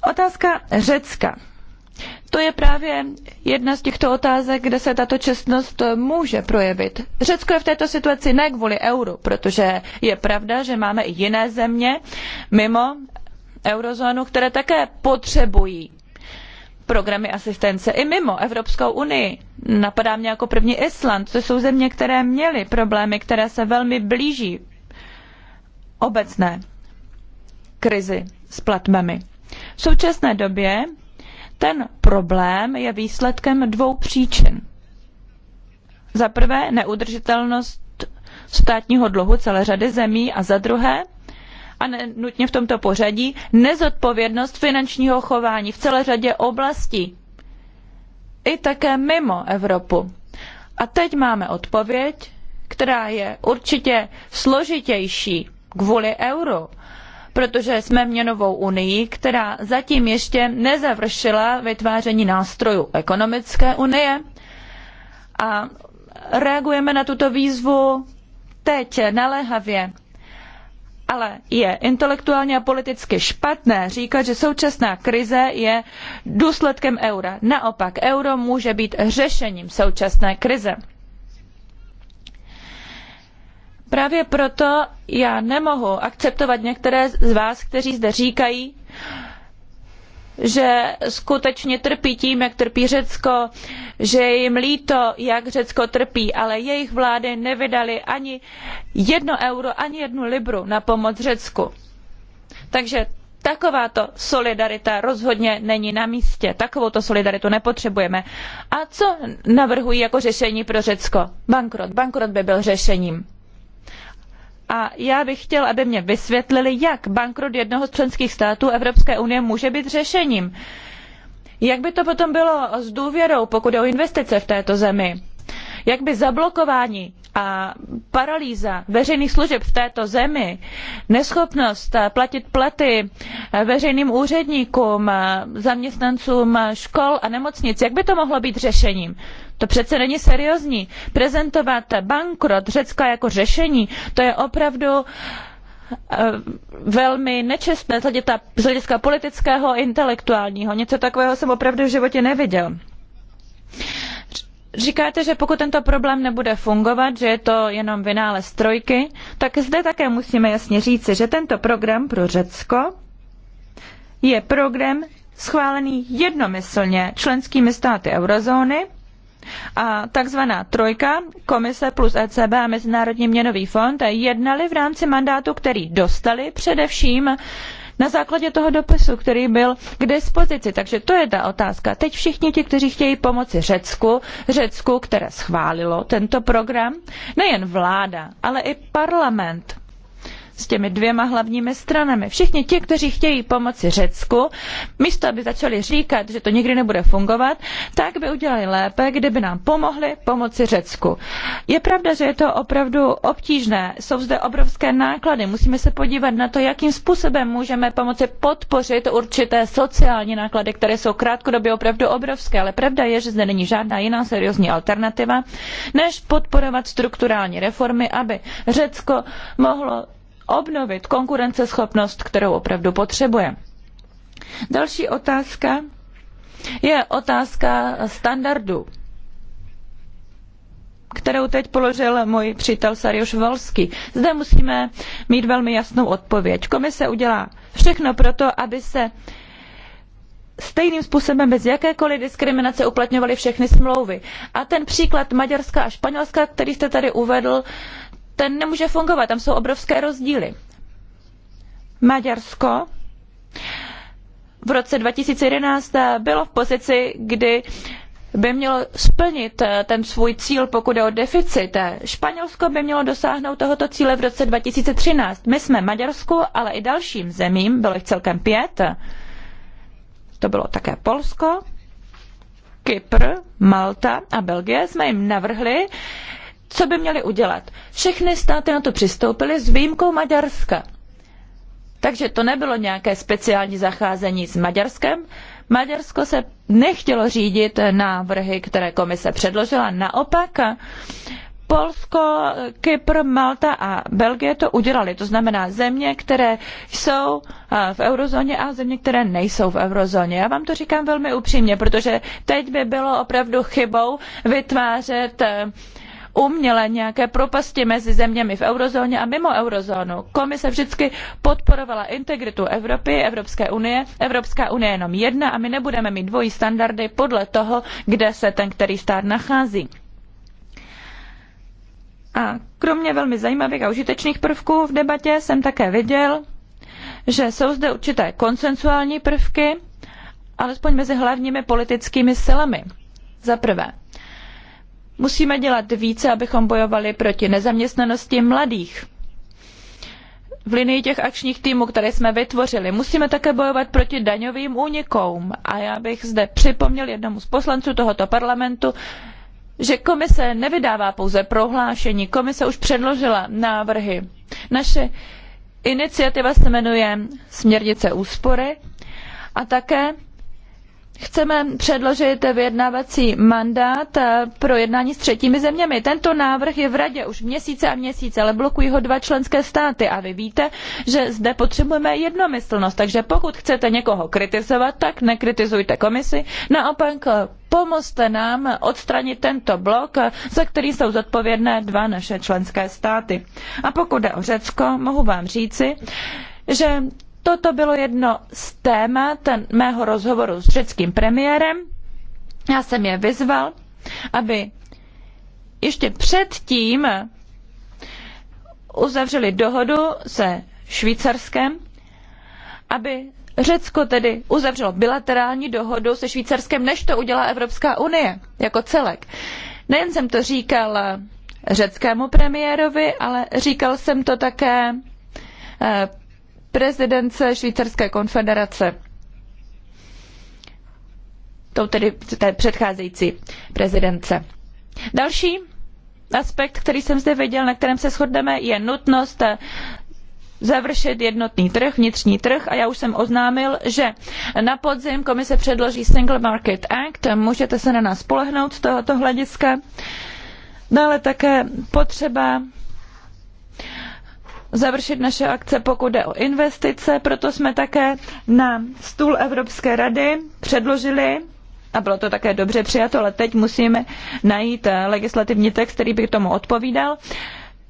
Otázka Řecka. To je právě jedna z těchto otázek, kde se tato čestnost může projevit. Řecko je v této situaci ne kvůli euru, protože je pravda, že máme i jiné země mimo eurozónu, které také potřebují programy asistence i mimo Evropskou unii. Napadá mě jako první Island. To jsou země, které měly problémy, které se velmi blíží obecné krizi s platbami. V současné době ten problém je výsledkem dvou příčin. Za prvé neudržitelnost státního dluhu celé řady zemí a za druhé a ne, nutně v tomto pořadí, nezodpovědnost finančního chování v celé řadě oblastí i také mimo Evropu. A teď máme odpověď, která je určitě složitější kvůli euru, protože jsme měnovou unii, která zatím ještě nezavršila vytváření nástrojů ekonomické unie a reagujeme na tuto výzvu teď naléhavě ale je intelektuálně a politicky špatné říkat, že současná krize je důsledkem eura. Naopak, euro může být řešením současné krize. Právě proto já nemohu akceptovat některé z vás, kteří zde říkají, že skutečně trpí tím, jak trpí Řecko, že je jim líto, jak Řecko trpí, ale jejich vlády nevydaly ani jedno euro, ani jednu libru na pomoc Řecku. Takže takováto solidarita rozhodně není na místě. Takovouto solidaritu nepotřebujeme. A co navrhují jako řešení pro Řecko? Bankrot. Bankrot by byl řešením. A já bych chtěl, aby mě vysvětlili, jak bankrot jednoho z členských států Evropské unie může být řešením. Jak by to potom bylo s důvěrou, pokud je o investice v této zemi? Jak by zablokování a paralýza veřejných služeb v této zemi, neschopnost platit platy veřejným úředníkům, zaměstnancům škol a nemocnic, jak by to mohlo být řešením? To přece není seriózní. Prezentovat bankrot Řecka jako řešení, to je opravdu eh, velmi nečestné z hlediska politického a intelektuálního. Něco takového jsem opravdu v životě neviděl. Říkáte, že pokud tento problém nebude fungovat, že je to jenom vynález trojky, tak zde také musíme jasně říci, že tento program pro Řecko je program schválený jednomyslně členskými státy eurozóny a takzvaná trojka, komise plus ECB a Mezinárodní měnový fond, jednali v rámci mandátu, který dostali především na základě toho dopisu, který byl k dispozici. Takže to je ta otázka. Teď všichni ti, kteří chtějí pomoci Řecku, Řecku, které schválilo tento program, nejen vláda, ale i parlament s těmi dvěma hlavními stranami. Všichni ti, kteří chtějí pomoci Řecku, místo aby začali říkat, že to nikdy nebude fungovat, tak by udělali lépe, kdyby nám pomohli pomoci Řecku. Je pravda, že je to opravdu obtížné. Jsou zde obrovské náklady. Musíme se podívat na to, jakým způsobem můžeme pomoci podpořit určité sociální náklady, které jsou krátkodobě opravdu obrovské. Ale pravda je, že zde není žádná jiná seriózní alternativa, než podporovat strukturální reformy, aby Řecko mohlo obnovit konkurenceschopnost, kterou opravdu potřebuje. Další otázka je otázka standardu, kterou teď položil můj přítel Sariuš Volský. Zde musíme mít velmi jasnou odpověď. Komise udělá všechno proto, aby se stejným způsobem bez jakékoliv diskriminace uplatňovaly všechny smlouvy. A ten příklad Maďarska a Španělska, který jste tady uvedl, ten nemůže fungovat, tam jsou obrovské rozdíly. Maďarsko v roce 2011 bylo v pozici, kdy by mělo splnit eh, ten svůj cíl, pokud je o deficit. Španělsko by mělo dosáhnout tohoto cíle v roce 2013. My jsme Maďarsku, ale i dalším zemím, bylo jich celkem pět, to bylo také Polsko, Kypr, Malta a Belgie, jsme jim navrhli, co by měly udělat. Všechny státy na to přistoupily s výjimkou Maďarska. Takže to nebylo nějaké speciální zacházení s Maďarskem. Maďarsko se nechtělo řídit návrhy, které komise předložila. Naopak Polsko, Kypr, Malta a Belgie to udělali. To znamená země, které jsou eh, v eurozóně a země, které nejsou v eurozóně. Já vám to říkám velmi upřímně, protože teď by bylo opravdu chybou vytvářet uh, uměle nějaké propasti mezi zeměmi v eurozóně a mimo eurozónu. Komise vždycky podporovala integritu Evropy, Evropské unie. Evropská unie je jenom jedna a my nebudeme mít dvojí standardy podle toho, kde se ten který stát nachází. A kromě velmi zajímavých a užitečných prvků v debatě jsem také viděl, že jsou zde určité konsensuální prvky, alespoň mezi hlavními politickými silami. Za prvé, Musíme dělat více, abychom bojovali proti nezaměstnanosti mladých. V linii těch akčních týmů, které jsme vytvořili, musíme také bojovat proti daňovým únikům. A já bych zde připomněl jednomu z poslanců tohoto parlamentu, že komise nevydává pouze prohlášení, komise už předložila návrhy. Naše iniciativa se jmenuje Směrnice úspory a také Chceme předložit vyjednávací mandát eh, pro jednání s třetími zeměmi. Tento návrh je v radě už měsíce a měsíce, ale blokují ho dva členské státy a vy víte, že zde potřebujeme jednomyslnost. Takže pokud chcete někoho kritizovat, tak nekritizujte komisi. Naopak eh, pomozte nám odstranit tento blok, eh, za který jsou zodpovědné dva naše členské státy. A pokud jde o Řecko, mohu vám říci, že Toto bylo jedno z témat mého rozhovoru s řeckým premiérem. Já jsem je vyzval, aby ještě předtím uzavřeli dohodu se Švýcarskem, aby Řecko tedy uzavřelo bilaterální dohodu se Švýcarskem, než to udělá Evropská unie jako celek. Nejen jsem to říkal řeckému premiérovi, ale říkal jsem to také eh, prezidence Švýcarské konfederace. Tou tedy té předcházející prezidence. Další aspekt, který jsem zde viděl, na kterém se shodneme, je nutnost eh, završit jednotný trh, vnitřní trh a já už jsem oznámil, že na podzim komise předloží Single Market Act, můžete se na nás spolehnout z tohoto hlediska. Dále také potřeba završit naše akce, pokud jde o investice, proto jsme také na stůl Evropské rady předložili a bylo to také dobře přijato, ale teď musíme najít legislativní text, který by k tomu odpovídal,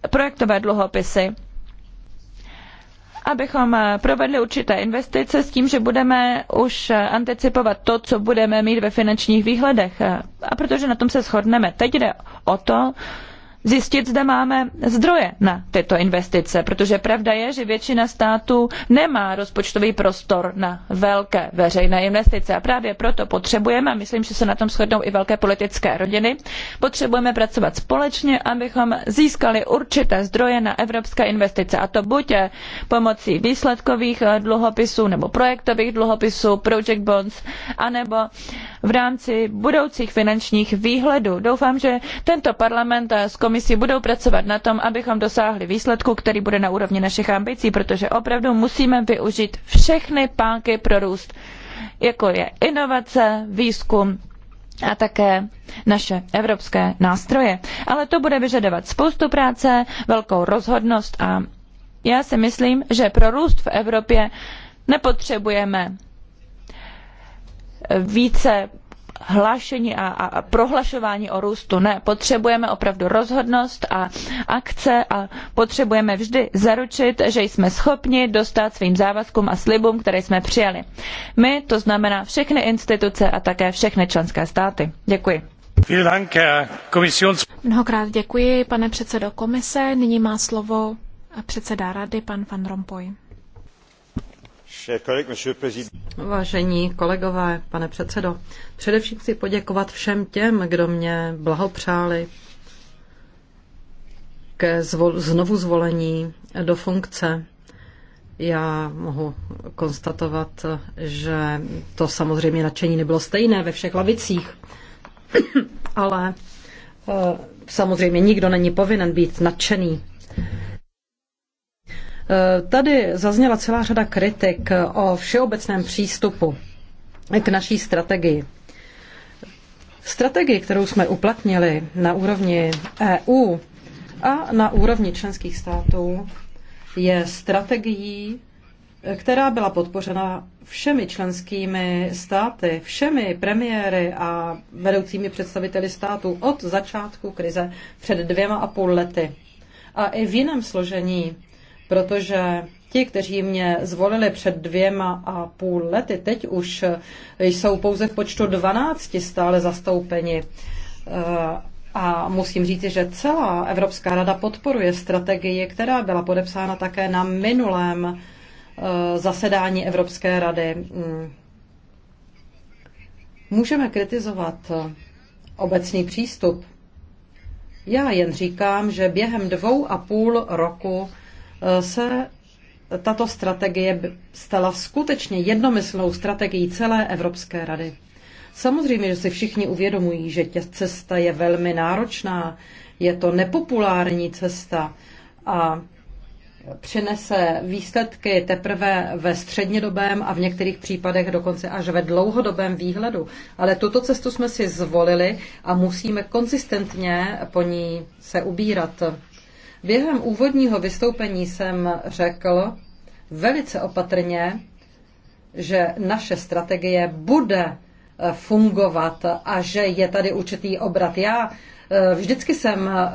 projektové dluhopisy. Abychom provedli určité investice s tím, že budeme už anticipovat to, co budeme mít ve finančních výhledech. A protože na tom se shodneme. Teď jde o to, zjistit, zda máme zdroje na tyto investice, protože pravda je, že většina států nemá rozpočtový prostor na velké veřejné investice a právě proto potřebujeme, a myslím, že se na tom shodnou i velké politické rodiny, potřebujeme pracovat společně, abychom získali určité zdroje na evropské investice a to buď pomocí výsledkových dluhopisů nebo projektových dluhopisů, project bonds, anebo v rámci budoucích finančních výhledů. Doufám, že tento parlament s komisí budou pracovat na tom, abychom dosáhli výsledku, který bude na úrovni našich ambicí, protože opravdu musíme využít všechny pánky pro růst, jako je inovace, výzkum, a také naše evropské nástroje. Ale to bude vyžadovat spoustu práce, velkou rozhodnost a já si myslím, že pro růst v Evropě nepotřebujeme více hlášení a, a, prohlašování o růstu. Ne, potřebujeme opravdu rozhodnost a akce a potřebujeme vždy zaručit, že jsme schopni dostat svým závazkům a slibům, které jsme přijali. My, to znamená všechny instituce a také všechny členské státy. Děkuji. Mnohokrát děkuji, pane předsedo komise. Nyní má slovo předseda rady, pan Van Rompuy. Vážení kolegové, pane předsedo, především chci poděkovat všem těm, kdo mě blahopřáli ke znovu zvolení do funkce. Já mohu konstatovat, že to samozřejmě nadšení nebylo stejné ve všech lavicích, ale eh, samozřejmě nikdo není povinen být nadšený. Eh, tady zazněla celá řada kritik eh, o všeobecném přístupu k naší strategii. Strategii, kterou jsme uplatnili na úrovni EU a na úrovni členských států, je strategií, eh, která byla podpořena všemi členskými státy, všemi premiéry a vedoucími představiteli států od začátku krize před dvěma a půl lety. A i v jiném složení protože ti, kteří mě zvolili před dvěma a půl lety, teď už jsou pouze v počtu 12 stále zastoupeni. Eh, a musím říct, že celá Evropská rada podporuje strategii, která byla podepsána také na minulém eh, zasedání Evropské rady. Hmm. Můžeme kritizovat eh, obecný přístup. Já jen říkám, že během dvou a půl roku se tato strategie stala skutečně jednomyslnou strategií celé Evropské rady. Samozřejmě, že si všichni uvědomují, že tě cesta je velmi náročná, je to nepopulární cesta a přinese výsledky teprve ve střednědobém a v některých případech dokonce až ve dlouhodobém výhledu. Ale tuto cestu jsme si zvolili a musíme konzistentně po ní se ubírat. Během úvodního vystoupení jsem řekl velice opatrně, že naše strategie bude e, fungovat a že je tady určitý obrat. Já e, vždycky jsem e,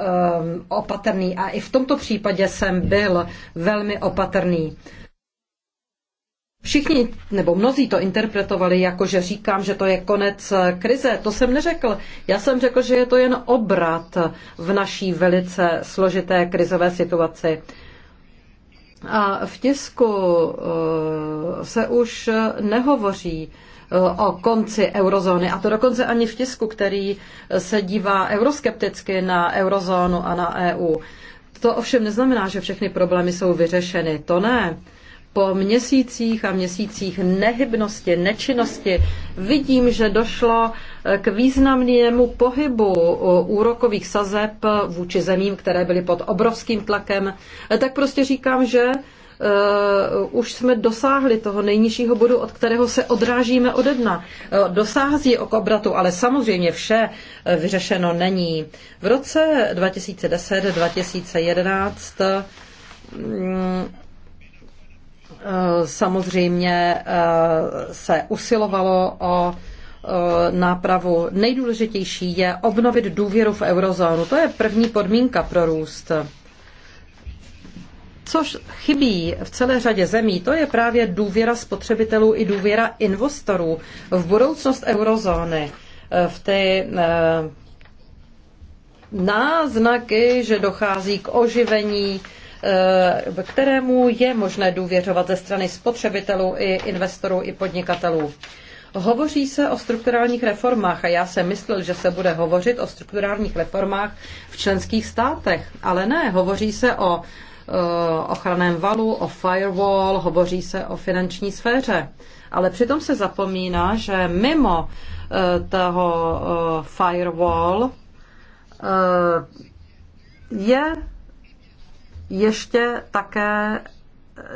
opatrný a i v tomto případě jsem byl velmi opatrný. Všichni, nebo mnozí to interpretovali jako, že říkám, že to je konec eh, krize. To jsem neřekl. Já jsem řekl, že je to jen obrat v naší velice složité krizové situaci. A v tisku eh, se už nehovoří eh, o konci eurozóny. A to dokonce ani v tisku, který se dívá euroskepticky na eurozónu a na EU. To ovšem neznamená, že všechny problémy jsou vyřešeny. To ne po měsících a měsících nehybnosti, nečinnosti vidím, že došlo eh, k významnému pohybu eh, úrokových sazeb eh, vůči zemím, které byly pod obrovským tlakem, tak prostě říkám, že uh, už jsme dosáhli toho nejnižšího bodu, od kterého se odrážíme ode dna. Uh, dosází k obratu, ale samozřejmě vše uh, vyřešeno není. V roce 2010-2011 Eh, samozřejmě eh, se usilovalo o eh, nápravu. Nejdůležitější je obnovit důvěru v eurozónu. To je první podmínka pro růst. Což chybí v celé řadě zemí, to je právě důvěra spotřebitelů i důvěra investorů v budoucnost eurozóny, v ty náznaky, že dochází k oživení Eh, kterému je možné důvěřovat ze strany spotřebitelů i investorů i podnikatelů. Hovoří se o strukturálních reformách a já jsem myslel, že se bude hovořit o strukturálních reformách v členských státech, ale ne, hovoří se o eh, ochraném valu, o firewall, hovoří se o finanční sféře. Ale přitom se zapomíná, že mimo eh, toho firewall je ještě také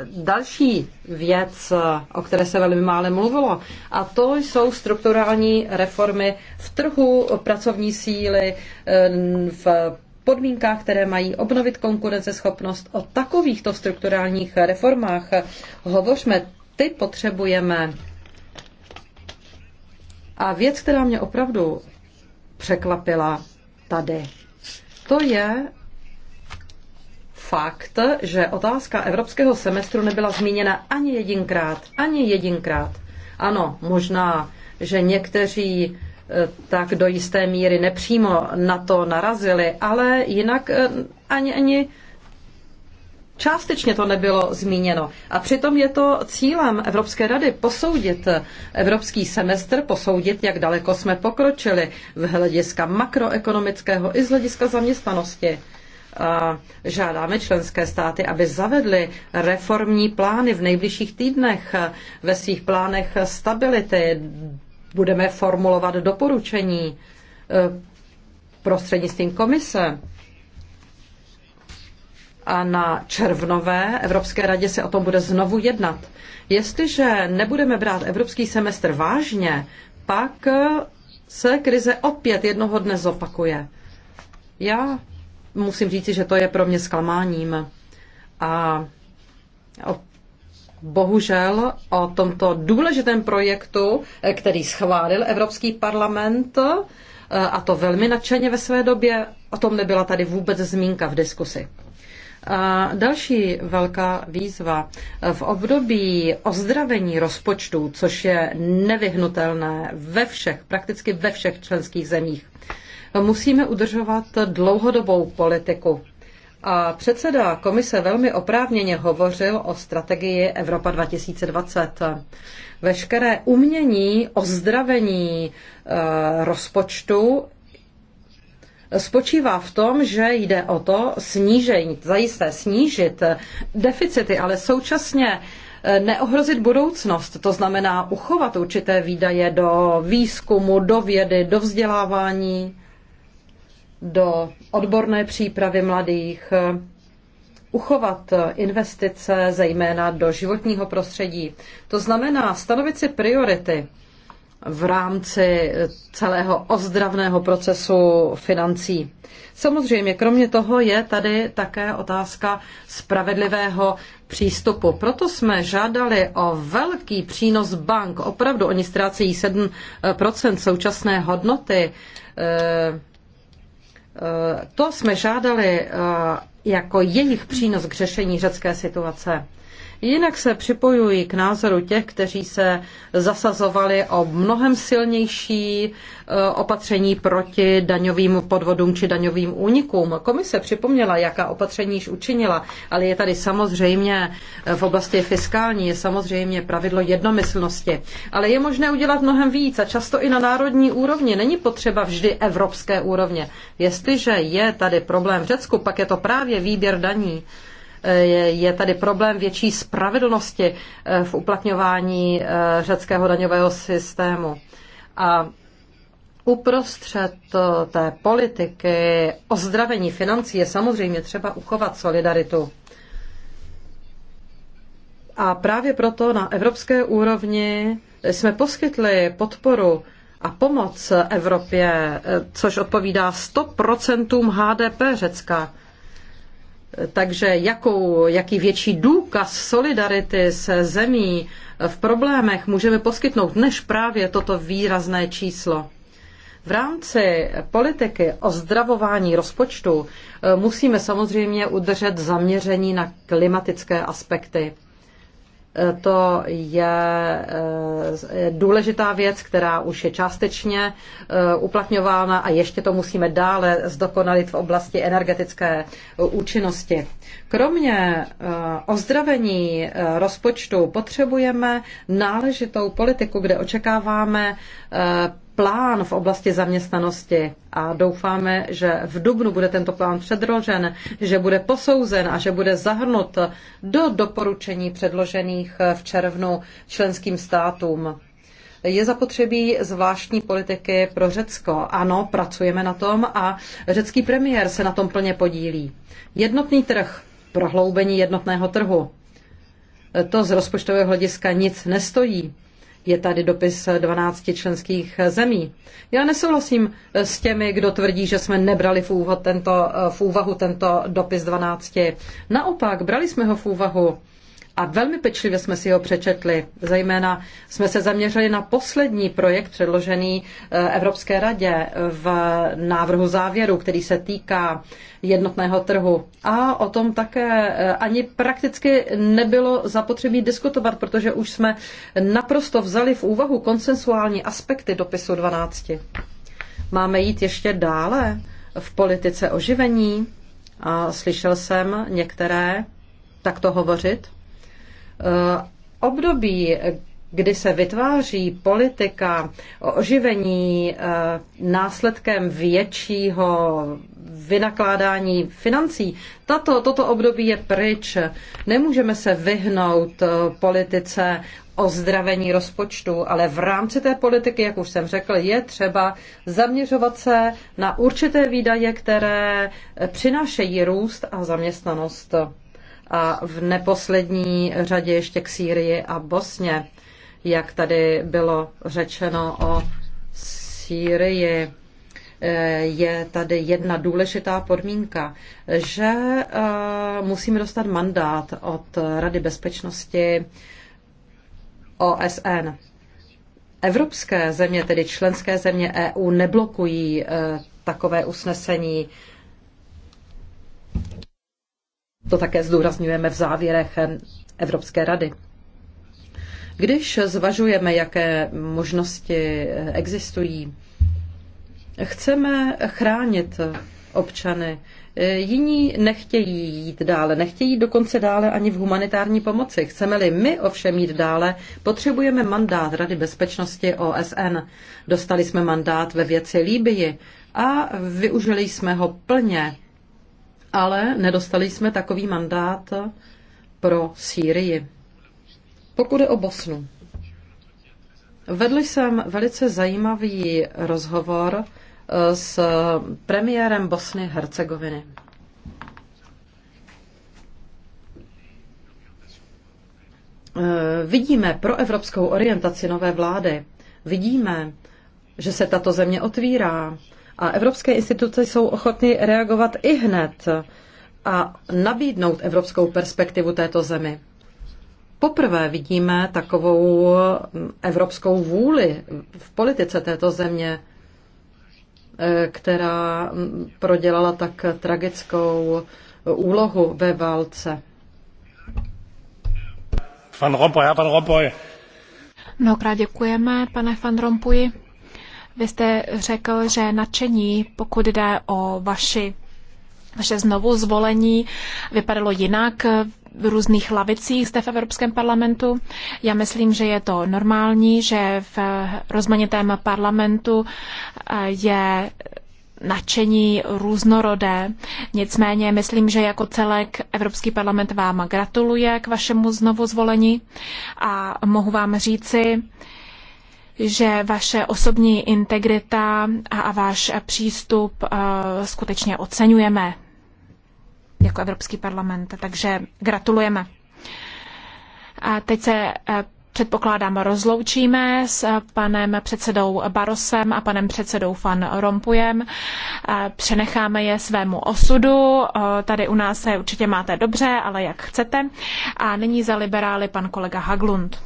další věc, o které se velmi mále mluvilo, a to jsou strukturální reformy v trhu pracovní síly, v podmínkách, které mají obnovit konkurenceschopnost. O takovýchto strukturálních reformách hovořme, ty potřebujeme. A věc, která mě opravdu překvapila tady, to je fakt, že otázka evropského semestru nebyla zmíněna ani jedinkrát. Ani jedinkrát. Ano, možná, že někteří eh, tak do jisté míry nepřímo na to narazili, ale jinak eh, ani, ani Částečně to nebylo zmíněno. A přitom je to cílem Evropské rady posoudit eh, evropský semestr, posoudit, jak daleko jsme pokročili v hlediska makroekonomického i z hlediska zaměstnanosti. Žádáme členské státy, aby zavedly reformní plány v nejbližších týdnech, ve svých plánech stability. Budeme formulovat doporučení e, prostřednictvím komise. A na červnové Evropské radě se o tom bude znovu jednat. Jestliže nebudeme brát evropský semestr vážně, pak se krize opět jednoho dne zopakuje. Já musím říci, že to je pro mě zklamáním. A bohužel o tomto důležitém projektu, eh, který schválil Evropský parlament, eh, a to velmi nadšeně ve své době, o tom nebyla tady vůbec zmínka v diskusi. A další velká výzva eh, v období ozdravení rozpočtu, což je nevyhnutelné ve všech, prakticky ve všech členských zemích, musíme udržovat dlouhodobou politiku. A předseda komise velmi oprávněně hovořil o strategii Evropa 2020. Veškeré umění ozdravení zdravení, eh, rozpočtu spočívá v tom, že jde o to snížení, zajisté snížit deficity, ale současně eh, neohrozit budoucnost, to znamená uchovat určité výdaje do výzkumu, do vědy, do vzdělávání do odborné přípravy mladých, eh, uchovat investice zejména do životního prostředí. To znamená stanovit si priority v rámci celého ozdravného procesu financí. Samozřejmě, kromě toho je tady také otázka spravedlivého přístupu. Proto jsme žádali o velký přínos bank. Opravdu oni ztrácejí 7 současné hodnoty eh, to jsme žádali eh, jako jejich přínos k řešení řecké situace. Jinak se připojuji k názoru těch, kteří se zasazovali o mnohem silnější eh, opatření proti daňovým podvodům či daňovým únikům. Komise připomněla, jaká opatření již učinila, ale je tady samozřejmě eh, v oblasti fiskální, je samozřejmě pravidlo jednomyslnosti. Ale je možné udělat mnohem víc a často i na národní úrovni. Není potřeba vždy evropské úrovně. Jestliže je tady problém v Řecku, pak je to právě výběr daní je tady problém větší spravedlnosti eh, v uplatňování eh, řeckého daňového systému. A uprostřed té politiky ozdravení financí je samozřejmě třeba uchovat solidaritu. A právě proto na evropské úrovni jsme poskytli podporu a pomoc Evropě, eh, což odpovídá 100% HDP Řecka. Takže jakou, jaký větší důkaz solidarity se zemí v problémech můžeme poskytnout než právě toto výrazné číslo? V rámci politiky ozdravování rozpočtu eh, musíme samozřejmě udržet zaměření na klimatické aspekty. To je eh, důležitá věc, která už je částečně eh, uplatňována a ještě to musíme dále zdokonalit v oblasti energetické eh, účinnosti. Kromě ozdravení rozpočtu potřebujeme náležitou politiku, kde očekáváme plán v oblasti zaměstnanosti a doufáme, že v Dubnu bude tento plán předložen, že bude posouzen a že bude zahrnut do doporučení předložených v červnu členským státům. Je zapotřebí zvláštní politiky pro Řecko. Ano, pracujeme na tom a řecký premiér se na tom plně podílí. Jednotný trh, prohloubení jednotného trhu. To z rozpočtového hlediska nic nestojí. Je tady dopis 12 členských zemí. Já nesouhlasím s těmi, kdo tvrdí, že jsme nebrali v, úvod tento, v úvahu tento dopis 12. Naopak, brali jsme ho v úvahu a velmi pečlivě jsme si ho přečetli. Zejména jsme se zaměřili na poslední projekt předložený eh, Evropské radě v návrhu závěru, který se týká jednotného trhu. A o tom také eh, ani prakticky nebylo zapotřebí diskutovat, protože už jsme naprosto vzali v úvahu konsensuální aspekty dopisu 12. Máme jít ještě dále v politice oživení. A slyšel jsem některé takto hovořit. Eh, období, kdy se vytváří politika oživení eh, následkem většího vynakládání financí, tato, toto období je pryč. Nemůžeme se vyhnout eh, politice ozdravení rozpočtu, ale v rámci té politiky, jak už jsem řekl, je třeba zaměřovat se na určité výdaje, které přinášejí růst a zaměstnanost a v neposlední řadě ještě k Sýrii a Bosně. Jak tady bylo řečeno o Sýrii, eh, je tady jedna důležitá podmínka, že eh, musíme dostat mandát od Rady bezpečnosti OSN. Evropské země, tedy členské země EU, neblokují eh, takové usnesení. To také zdůrazňujeme v závěrech Evropské rady. Když zvažujeme, jaké možnosti existují, chceme chránit občany. Jiní nechtějí jít dále, nechtějí dokonce dále ani v humanitární pomoci. Chceme-li my ovšem jít dále, potřebujeme mandát Rady bezpečnosti OSN. Dostali jsme mandát ve věci Líbii a využili jsme ho plně ale nedostali jsme takový mandát pro Sýrii. Pokud je o Bosnu, vedl jsem velice zajímavý rozhovor eh, s premiérem Bosny Hercegoviny. Eh, vidíme pro evropskou orientaci nové vlády. Vidíme, že se tato země otvírá, a evropské instituce jsou ochotny reagovat i hned a nabídnout evropskou perspektivu této zemi. Poprvé vidíme takovou evropskou vůli v politice této země, která prodělala tak tragickou úlohu ve válce. Van Rompuy, Van Rompuy. Mnohokrát děkujeme, pane Van Rompuy. Vy jste řekl, že nadšení, pokud jde o vaši, vaše znovu zvolení, vypadalo jinak v různých lavicích zde v Evropském parlamentu. Já myslím, že je to normální, že v rozmanitém parlamentu eh, je nadšení různorodé. Nicméně myslím, že jako celek Evropský parlament vám gratuluje k vašemu znovu zvolení a mohu vám říci, že vaše osobní integrita a, a váš přístup eh, skutečně oceňujeme jako Evropský parlament, takže gratulujeme. A teď se eh, předpokládám rozloučíme s eh, panem předsedou Barosem a panem předsedou Van Rompujem. Přenecháme je svému osudu. Tady u nás se určitě máte dobře, ale jak chcete. A nyní za liberály pan kolega Haglund.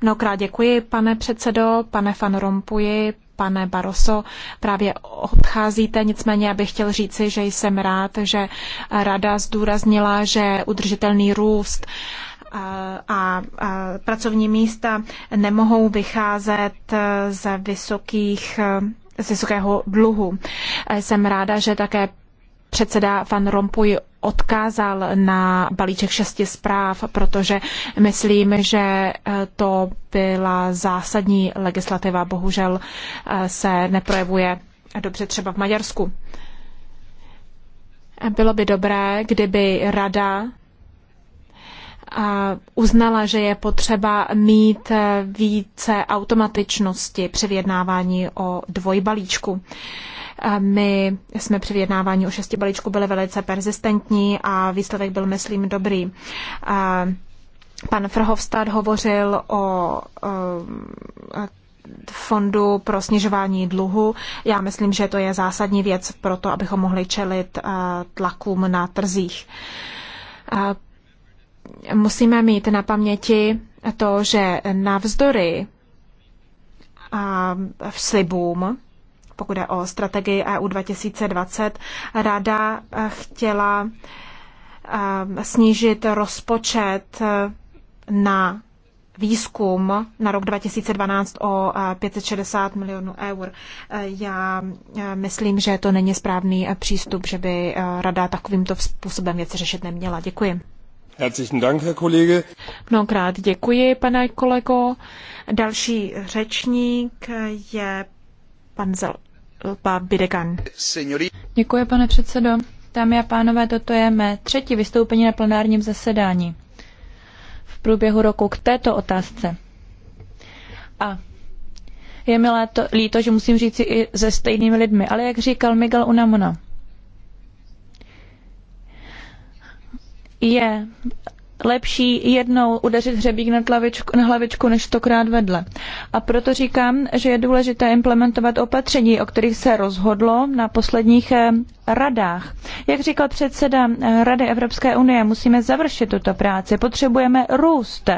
Mnohokrát děkuji, pane předsedo, pane Van Rompuyi, pane Barroso. Právě odcházíte, nicméně já bych chtěl říci, že jsem rád, že rada zdůraznila, že udržitelný růst a, pracovní místa nemohou vycházet z vysokých z vysokého dluhu. Jsem ráda, že také předseda Van Rompuy odkázal na balíček šesti zpráv, protože myslím, že eh, to byla zásadní legislativa. Bohužel eh, se neprojevuje dobře třeba v Maďarsku. Bylo by dobré, kdyby rada eh, uznala, že je potřeba mít více automatičnosti při vyjednávání o dvojbalíčku. balíčku my jsme při vyjednávání o šesti balíčku byli velice persistentní a výsledek byl, myslím, dobrý. Pan Frhovstad hovořil o fondu pro snižování dluhu. Já myslím, že to je zásadní věc pro to, abychom mohli čelit tlakům na trzích. Musíme mít na paměti to, že navzdory v slibům pokud je o strategii EU 2020, rada eh, chtěla eh, snížit rozpočet eh, na výzkum na rok 2012 o 560 milionů eur. Já myslím, že to není správný přístup, že by rada takovýmto způsobem věci řešit neměla. Děkuji. Herzlichen Dank, Herr Kollege. Mnohokrát děkuji, pane kolego. Další řečník je Pan Zalpa Bidegan. Děkuji, pane předsedo. Dámy a pánové, toto je mé třetí vystoupení na plenárním zasedání v průběhu roku k této otázce. A je mi léto, líto, že musím říct i se stejnými lidmi, ale jak říkal Miguel Unamuno, je lepší jednou udeřit hřebík na, tlavičku, na hlavičku než stokrát vedle. A proto říkám, že je důležité implementovat opatření, o kterých se rozhodlo na posledních eh, radách. Jak říkal předseda eh, Rady Evropské unie, musíme završit tuto práci, potřebujeme růst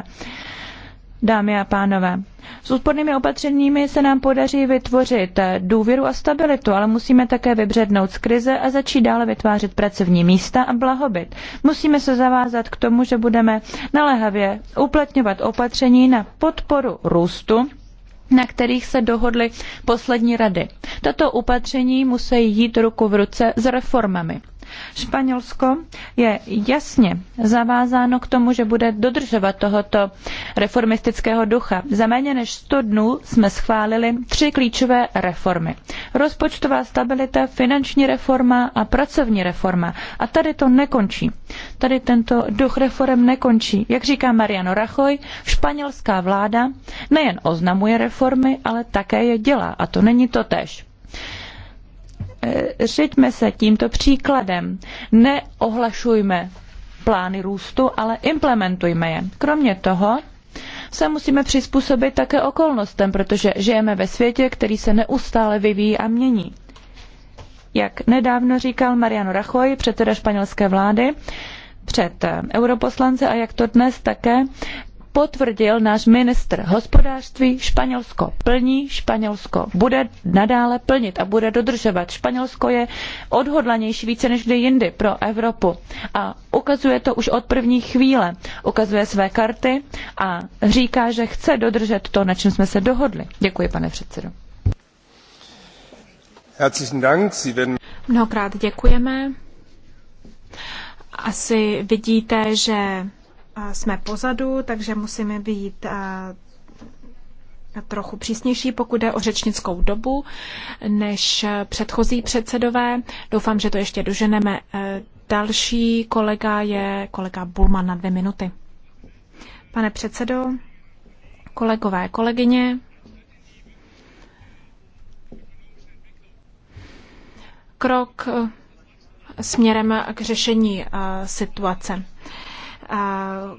dámy a pánové. S úspornými opatřeními se nám podaří vytvořit eh, důvěru a stabilitu, ale musíme také vybřednout z krize a začít dále vytvářet pracovní místa a blahobyt. Musíme se zavázat k tomu, že budeme naléhavě uplatňovat opatření na podporu růstu, na kterých se dohodly poslední rady. Tato opatření musí jít ruku v ruce s reformami. Španělsko je jasně zavázáno k tomu, že bude dodržovat tohoto reformistického ducha. Za méně než 100 dnů jsme schválili tři klíčové reformy. Rozpočtová stabilita, finanční reforma a pracovní reforma. A tady to nekončí. Tady tento duch reform nekončí. Jak říká Mariano Rajoy, španělská vláda nejen oznamuje reformy, ale také je dělá. A to není to tež. Eh, řiďme se tímto příkladem. Neohlašujme plány růstu, ale implementujme je. Kromě toho se musíme přizpůsobit také okolnostem, protože žijeme ve světě, který se neustále vyvíjí a mění. Jak nedávno říkal Mariano Rajoy, předseda španělské vlády, před eh, europoslance a jak to dnes také potvrdil náš ministr hospodářství, Španělsko plní, Španělsko bude nadále plnit a bude dodržovat. Španělsko je odhodlanější více než kdy jindy pro Evropu a ukazuje to už od první chvíle. Ukazuje své karty a říká, že chce dodržet to, na čem jsme se dohodli. Děkuji, pane předsedo. Mnohokrát děkujeme. Asi vidíte, že jsme pozadu, takže musíme být trochu přísnější, pokud jde o řečnickou dobu, než předchozí předsedové. Doufám, že to ještě doženeme. E, další kolega je kolega Bulman na dvě minuty. Pane předsedo, kolegové, kolegyně, krok směrem k řešení e, situace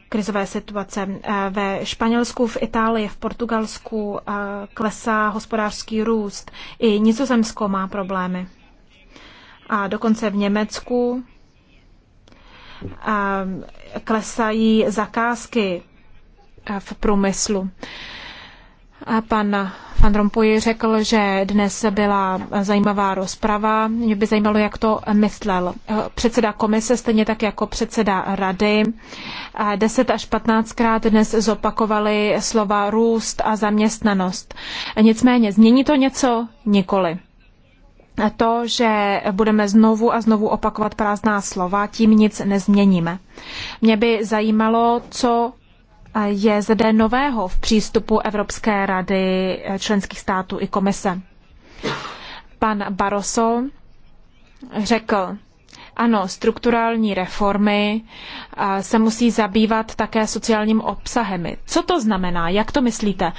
krizové situace. Ve Španělsku, v Itálii, v Portugalsku klesá hospodářský růst. I Nizozemsko má problémy. A dokonce v Německu klesají zakázky v průmyslu. A pan Van Rompuy řekl, že dnes byla zajímavá rozprava. Mě by zajímalo, jak to myslel. Předseda komise, stejně tak jako předseda rady, 10 až 15 krát dnes zopakovali slova růst a zaměstnanost. Nicméně, změní to něco? Nikoli. To, že budeme znovu a znovu opakovat prázdná slova, tím nic nezměníme. Mě by zajímalo, co je zde nového v přístupu Evropské rady eh, členských států i komise. Pan Barroso řekl, ano, strukturální reformy se musí zabývat také sociálním obsahem. Co to znamená? Jak to myslíte?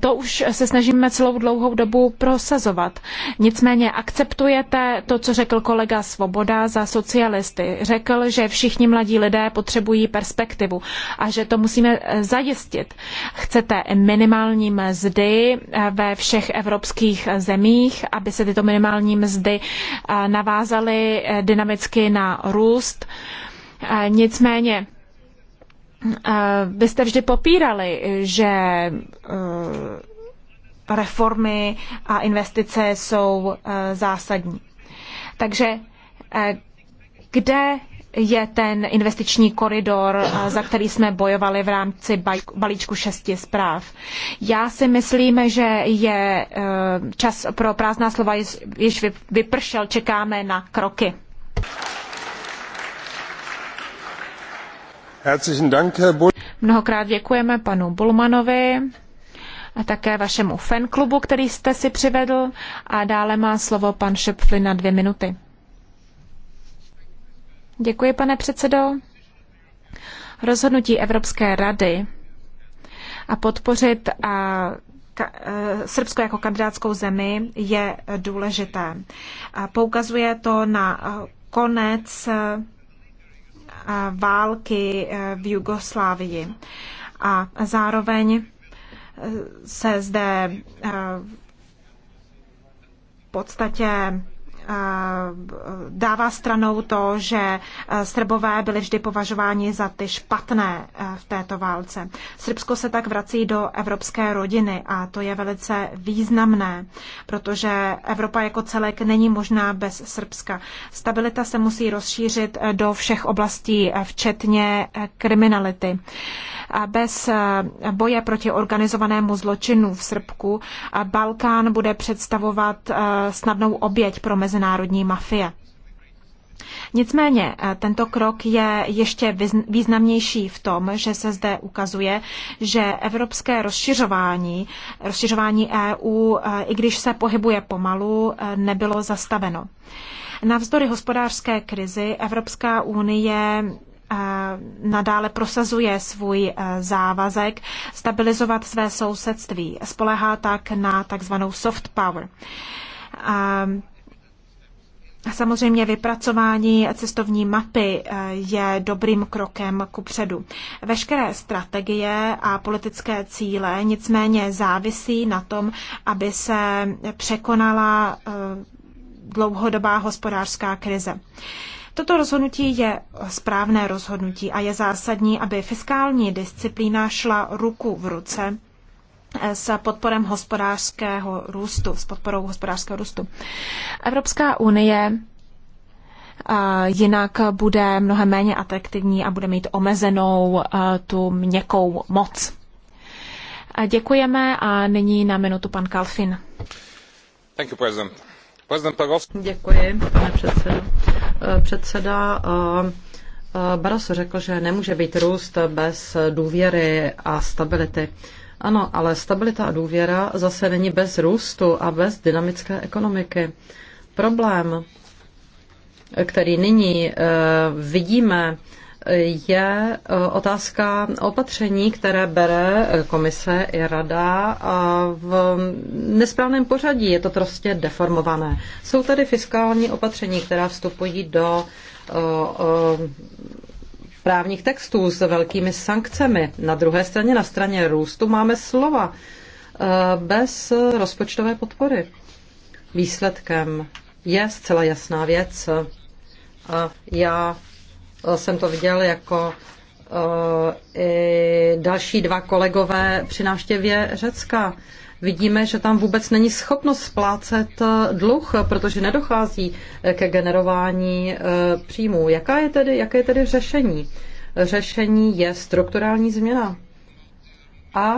To už se snažíme celou dlouhou dobu prosazovat. Nicméně akceptujete to, co řekl kolega Svoboda za socialisty. Řekl, že všichni mladí lidé potřebují perspektivu a že to musíme e, zajistit. Chcete minimální mzdy e, ve všech evropských zemích, aby se tyto minimální mzdy e, navázaly dynamicky prostředky na růst. Eh, nicméně byste eh, vždy popírali, že eh, reformy a investice jsou zásadní. Takže kde je ten investiční koridor, za který jsme bojovali v rámci balíčku šesti zpráv. Já si myslím, že je čas pro prázdná slova již vypršel, čekáme na kroky. Mnohokrát děkujeme panu Bulmanovi a také vašemu fanklubu, který jste si přivedl. A dále má slovo pan Šepfli na dvě minuty. Děkuji, pane předsedo. Rozhodnutí Evropské rady a podpořit a ka, e, Srbsko jako kandidátskou zemi je důležité. Poukazuje to na konec eh, eh, války eh, v Jugoslávii. A zároveň se zde v podstatě dává stranou to, že e, Srbové byli vždy považováni za ty špatné e, v této válce. Srbsko se tak vrací do evropské rodiny a to je velice významné, protože Evropa jako celek není možná bez Srbska. Stabilita se musí rozšířit e, do všech oblastí, včetně kriminality bez eh, boje proti organizovanému zločinu v Srbku Balkán bude představovat eh, snadnou oběť pro mezinárodní mafie. Nicméně eh, tento krok je ještě významnější v tom, že se zde ukazuje, že evropské rozšiřování, rozšiřování EU, i když se pohybuje pomalu, nebylo zastaveno. Navzdory hospodářské krizi Evropská unie nadále prosazuje svůj eh, závazek stabilizovat své sousedství. Spolehá tak na takzvanou soft power. Samozřejmě vypracování cestovní mapy eh, je dobrým krokem ku předu. Veškeré strategie a politické cíle nicméně závisí na tom, aby se překonala eh, dlouhodobá hospodářská krize. Toto rozhodnutí je správné rozhodnutí a je zásadní, aby fiskální disciplína šla ruku v ruce eh, s podporem hospodářského růstu, s podporou hospodářského růstu. Evropská unie eh, jinak bude mnohem méně atraktivní a bude mít omezenou eh, tu měkkou moc. děkujeme a nyní na minutu pan Kalfin. Děkuji, pane předsedo předseda eh, eh, Baros řekl, že nemůže být růst bez důvěry a stability. Ano, ale stabilita a důvěra zase není bez růstu a bez dynamické ekonomiky. Problém, který nyní eh, vidíme, je e, otázka opatření, které bere komise i rada e, v nesprávném pořadí. Je to prostě deformované. Jsou tady fiskální opatření, která vstupují do e, právních textů s velkými sankcemi. Na druhé straně, na straně růstu, máme slova bez rozpočtové podpory. Výsledkem je zcela jasná věc. já jsem to viděl jako eh, i další dva kolegové při návštěvě Řecka. Vidíme, že tam vůbec není schopnost splácet eh, dluh, protože nedochází eh, ke generování příjmů. Jaká je tedy, jaké je tedy řešení? Řešení je strukturální změna a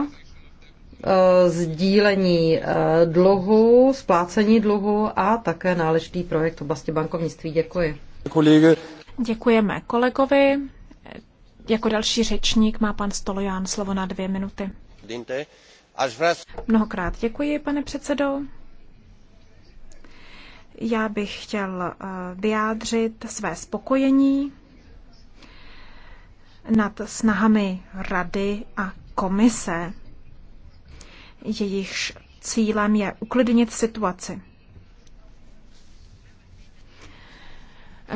sdílení dluhu, splácení dluhu a také náležitý projekt v oblasti bankovnictví. Děkuji. Kolege. Děkujeme kolegovi. Jako další řečník má pan Stoloján slovo na dvě minuty. Mnohokrát děkuji, pane předsedo. Já bych chtěl eh, vyjádřit své spokojení nad snahami Rady a komise. Jejichž cílem je uklidnit situaci.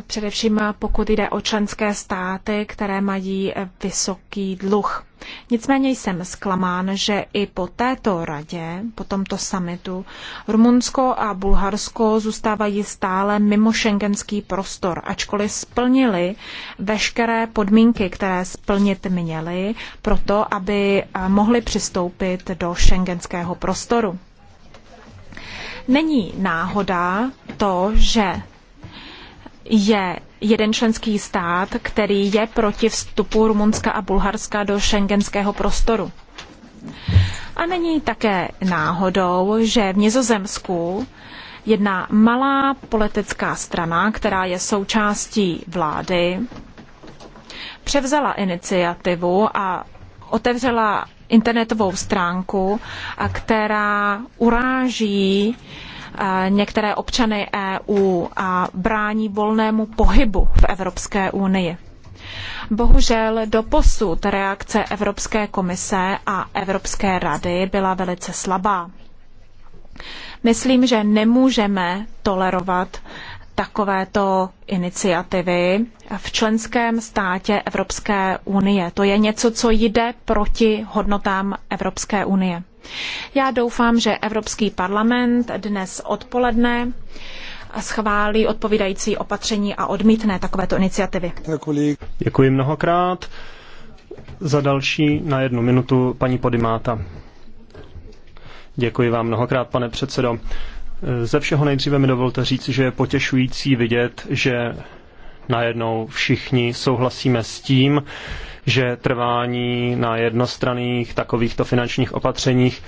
Především pokud jde o členské státy, které mají vysoký dluh. Nicméně jsem zklamán, že i po této radě, po tomto samitu, Rumunsko a Bulharsko zůstávají stále mimo šengenský prostor, ačkoliv splnili veškeré podmínky, které splnit měly, proto aby eh, mohli přistoupit do šengenského prostoru. Není náhoda to, že je jeden členský stát, který je proti vstupu Rumunska a Bulharska do šengenského prostoru. A není také náhodou, že v Nizozemsku jedna malá politická strana, která je součástí vlády, převzala iniciativu a otevřela internetovou stránku, která uráží uh, Eh, některé občany EU a brání volnému pohybu v Evropské unii. Bohužel doposud reakce Evropské komise a Evropské rady byla velice slabá. Myslím, že nemůžeme tolerovat takovéto iniciativy v členském státě Evropské unie. To je něco, co jde proti hodnotám Evropské unie. Já doufám, že Evropský parlament dnes odpoledne schválí odpovídající opatření a odmítne takovéto iniciativy. Děkuji Děkuji mnohokrát. Za další na jednu minutu paní Podimáta. Děkuji vám mnohokrát, pane předsedo. Ze všeho nejdříve mi dovolte říct, že je potěšující vidět, že najednou všichni souhlasíme s tím, že trvání na jednostranných takovýchto finančních opatřeních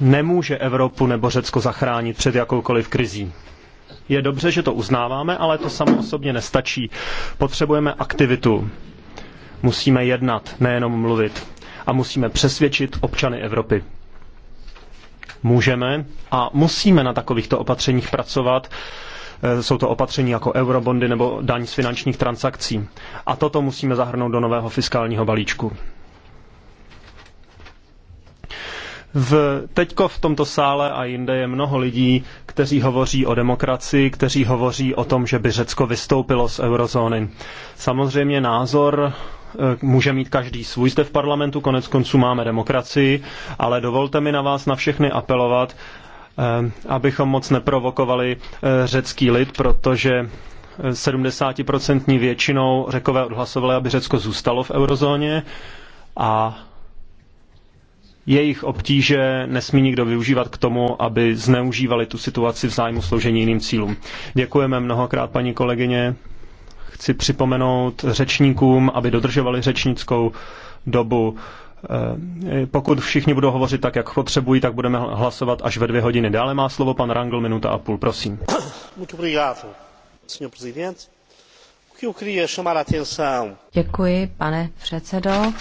nemůže Evropu nebo Řecko zachránit před jakoukoliv krizí. Je dobře, že to uznáváme, ale to samo osobně nestačí. Potřebujeme aktivitu. Musíme jednat, nejenom mluvit. A musíme přesvědčit občany Evropy. Můžeme a musíme na takovýchto opatřeních pracovat, Eh, jsou to opatření jako eurobondy nebo daň z finančních transakcí. A toto musíme zahrnout do nového fiskálního balíčku. V, teďko v tomto sále a jinde je mnoho lidí, kteří hovoří o demokracii, kteří hovoří o tom, že by Řecko vystoupilo z eurozóny. Samozřejmě názor eh, může mít každý svůj zde v parlamentu, konec konců máme demokracii, ale dovolte mi na vás na všechny apelovat, Eh, abychom moc neprovokovali eh, řecký lid, protože 70% eh, většinou řekové odhlasovali, aby Řecko zůstalo v eurozóně a jejich obtíže nesmí nikdo využívat k tomu, aby zneužívali tu situaci v zájmu sloužení jiným cílům. Děkujeme mnohokrát, paní kolegyně. Chci připomenout řečníkům, aby dodržovali řečnickou dobu. Eh, pokud všichni budou hovořit tak, jak potřebují, tak budeme hlasovat až ve dvě hodiny. Dále má slovo pan Rangel, minuta a půl, prosím. Děkuji, pane předsedo.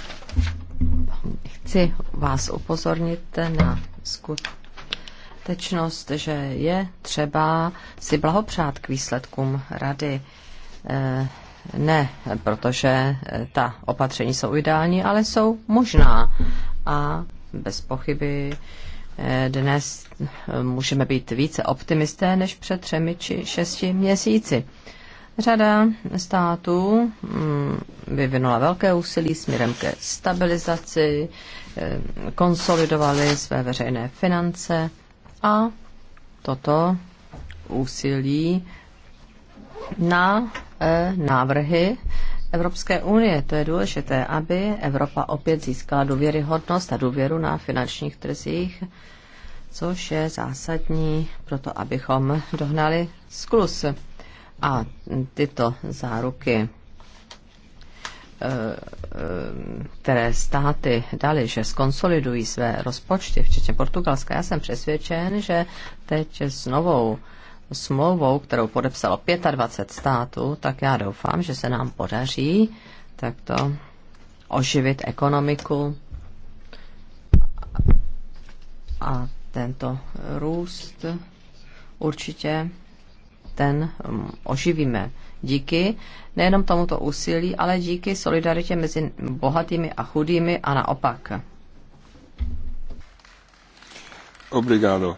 Chci vás upozornit na skutečnost, že je třeba si blahopřát k výsledkům rady eh, ne, protože eh, ta opatření jsou ideální, ale jsou možná. A bez pochyby eh, dnes eh, můžeme být více optimisté než před třemi či šesti měsíci. Řada států mm, vyvinula velké úsilí směrem ke stabilizaci, konsolidovali své veřejné finance a toto úsilí na e, návrhy Evropské unie. To je důležité, aby Evropa opět získala důvěryhodnost a důvěru na finančních trzích, což je zásadní pro to, abychom dohnali sklus. A tyto záruky, e, e, které státy dali, že skonsolidují své rozpočty, včetně Portugalska, já jsem přesvědčen, že teď s novou smlouvou, kterou podepsalo 25 států, tak já doufám, že se nám podaří takto oživit ekonomiku a tento růst určitě ten mm, oživíme díky nejenom tomuto úsilí, ale díky solidaritě mezi bohatými a chudými a naopak. Obrigado.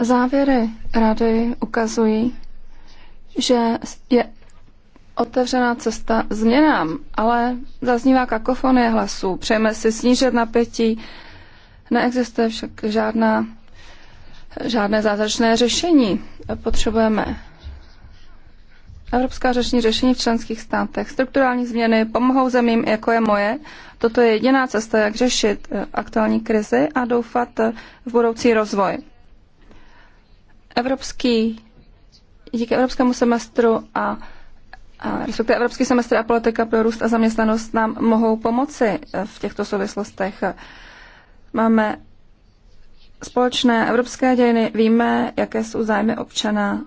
Závěry rady ukazují, že je otevřená cesta změnám, ale zaznívá kakofonie hlasů. Přejeme si snížit napětí, neexistuje však žádná, žádné zázračné řešení. Potřebujeme Evropská řešení řešení v členských státech. Strukturální změny pomohou zemím, jako je moje. Toto je jediná cesta, jak řešit eh, aktuální krizi a doufat eh, v budoucí rozvoj evropský, díky evropskému semestru a, a respektive evropský semestr a politika pro růst a zaměstnanost nám mohou pomoci eh, v těchto souvislostech. Máme společné evropské dějiny, víme, jaké jsou zájmy občana,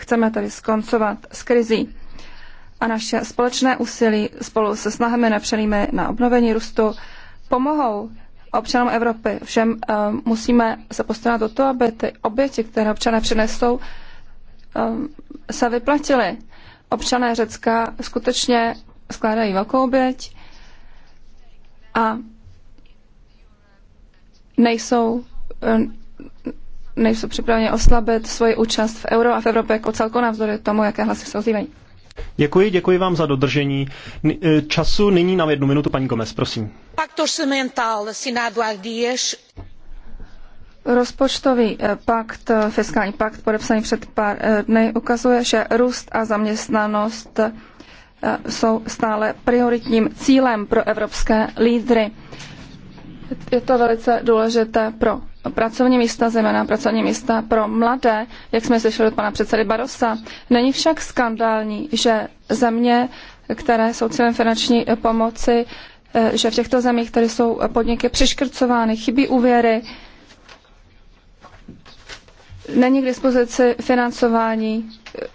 chceme tedy skoncovat s krizí. A naše společné úsilí spolu se snahami napřenými na obnovení růstu pomohou občanům Evropy. Všem eh, musíme se postarat o to, aby ty oběti, které občané přinesou, eh, se vyplatily. Občané Řecka skutečně skládají velkou oběť a nejsou, eh, nejsou připraveni oslabit svoji účast v euro a v Evropě jako celku navzdory tomu, jaké hlasy se ozývají. Děkuji, děkuji vám za dodržení e, času. Nyní na jednu minutu paní Gomez, prosím. Rozpočtový e, pakt, e, fiskální pakt podepsaný před pár dny ukazuje, že růst a zaměstnanost jsou stále prioritním cílem pro evropské lídry. Je to velice důležité pro pracovní místa, zejména pracovní místa pro mladé, jak jsme slyšeli od pana předsedy Barosa. Není však skandální, že země, které jsou cílem finanční pomoci, eh, že v těchto zemích, které jsou podniky přiškrcovány, chybí úvěry, není k dispozici financování eh,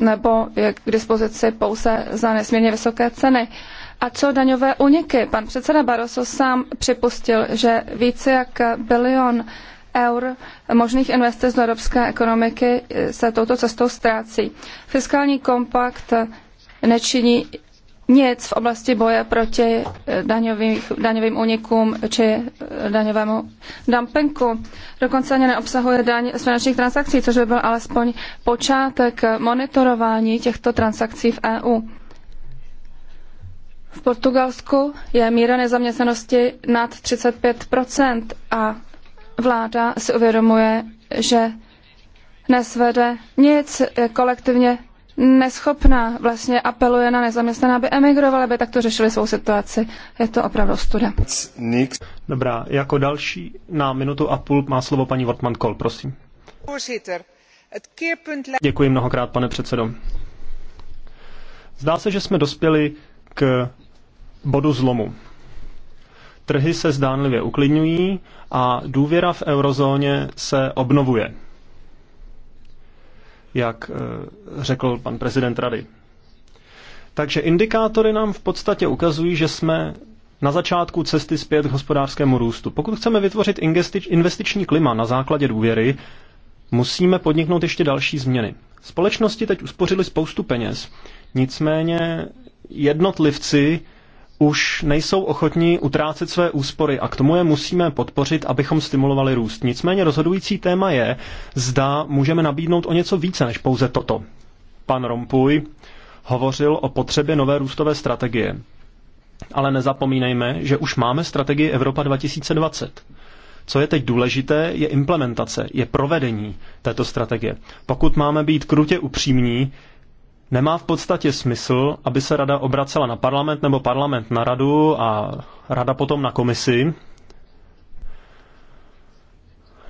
nebo je k dispozici pouze za nesmírně vysoké ceny. A co daňové uniky? Pan předseda Barroso sám připustil, že více jak bilion eur možných investic do evropské ekonomiky eh, se touto cestou ztrácí. Fiskální kompakt eh, nečiní nic v oblasti boje proti daňových, eh, daňovým unikům či daňovému dumpingu. Dokonce ani neobsahuje daň z finančních transakcí, což by byl alespoň počátek monitorování těchto transakcí v EU. V Portugalsku je míra nezaměstnanosti nad 35 a vláda si uvědomuje, že nesvede nic, je kolektivně neschopná, vlastně apeluje na nezaměstnané, aby emigrovali, aby takto řešili svou situaci. Je to opravdu studa. Dobrá, jako další na minutu a půl má slovo paní Wortmann Kol, prosím. Děkuji mnohokrát, pane předsedo. Zdá se, že jsme dospěli k bodu zlomu. Trhy se zdánlivě uklidňují a důvěra v eurozóně se obnovuje, jak eh, řekl pan prezident rady. Takže indikátory nám v podstatě ukazují, že jsme na začátku cesty zpět k hospodářskému růstu. Pokud chceme vytvořit investiční klima na základě důvěry, musíme podniknout ještě další změny. Společnosti teď uspořili spoustu peněz, nicméně jednotlivci už nejsou ochotní utrácet své úspory a k tomu je musíme podpořit, abychom stimulovali růst. Nicméně rozhodující téma je, zda můžeme nabídnout o něco více než pouze toto. Pan Rompuy hovořil o potřebě nové růstové strategie. Ale nezapomínejme, že už máme strategii Evropa 2020. Co je teď důležité, je implementace, je provedení této strategie. Pokud máme být krutě upřímní, nemá v podstatě smysl, aby se rada obracela na parlament nebo parlament na radu a rada potom na komisi.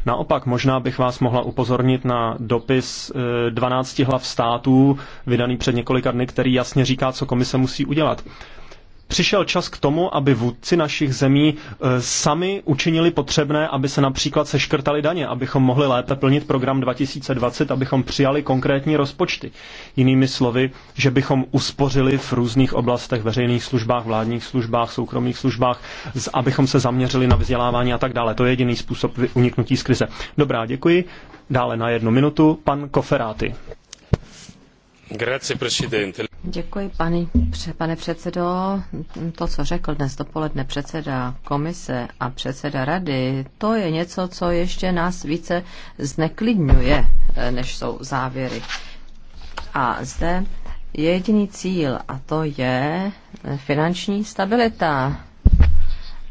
Naopak, možná bych vás mohla upozornit na dopis 12 eh, hlav států, vydaný před několika dny, který jasně říká, co komise musí udělat. Přišel čas k tomu, aby vůdci našich zemí eh, sami učinili potřebné, aby se například seškrtali daně, abychom mohli lépe plnit program 2020, abychom přijali konkrétní rozpočty. Jinými slovy, že bychom uspořili v různých oblastech, veřejných službách, vládních službách, soukromých službách, abychom se zaměřili na vzdělávání a tak dále. To je jediný způsob uniknutí z krize. Dobrá, děkuji. Dále na jednu minutu pan Koferáty. Děkuji, pane předsedo. To, co řekl dnes dopoledne předseda komise a předseda rady, to je něco, co ještě nás více zneklidňuje, eh, než jsou závěry. A zde je jediný cíl, a to je finanční stabilita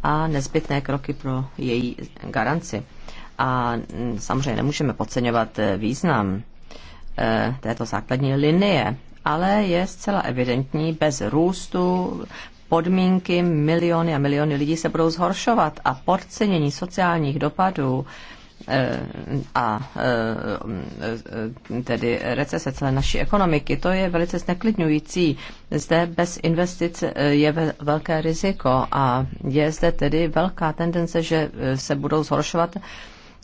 a nezbytné kroky pro její garanci. A mm, samozřejmě nemůžeme podceňovat eh, význam Eh, této základní linie, ale je zcela evidentní, bez růstu podmínky miliony a miliony lidí se budou zhoršovat a podcenění sociálních dopadů eh, a eh, tedy recese celé naší ekonomiky, to je velice zneklidňující. Zde bez investic je velké riziko a je zde tedy velká tendence, že se budou zhoršovat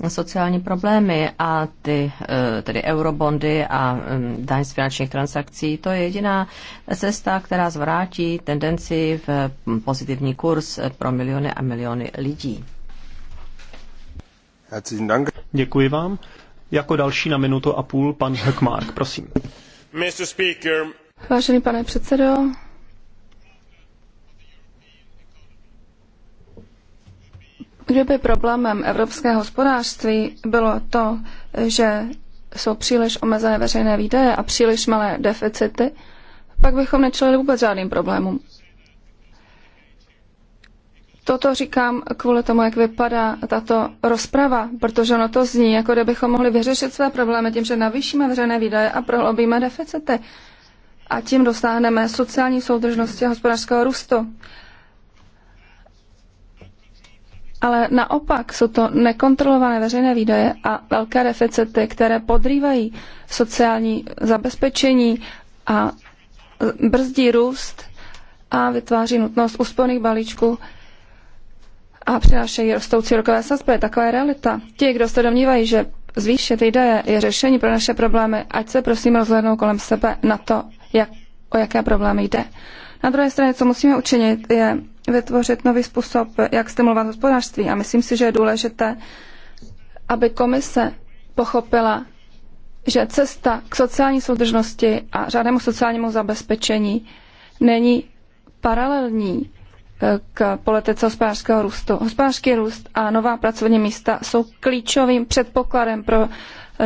sociální problémy a ty eh, tedy eurobondy a mm, daň z finančních transakcí, to je jediná cesta, která zvrátí tendenci v mm, pozitivní kurz pro miliony a miliony lidí. Děkuji vám. Jako další na minutu a půl pan Hökmark, prosím. Vážený pane předsedo, Kdyby problémem evropského hospodářství bylo to, že jsou příliš omezené veřejné výdaje a příliš malé deficity, pak bychom nečelili vůbec žádným problémům. Toto říkám kvůli tomu, jak vypadá tato rozprava, protože ono to zní, jako kdybychom mohli vyřešit své problémy tím, že navýšíme veřejné výdaje a prohlobíme deficity. A tím dosáhneme sociální soudržnosti a hospodářského růstu ale naopak jsou to nekontrolované veřejné výdaje a velké deficity, které podrývají sociální zabezpečení a brzdí růst a vytváří nutnost úsporných balíčků a přinášejí rostoucí rokové sazby. Taková je realita. Ti, kdo se domnívají, že zvýšit výdaje je řešení pro naše problémy, ať se prosím rozhlednou kolem sebe na to, jak, o jaké problémy jde. Na druhé straně, co musíme učinit, je vytvořit nový způsob, jak stimulovat hospodářství. A myslím si, že je důležité, aby komise pochopila, že cesta k sociální soudržnosti a řádnému sociálnímu zabezpečení není paralelní k politice hospodářského růstu. Hospodářský růst a nová pracovní místa jsou klíčovým předpokladem pro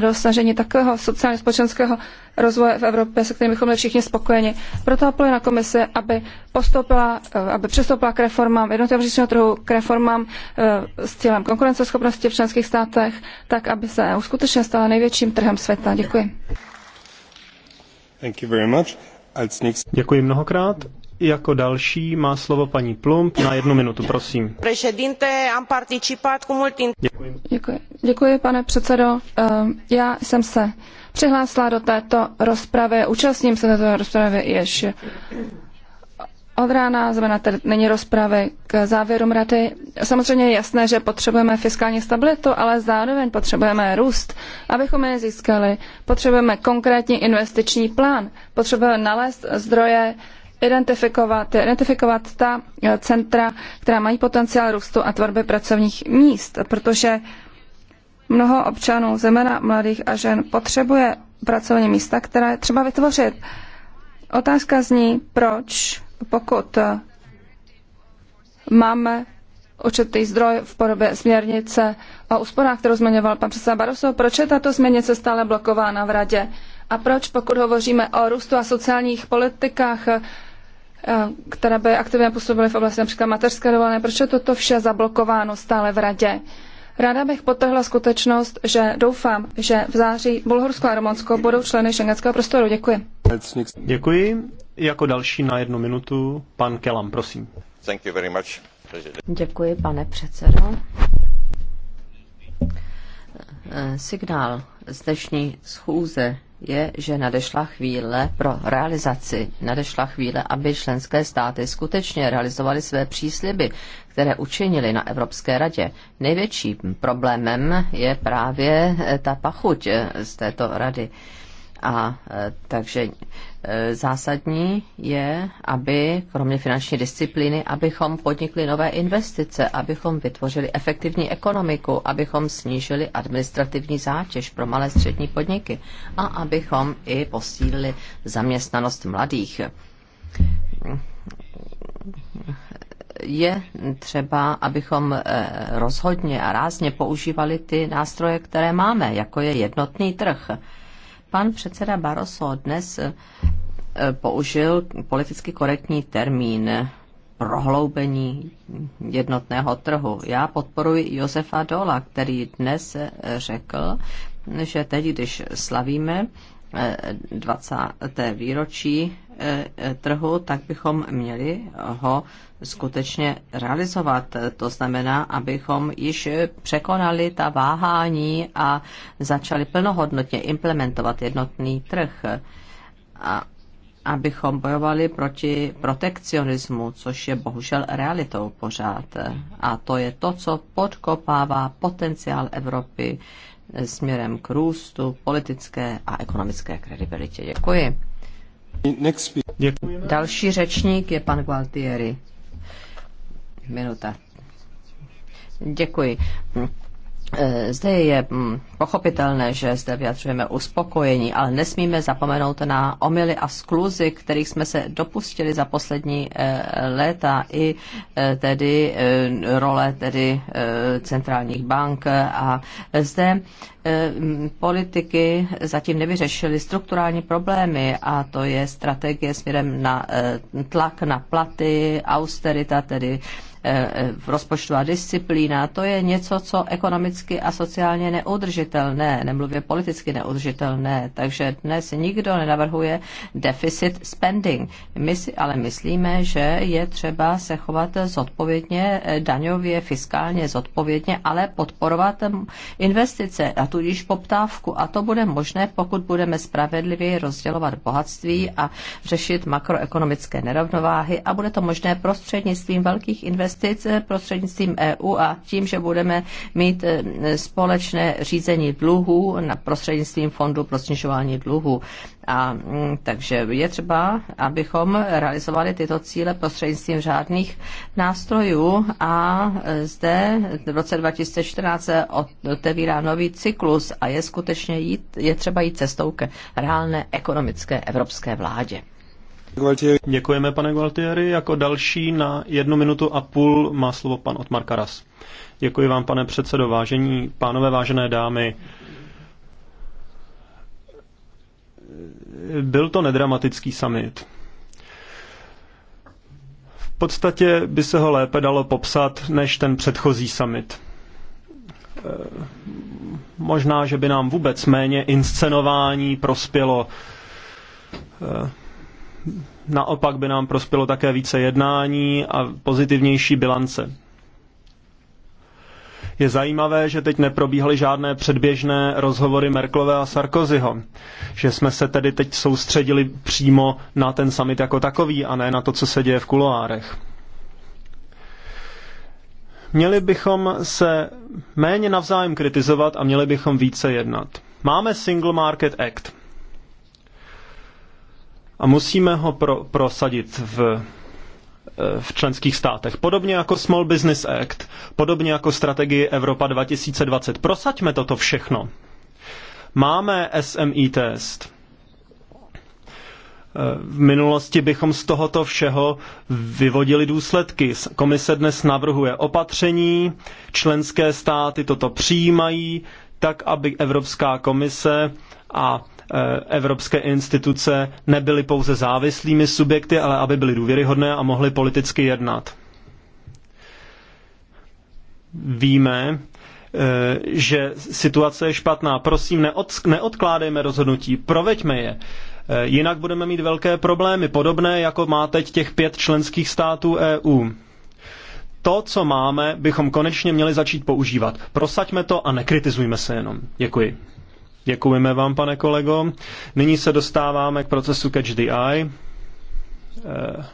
dosažení takového sociálně společenského rozvoje v Evropě, se kterým bychom byli všichni spokojeni. Proto apeluji na komisi, aby, postoupila, eh, aby přistoupila k reformám jednotlivého trhu, k reformám eh, s cílem konkurenceschopnosti v členských státech, tak aby se skutečně stala největším trhem světa. Děkuji. Děkuji mnohokrát. Jako další má slovo paní Plump na jednu minutu, prosím. Děkuji. Děkuji, děkuji pane předsedo. Ehm, já jsem se přihlásila do této rozpravy, účastním se této rozpravy jež od rána, znamená tedy není rozpravy k závěrům rady. Samozřejmě je jasné, že potřebujeme fiskální stabilitu, ale zároveň potřebujeme růst. Abychom je získali, potřebujeme konkrétní investiční plán, potřebujeme nalézt zdroje identifikovat, identifikovat ta eh, centra, která mají potenciál růstu a tvorby pracovních míst, protože mnoho občanů, zejména mladých a žen, potřebuje pracovní místa, která je třeba vytvořit. Otázka zní, proč, pokud eh, máme určitý zdroj v podobě směrnice o úsporách, kterou zmiňoval pan předseda Barroso, proč je tato směrnice stále blokována v radě? A proč, pokud hovoříme o růstu a sociálních politikách, Eh, které by aktivně působily v oblasti například mateřské dovolené. Proč je toto vše zablokováno stále v radě? Ráda bych potrhla skutečnost, že doufám, že v září Bulharsko a Rumunsko budou členy šengenského prostoru. Děkuji. Děkuji. Jako další na jednu minutu pan Kelam, prosím. Thank you very much. Děkuji, pane předsedo. Eh, signál z dnešní schůze je, že nadešla chvíle pro realizaci, nadešla chvíle, aby členské státy skutečně realizovaly své přísliby, které učinili na Evropské radě. Největším problémem je právě eh, ta pachuť eh, z této rady. A eh, takže Eh, zásadní je, aby, kromě finanční disciplíny, abychom podnikli nové investice, abychom vytvořili efektivní ekonomiku, abychom snížili administrativní zátěž pro malé střední podniky a abychom i posílili zaměstnanost mladých. Je třeba, abychom eh, rozhodně a rázně používali ty nástroje, které máme, jako je jednotný trh Pan předseda Baroso dnes eh, použil politicky korektní termín prohloubení jednotného trhu. Já podporuji Josefa Dola, který dnes eh, řekl, že teď, když slavíme 20. Eh, výročí trhu, tak bychom měli ho skutečně realizovat. To znamená, abychom již překonali ta váhání a začali plnohodnotně implementovat jednotný trh. A abychom bojovali proti protekcionismu, což je bohužel realitou pořád. A to je to, co podkopává potenciál Evropy směrem k růstu, politické a ekonomické kredibilitě. Děkuji. Děkujeme. Další řečník je pan Gualtieri minuta. Děkuji. Eh, zde je hm, pochopitelné, že zde vyjadřujeme uspokojení, ale nesmíme zapomenout na omily a skluzy, kterých jsme se dopustili za poslední eh, léta i eh, tedy role tedy centrálních bank a zde hm, politiky zatím nevyřešily strukturální problémy a to je strategie směrem na tlak na platy, austerita, tedy Eh, v a disciplína, to je něco, co ekonomicky a sociálně neudržitelné, nemluvě politicky neudržitelné. Takže dnes nikdo nenavrhuje deficit spending. My si ale myslíme, že je třeba se chovat zodpovědně, eh, daňově, fiskálně zodpovědně, ale podporovat investice a tudíž poptávku. A to bude možné, pokud budeme spravedlivěji rozdělovat bohatství a řešit makroekonomické nerovnováhy a bude to možné prostřednictvím velkých investic investic prostřednictvím EU a tím, že budeme mít e, společné řízení dluhů na prostřednictvím fondu pro snižování dluhů. A mm, takže je třeba, abychom realizovali tyto cíle prostřednictvím řádných nástrojů a e, zde v roce 2014 se otevírá nový cyklus a je skutečně jít, je třeba jít cestou ke reálné ekonomické evropské vládě. Děkujeme, pane Gualtieri. Jako další na jednu minutu a půl má slovo pan Otmar Karas. Děkuji vám, pane předsedo, vážení pánové, vážené dámy. Byl to nedramatický summit. V podstatě by se ho lépe dalo popsat než ten předchozí summit eh, možná, že by nám vůbec méně inscenování prospělo. Eh, Naopak by nám prospělo také více jednání a pozitivnější bilance. Je zajímavé, že teď neprobíhaly žádné předběžné rozhovory Merklové a Sarkozyho, že jsme se tedy teď soustředili přímo na ten summit jako takový a ne na to, co se děje v kuloárech. Měli bychom se méně navzájem kritizovat a měli bychom více jednat. Máme Single Market Act a musíme ho pro, prosadit v, eh, v členských státech. Podobně jako Small Business Act, podobně jako strategii Evropa 2020. Prosaďme toto všechno. Máme SMI test. Eh, v minulosti bychom z tohoto všeho vyvodili důsledky. Komise dnes navrhuje opatření, členské státy toto přijímají, tak aby Evropská komise a Eh, evropské instituce nebyly pouze závislými subjekty, ale aby byly důvěryhodné a mohly politicky jednat. Víme, eh, že situace je špatná. Prosím, neodkládejme rozhodnutí, proveďme je. Eh, jinak budeme mít velké problémy, podobné jako má teď těch pět členských států EU. To, co máme, bychom konečně měli začít používat. Prosaďme to a nekritizujme se jenom. Děkuji. Děkujeme vám, pane kolego. Nyní se dostáváme k procesu Catch the Eye. Eh,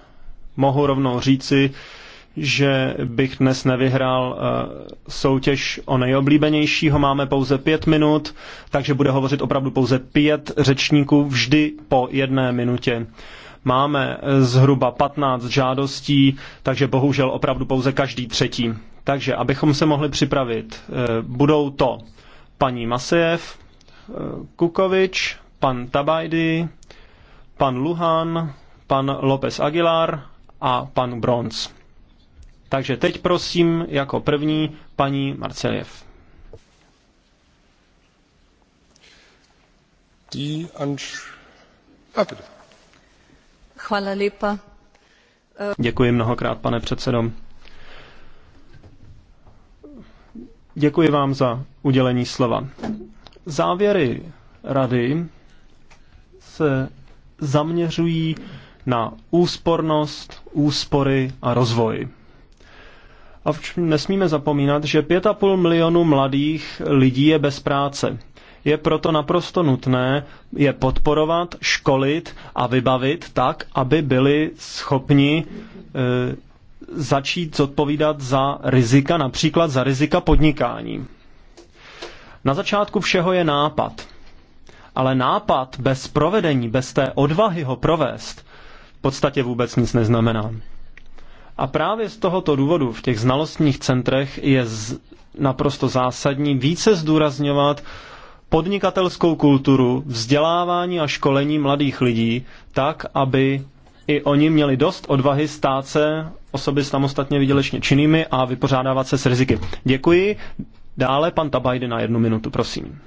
mohu rovnou říci, že bych dnes nevyhrál eh, soutěž o nejoblíbenějšího. Máme pouze pět minut, takže bude hovořit opravdu pouze pět řečníků vždy po jedné minutě. Máme eh, zhruba 15 žádostí, takže bohužel opravdu pouze každý třetí. Takže abychom se mohli připravit, budou to paní Masejev, Kukovič, pan Tabajdy, pan Luhan, pan López Aguilar a pan Bronz. Takže teď prosím jako první paní Marceliev. Děkuji mnohokrát, pane předsedo. Děkuji vám za udělení slova. Závěry rady se zaměřují na úspornost, úspory a rozvoj. A nesmíme zapomínat, že 5,5 milionu mladých lidí je bez práce. Je proto naprosto nutné je podporovat, školit a vybavit tak, aby byli schopni e, začít zodpovídat za rizika, například za rizika podnikání. Na začátku všeho je nápad. Ale nápad bez provedení, bez té odvahy ho provést, v podstatě vůbec nic neznamená. A právě z tohoto důvodu v těch znalostních centrech je z, naprosto zásadní více zdůrazňovat podnikatelskou kulturu, vzdělávání a školení mladých lidí, tak, aby i oni měli dost odvahy stát se osoby samostatně vydělečně činnými a vypořádávat se s riziky. Děkuji. Dále pan Tabajde na jednu minutu, prosím.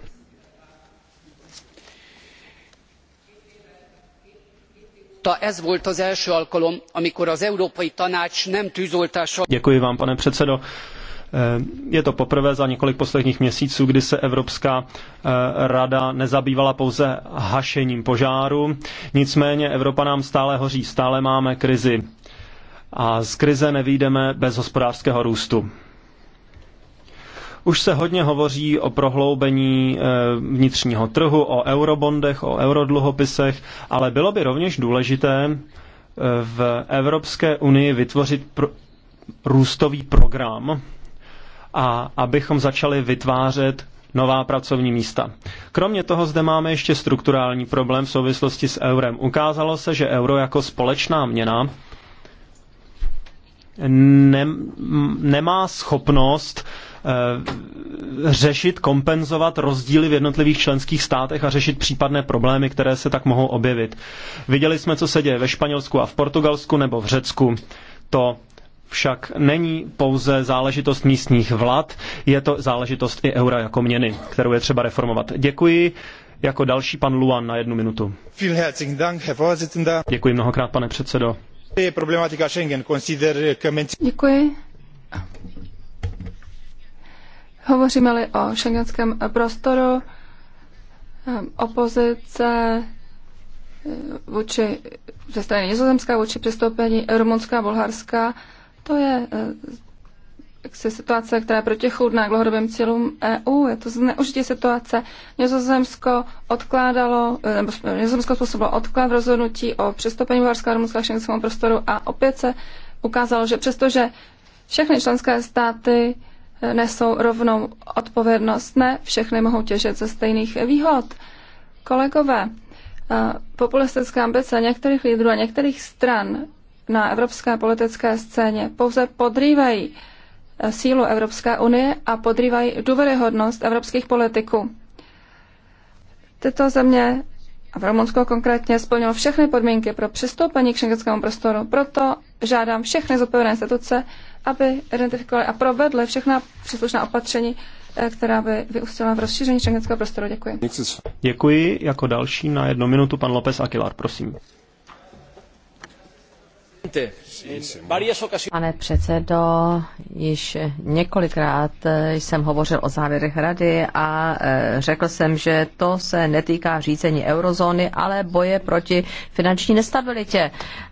Děkuji vám, pane předsedo. Eh, je to poprvé za několik posledních měsíců, kdy se Evropská eh, rada nezabývala pouze hašením požáru. Nicméně Evropa nám stále hoří, stále máme krizi. A z krize nevýjdeme bez hospodářského růstu. Už se hodně hovoří o prohloubení eh, vnitřního trhu, o eurobondech, o eurodluhopisech, ale bylo by rovněž důležité eh, v Evropské unii vytvořit pr- růstový program a abychom začali vytvářet nová pracovní místa. Kromě toho zde máme ještě strukturální problém v souvislosti s eurem. Ukázalo se, že euro jako společná měna ne, nemá schopnost Eh, řešit, kompenzovat rozdíly v jednotlivých členských státech a řešit případné problémy, které se tak mohou objevit. Viděli jsme, co se děje ve Španělsku a v Portugalsku nebo v Řecku. To však není pouze záležitost místních vlad, je to záležitost i eura jako měny, kterou je třeba reformovat. Děkuji. Jako další pan Luan na jednu minutu. Děkuji mnohokrát, pane předsedo. Schengen. Consider Děkuji. Hovoříme-li o šengenském prostoru, ehm, opozice eh, vůči, ze strany nizozemská vůči přistoupení Rumunska a Bulharska, to je eh, jaksi situace, která je protichůdná k dlouhodobým cílům EU. Je to zneužití situace. Nizozemsko odkládalo, eh, nebo Nizozemsko způsobilo odklad v rozhodnutí o přistoupení Bulharska a Rumunska k šengenskému prostoru a opět se ukázalo, že přestože všechny členské státy nesou rovnou odpovědnost. Ne, všechny mohou těžit ze stejných výhod. Kolegové, eh, populistická ambice některých lídrů a některých stran na evropské politické scéně pouze podrývají eh, sílu Evropské unie a podrývají důvěryhodnost evropských politiků. Tyto země a v Rumunsku konkrétně splnilo všechny podmínky pro přistoupení k šengenskému prostoru. Proto žádám všechny zodpovědné instituce, aby identifikovali a provedli všechna příslušná opatření, eh, která by vyústila v rozšíření šengenského prostoru. Děkuji. Děkuji. Jako další na jednu minutu pan López Aquilar, prosím. Pane předsedo, již několikrát jsem hovořil o závěrech rady a e, řekl jsem, že to se netýká řízení eurozóny, ale boje proti finanční nestabilitě.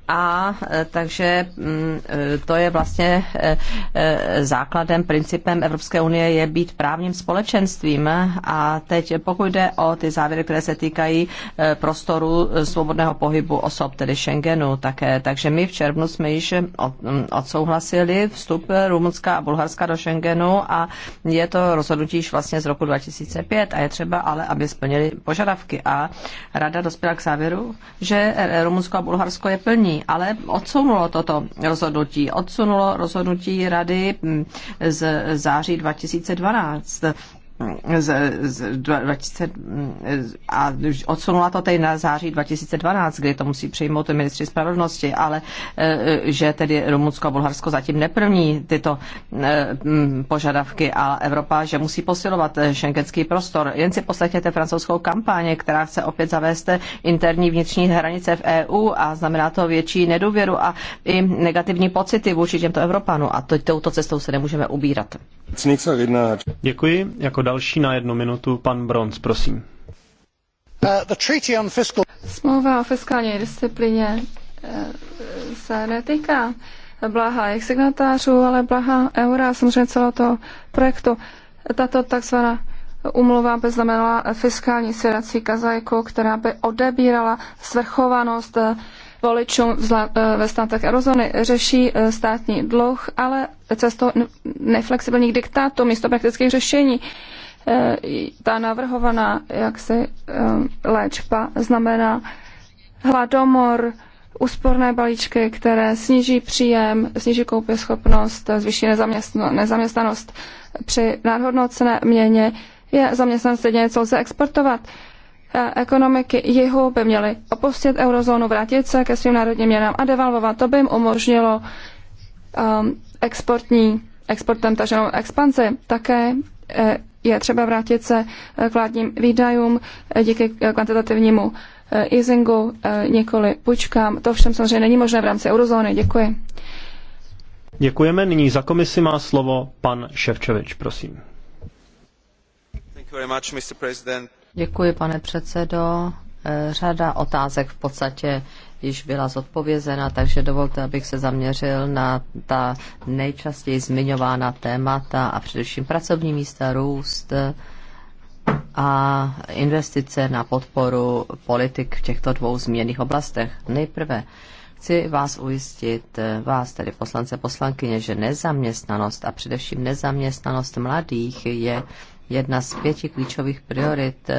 A e, takže mm, e, to je vlastně základem, principem Evropské unie je být právním společenstvím. A teď pokud jde o ty závěry, které se týkají prostoru svobodného pohybu osob, tedy Schengenu také. Takže my v červnu jsme již již mm, odsouhlasili vstup Rumunska a Bulharska do Schengenu a je to rozhodnutí již vlastně z roku 2005 a je třeba ale, aby splnili požadavky. A rada dospěla k závěru, že Rumunsko a Bulharsko je plní, ale odsunulo toto rozhodnutí. Odsunulo rozhodnutí rady mm, z září 2012 z, z, 20, a odsunula to tedy na září 2012, kdy to musí přijmout ministři spravedlnosti, ale eh, že tedy Rumunsko a Bulharsko zatím neprvní tyto eh, požadavky a Evropa, že musí posilovat šengenský eh, prostor. Jen si poslechněte francouzskou kampaně, která chce opět zavést interní vnitřní hranice v EU a znamená to větší nedůvěru a i negativní pocity vůči těmto Evropanu a to, touto cestou se nemůžeme ubírat. Děkuji. Jako další na jednu minutu, pan Bronz, prosím. Uh, Smlouva o fiskální disciplině uh, se netýká blaha jejich signatářů, ale blaha eura a samozřejmě celého toho projektu. Tato takzvaná umluva by znamenala fiskální svěrací kazajku, která by odebírala svrchovanost uh, voličům ve státech eurozóny řeší státní dluh, ale cestou neflexibilních diktátů místo praktických řešení. Eh, ta navrhovaná jaksi eh, léčba znamená hladomor, úsporné balíčky, které sníží příjem, sníží koupěschopnost, zvýší nezaměstnanost. Při nadhodnocené měně je zaměstnanost jedině, co lze exportovat. Eh, ekonomiky jihu by měly opustit eurozónu, vrátit se ke svým národním měnám a devalvovat. To by jim umožnilo um, exportní, exportem taženou expanzi. Také je třeba vrátit se eh, k vládním výdajům eh, díky eh, kvantitativnímu easingu, několik půjčkám. To všem samozřejmě není možné v rámci eurozóny. Děkuji. Děkujeme. Nyní za komisi má slovo pan Ševčovič, prosím. Děkuji, pane předsedo. Řada otázek v podstatě již byla zodpovězena, takže dovolte, abych se zaměřil na ta nejčastěji zmiňována témata a především pracovní místa, růst a investice na podporu politik v těchto dvou změných oblastech. Nejprve chci vás ujistit, vás tedy poslance poslankyně, že nezaměstnanost a především nezaměstnanost mladých je jedna z pěti klíčových priorit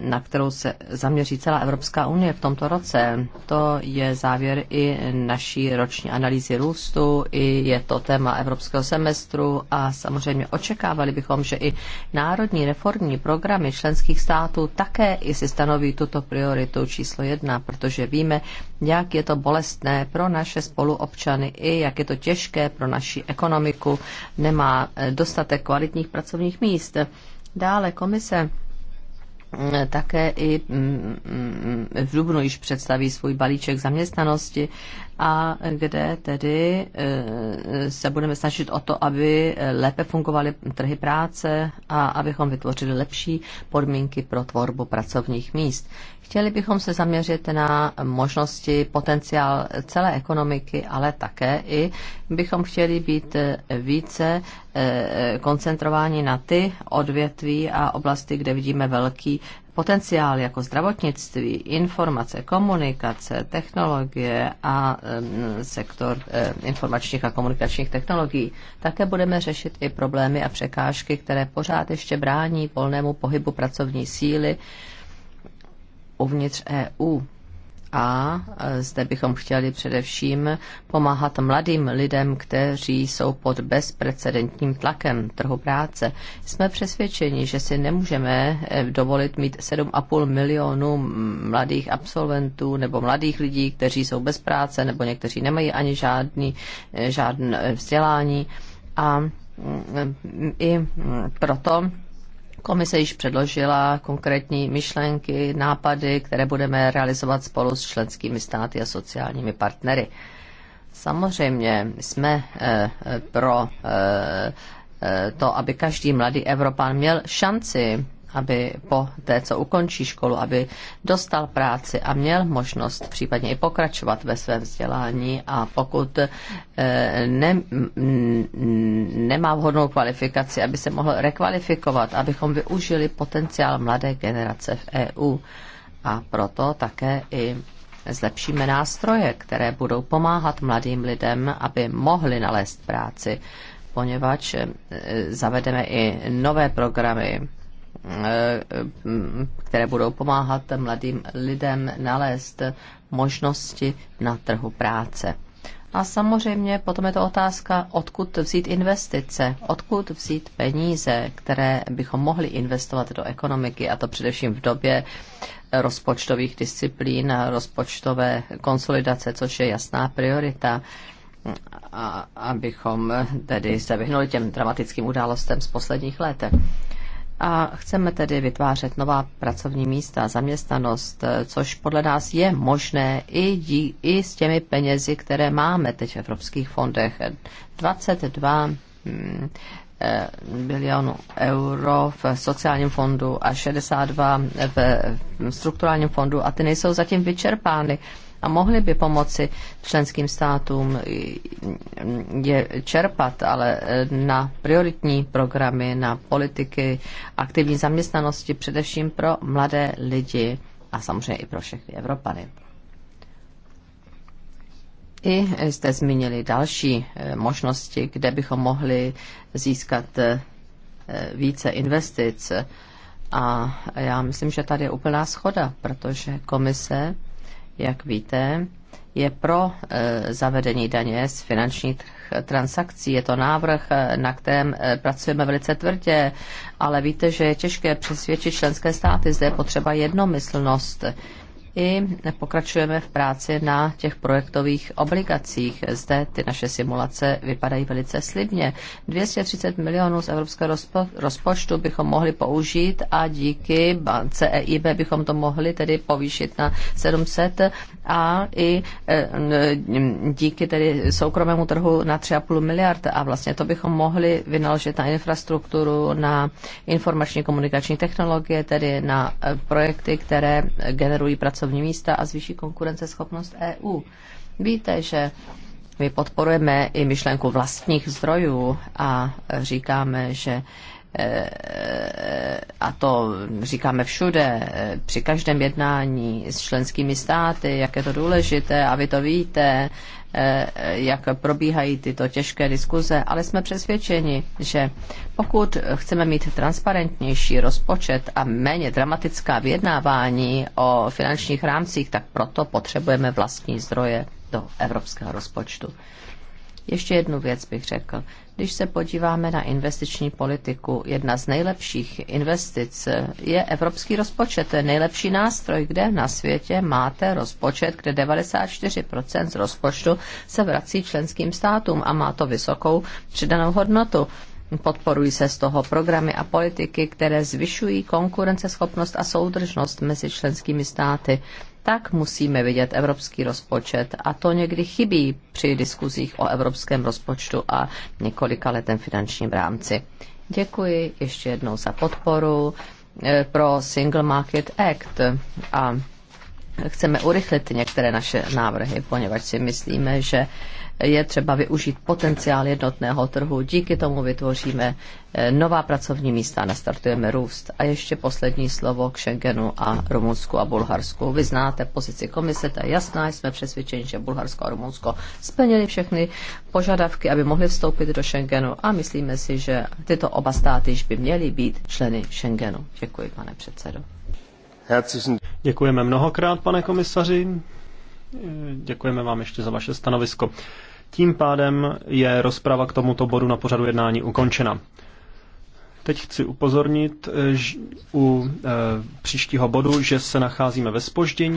na kterou se zaměří celá Evropská unie v tomto roce. To je závěr i naší roční analýzy růstu, i je to téma evropského semestru a samozřejmě očekávali bychom, že i národní reformní programy členských států také i si stanoví tuto prioritu číslo jedna, protože víme, jak je to bolestné pro naše spoluobčany i jak je to těžké pro naši ekonomiku. Nemá eh, dostatek kvalitních pracovních míst. Dále komise také i mm, mm, mm, v Dubnu již představí svůj balíček zaměstnanosti a kde tedy eh, se budeme snažit o to, aby lépe fungovaly trhy práce a abychom vytvořili lepší podmínky pro tvorbu pracovních míst. Chtěli bychom se zaměřit na možnosti, potenciál celé ekonomiky, ale také i bychom chtěli být více eh, koncentrováni na ty odvětví a oblasti, kde vidíme velký potenciál jako zdravotnictví, informace, komunikace, technologie a sektor informačních a komunikačních technologií. Také budeme řešit i problémy a překážky, které pořád ještě brání volnému pohybu pracovní síly uvnitř EU. A zde bychom chtěli především pomáhat mladým lidem, kteří jsou pod bezprecedentním tlakem trhu práce. Jsme přesvědčeni, že si nemůžeme eh, dovolit mít 7,5 milionů mladých absolventů nebo mladých lidí, kteří jsou bez práce nebo někteří nemají ani žádný, eh, žádné eh, vzdělání. A mm, mm, i mm, proto Komise již předložila konkrétní myšlenky, nápady, které budeme realizovat spolu s členskými státy a sociálními partnery. Samozřejmě jsme eh, eh, pro eh, to, aby každý mladý Evropan měl šanci aby po té, co ukončí školu, aby dostal práci a měl možnost případně i pokračovat ve svém vzdělání a pokud eh, ne, mm, nemá vhodnou kvalifikaci, aby se mohl rekvalifikovat, abychom využili potenciál mladé generace v EU. A proto také i zlepšíme nástroje, které budou pomáhat mladým lidem, aby mohli nalézt práci, poněvadž eh, zavedeme i nové programy které budou pomáhat mladým lidem nalézt možnosti na trhu práce. A samozřejmě potom je to otázka, odkud vzít investice, odkud vzít peníze, které bychom mohli investovat do ekonomiky, a to především v době rozpočtových disciplín a rozpočtové konsolidace, což je jasná priorita, a abychom tedy se vyhnuli těm dramatickým událostem z posledních let a chceme tedy vytvářet nová pracovní místa, zaměstnanost, eh, což podle nás je možné i, dí, i s těmi penězi, které máme teď v evropských fondech. 22 mm, bilionů euro v sociálním fondu a 62 v strukturálním fondu a ty nejsou zatím vyčerpány a mohly by pomoci členským státům je čerpat, ale eh, na prioritní programy, na politiky aktivní zaměstnanosti, především pro mladé lidi a samozřejmě i pro všechny Evropany. I jste zmínili další eh, možnosti, kde bychom mohli získat eh, více investic. A já myslím, že tady je úplná schoda, protože komise jak víte, je pro e, zavedení daně z finančních transakcí. Je to návrh, e, na kterém e, pracujeme velice tvrdě, ale víte, že je těžké přesvědčit členské státy. Zde je potřeba jednomyslnost i pokračujeme v práci na těch projektových obligacích. Zde ty naše simulace vypadají velice slibně. 230 milionů z evropského rozpočtu bychom mohli použít a díky bance EIB bychom to mohli tedy povýšit na 700 a i e, díky tedy soukromému trhu na 3,5 miliard a vlastně to bychom mohli vynaložit na infrastrukturu, na informační komunikační technologie, tedy na e, projekty, které generují pracovní pracovní místa a zvýší konkurenceschopnost EU. Víte, že my podporujeme i myšlenku vlastních zdrojů a říkáme, že e, a to říkáme všude, e, při každém jednání s členskými státy, jak je to důležité a vy to víte, Eh, jak probíhají tyto těžké diskuze, ale jsme přesvědčeni, že pokud chceme mít transparentnější rozpočet a méně dramatická vyjednávání o finančních rámcích, tak proto potřebujeme vlastní zdroje do evropského rozpočtu. Ještě jednu věc bych řekl. Když se podíváme na investiční politiku, jedna z nejlepších investic je evropský rozpočet. To je nejlepší nástroj, kde na světě máte rozpočet, kde 94% z rozpočtu se vrací členským státům a má to vysokou přidanou hodnotu. Podporují se z toho programy a politiky, které zvyšují konkurenceschopnost a soudržnost mezi členskými státy tak musíme vidět evropský rozpočet. A to někdy chybí při diskuzích o evropském rozpočtu a několika letem finančním rámci. Děkuji ještě jednou za podporu eh, pro Single Market Act a chceme urychlit některé naše návrhy, poněvadž si myslíme, že je třeba využít potenciál jednotného trhu. Díky tomu vytvoříme eh, nová pracovní místa, nastartujeme růst. A ještě poslední slovo k Schengenu a Rumunsku a Bulharsku. Vy znáte pozici komise, to je jasná, jsme přesvědčeni, že Bulharsko a Rumunsko splnili všechny požadavky, aby mohli vstoupit do Schengenu a myslíme si, že tyto oba státy již by měly být členy Schengenu. Děkuji, pane předsedo. Děkujeme mnohokrát, pane komisaři. Děkujeme vám ještě za vaše stanovisko. Tím pádem je rozprava k tomuto bodu na pořadu jednání ukončena. Teď chci upozornit u eh, příštího bodu, že se nacházíme ve spoždění.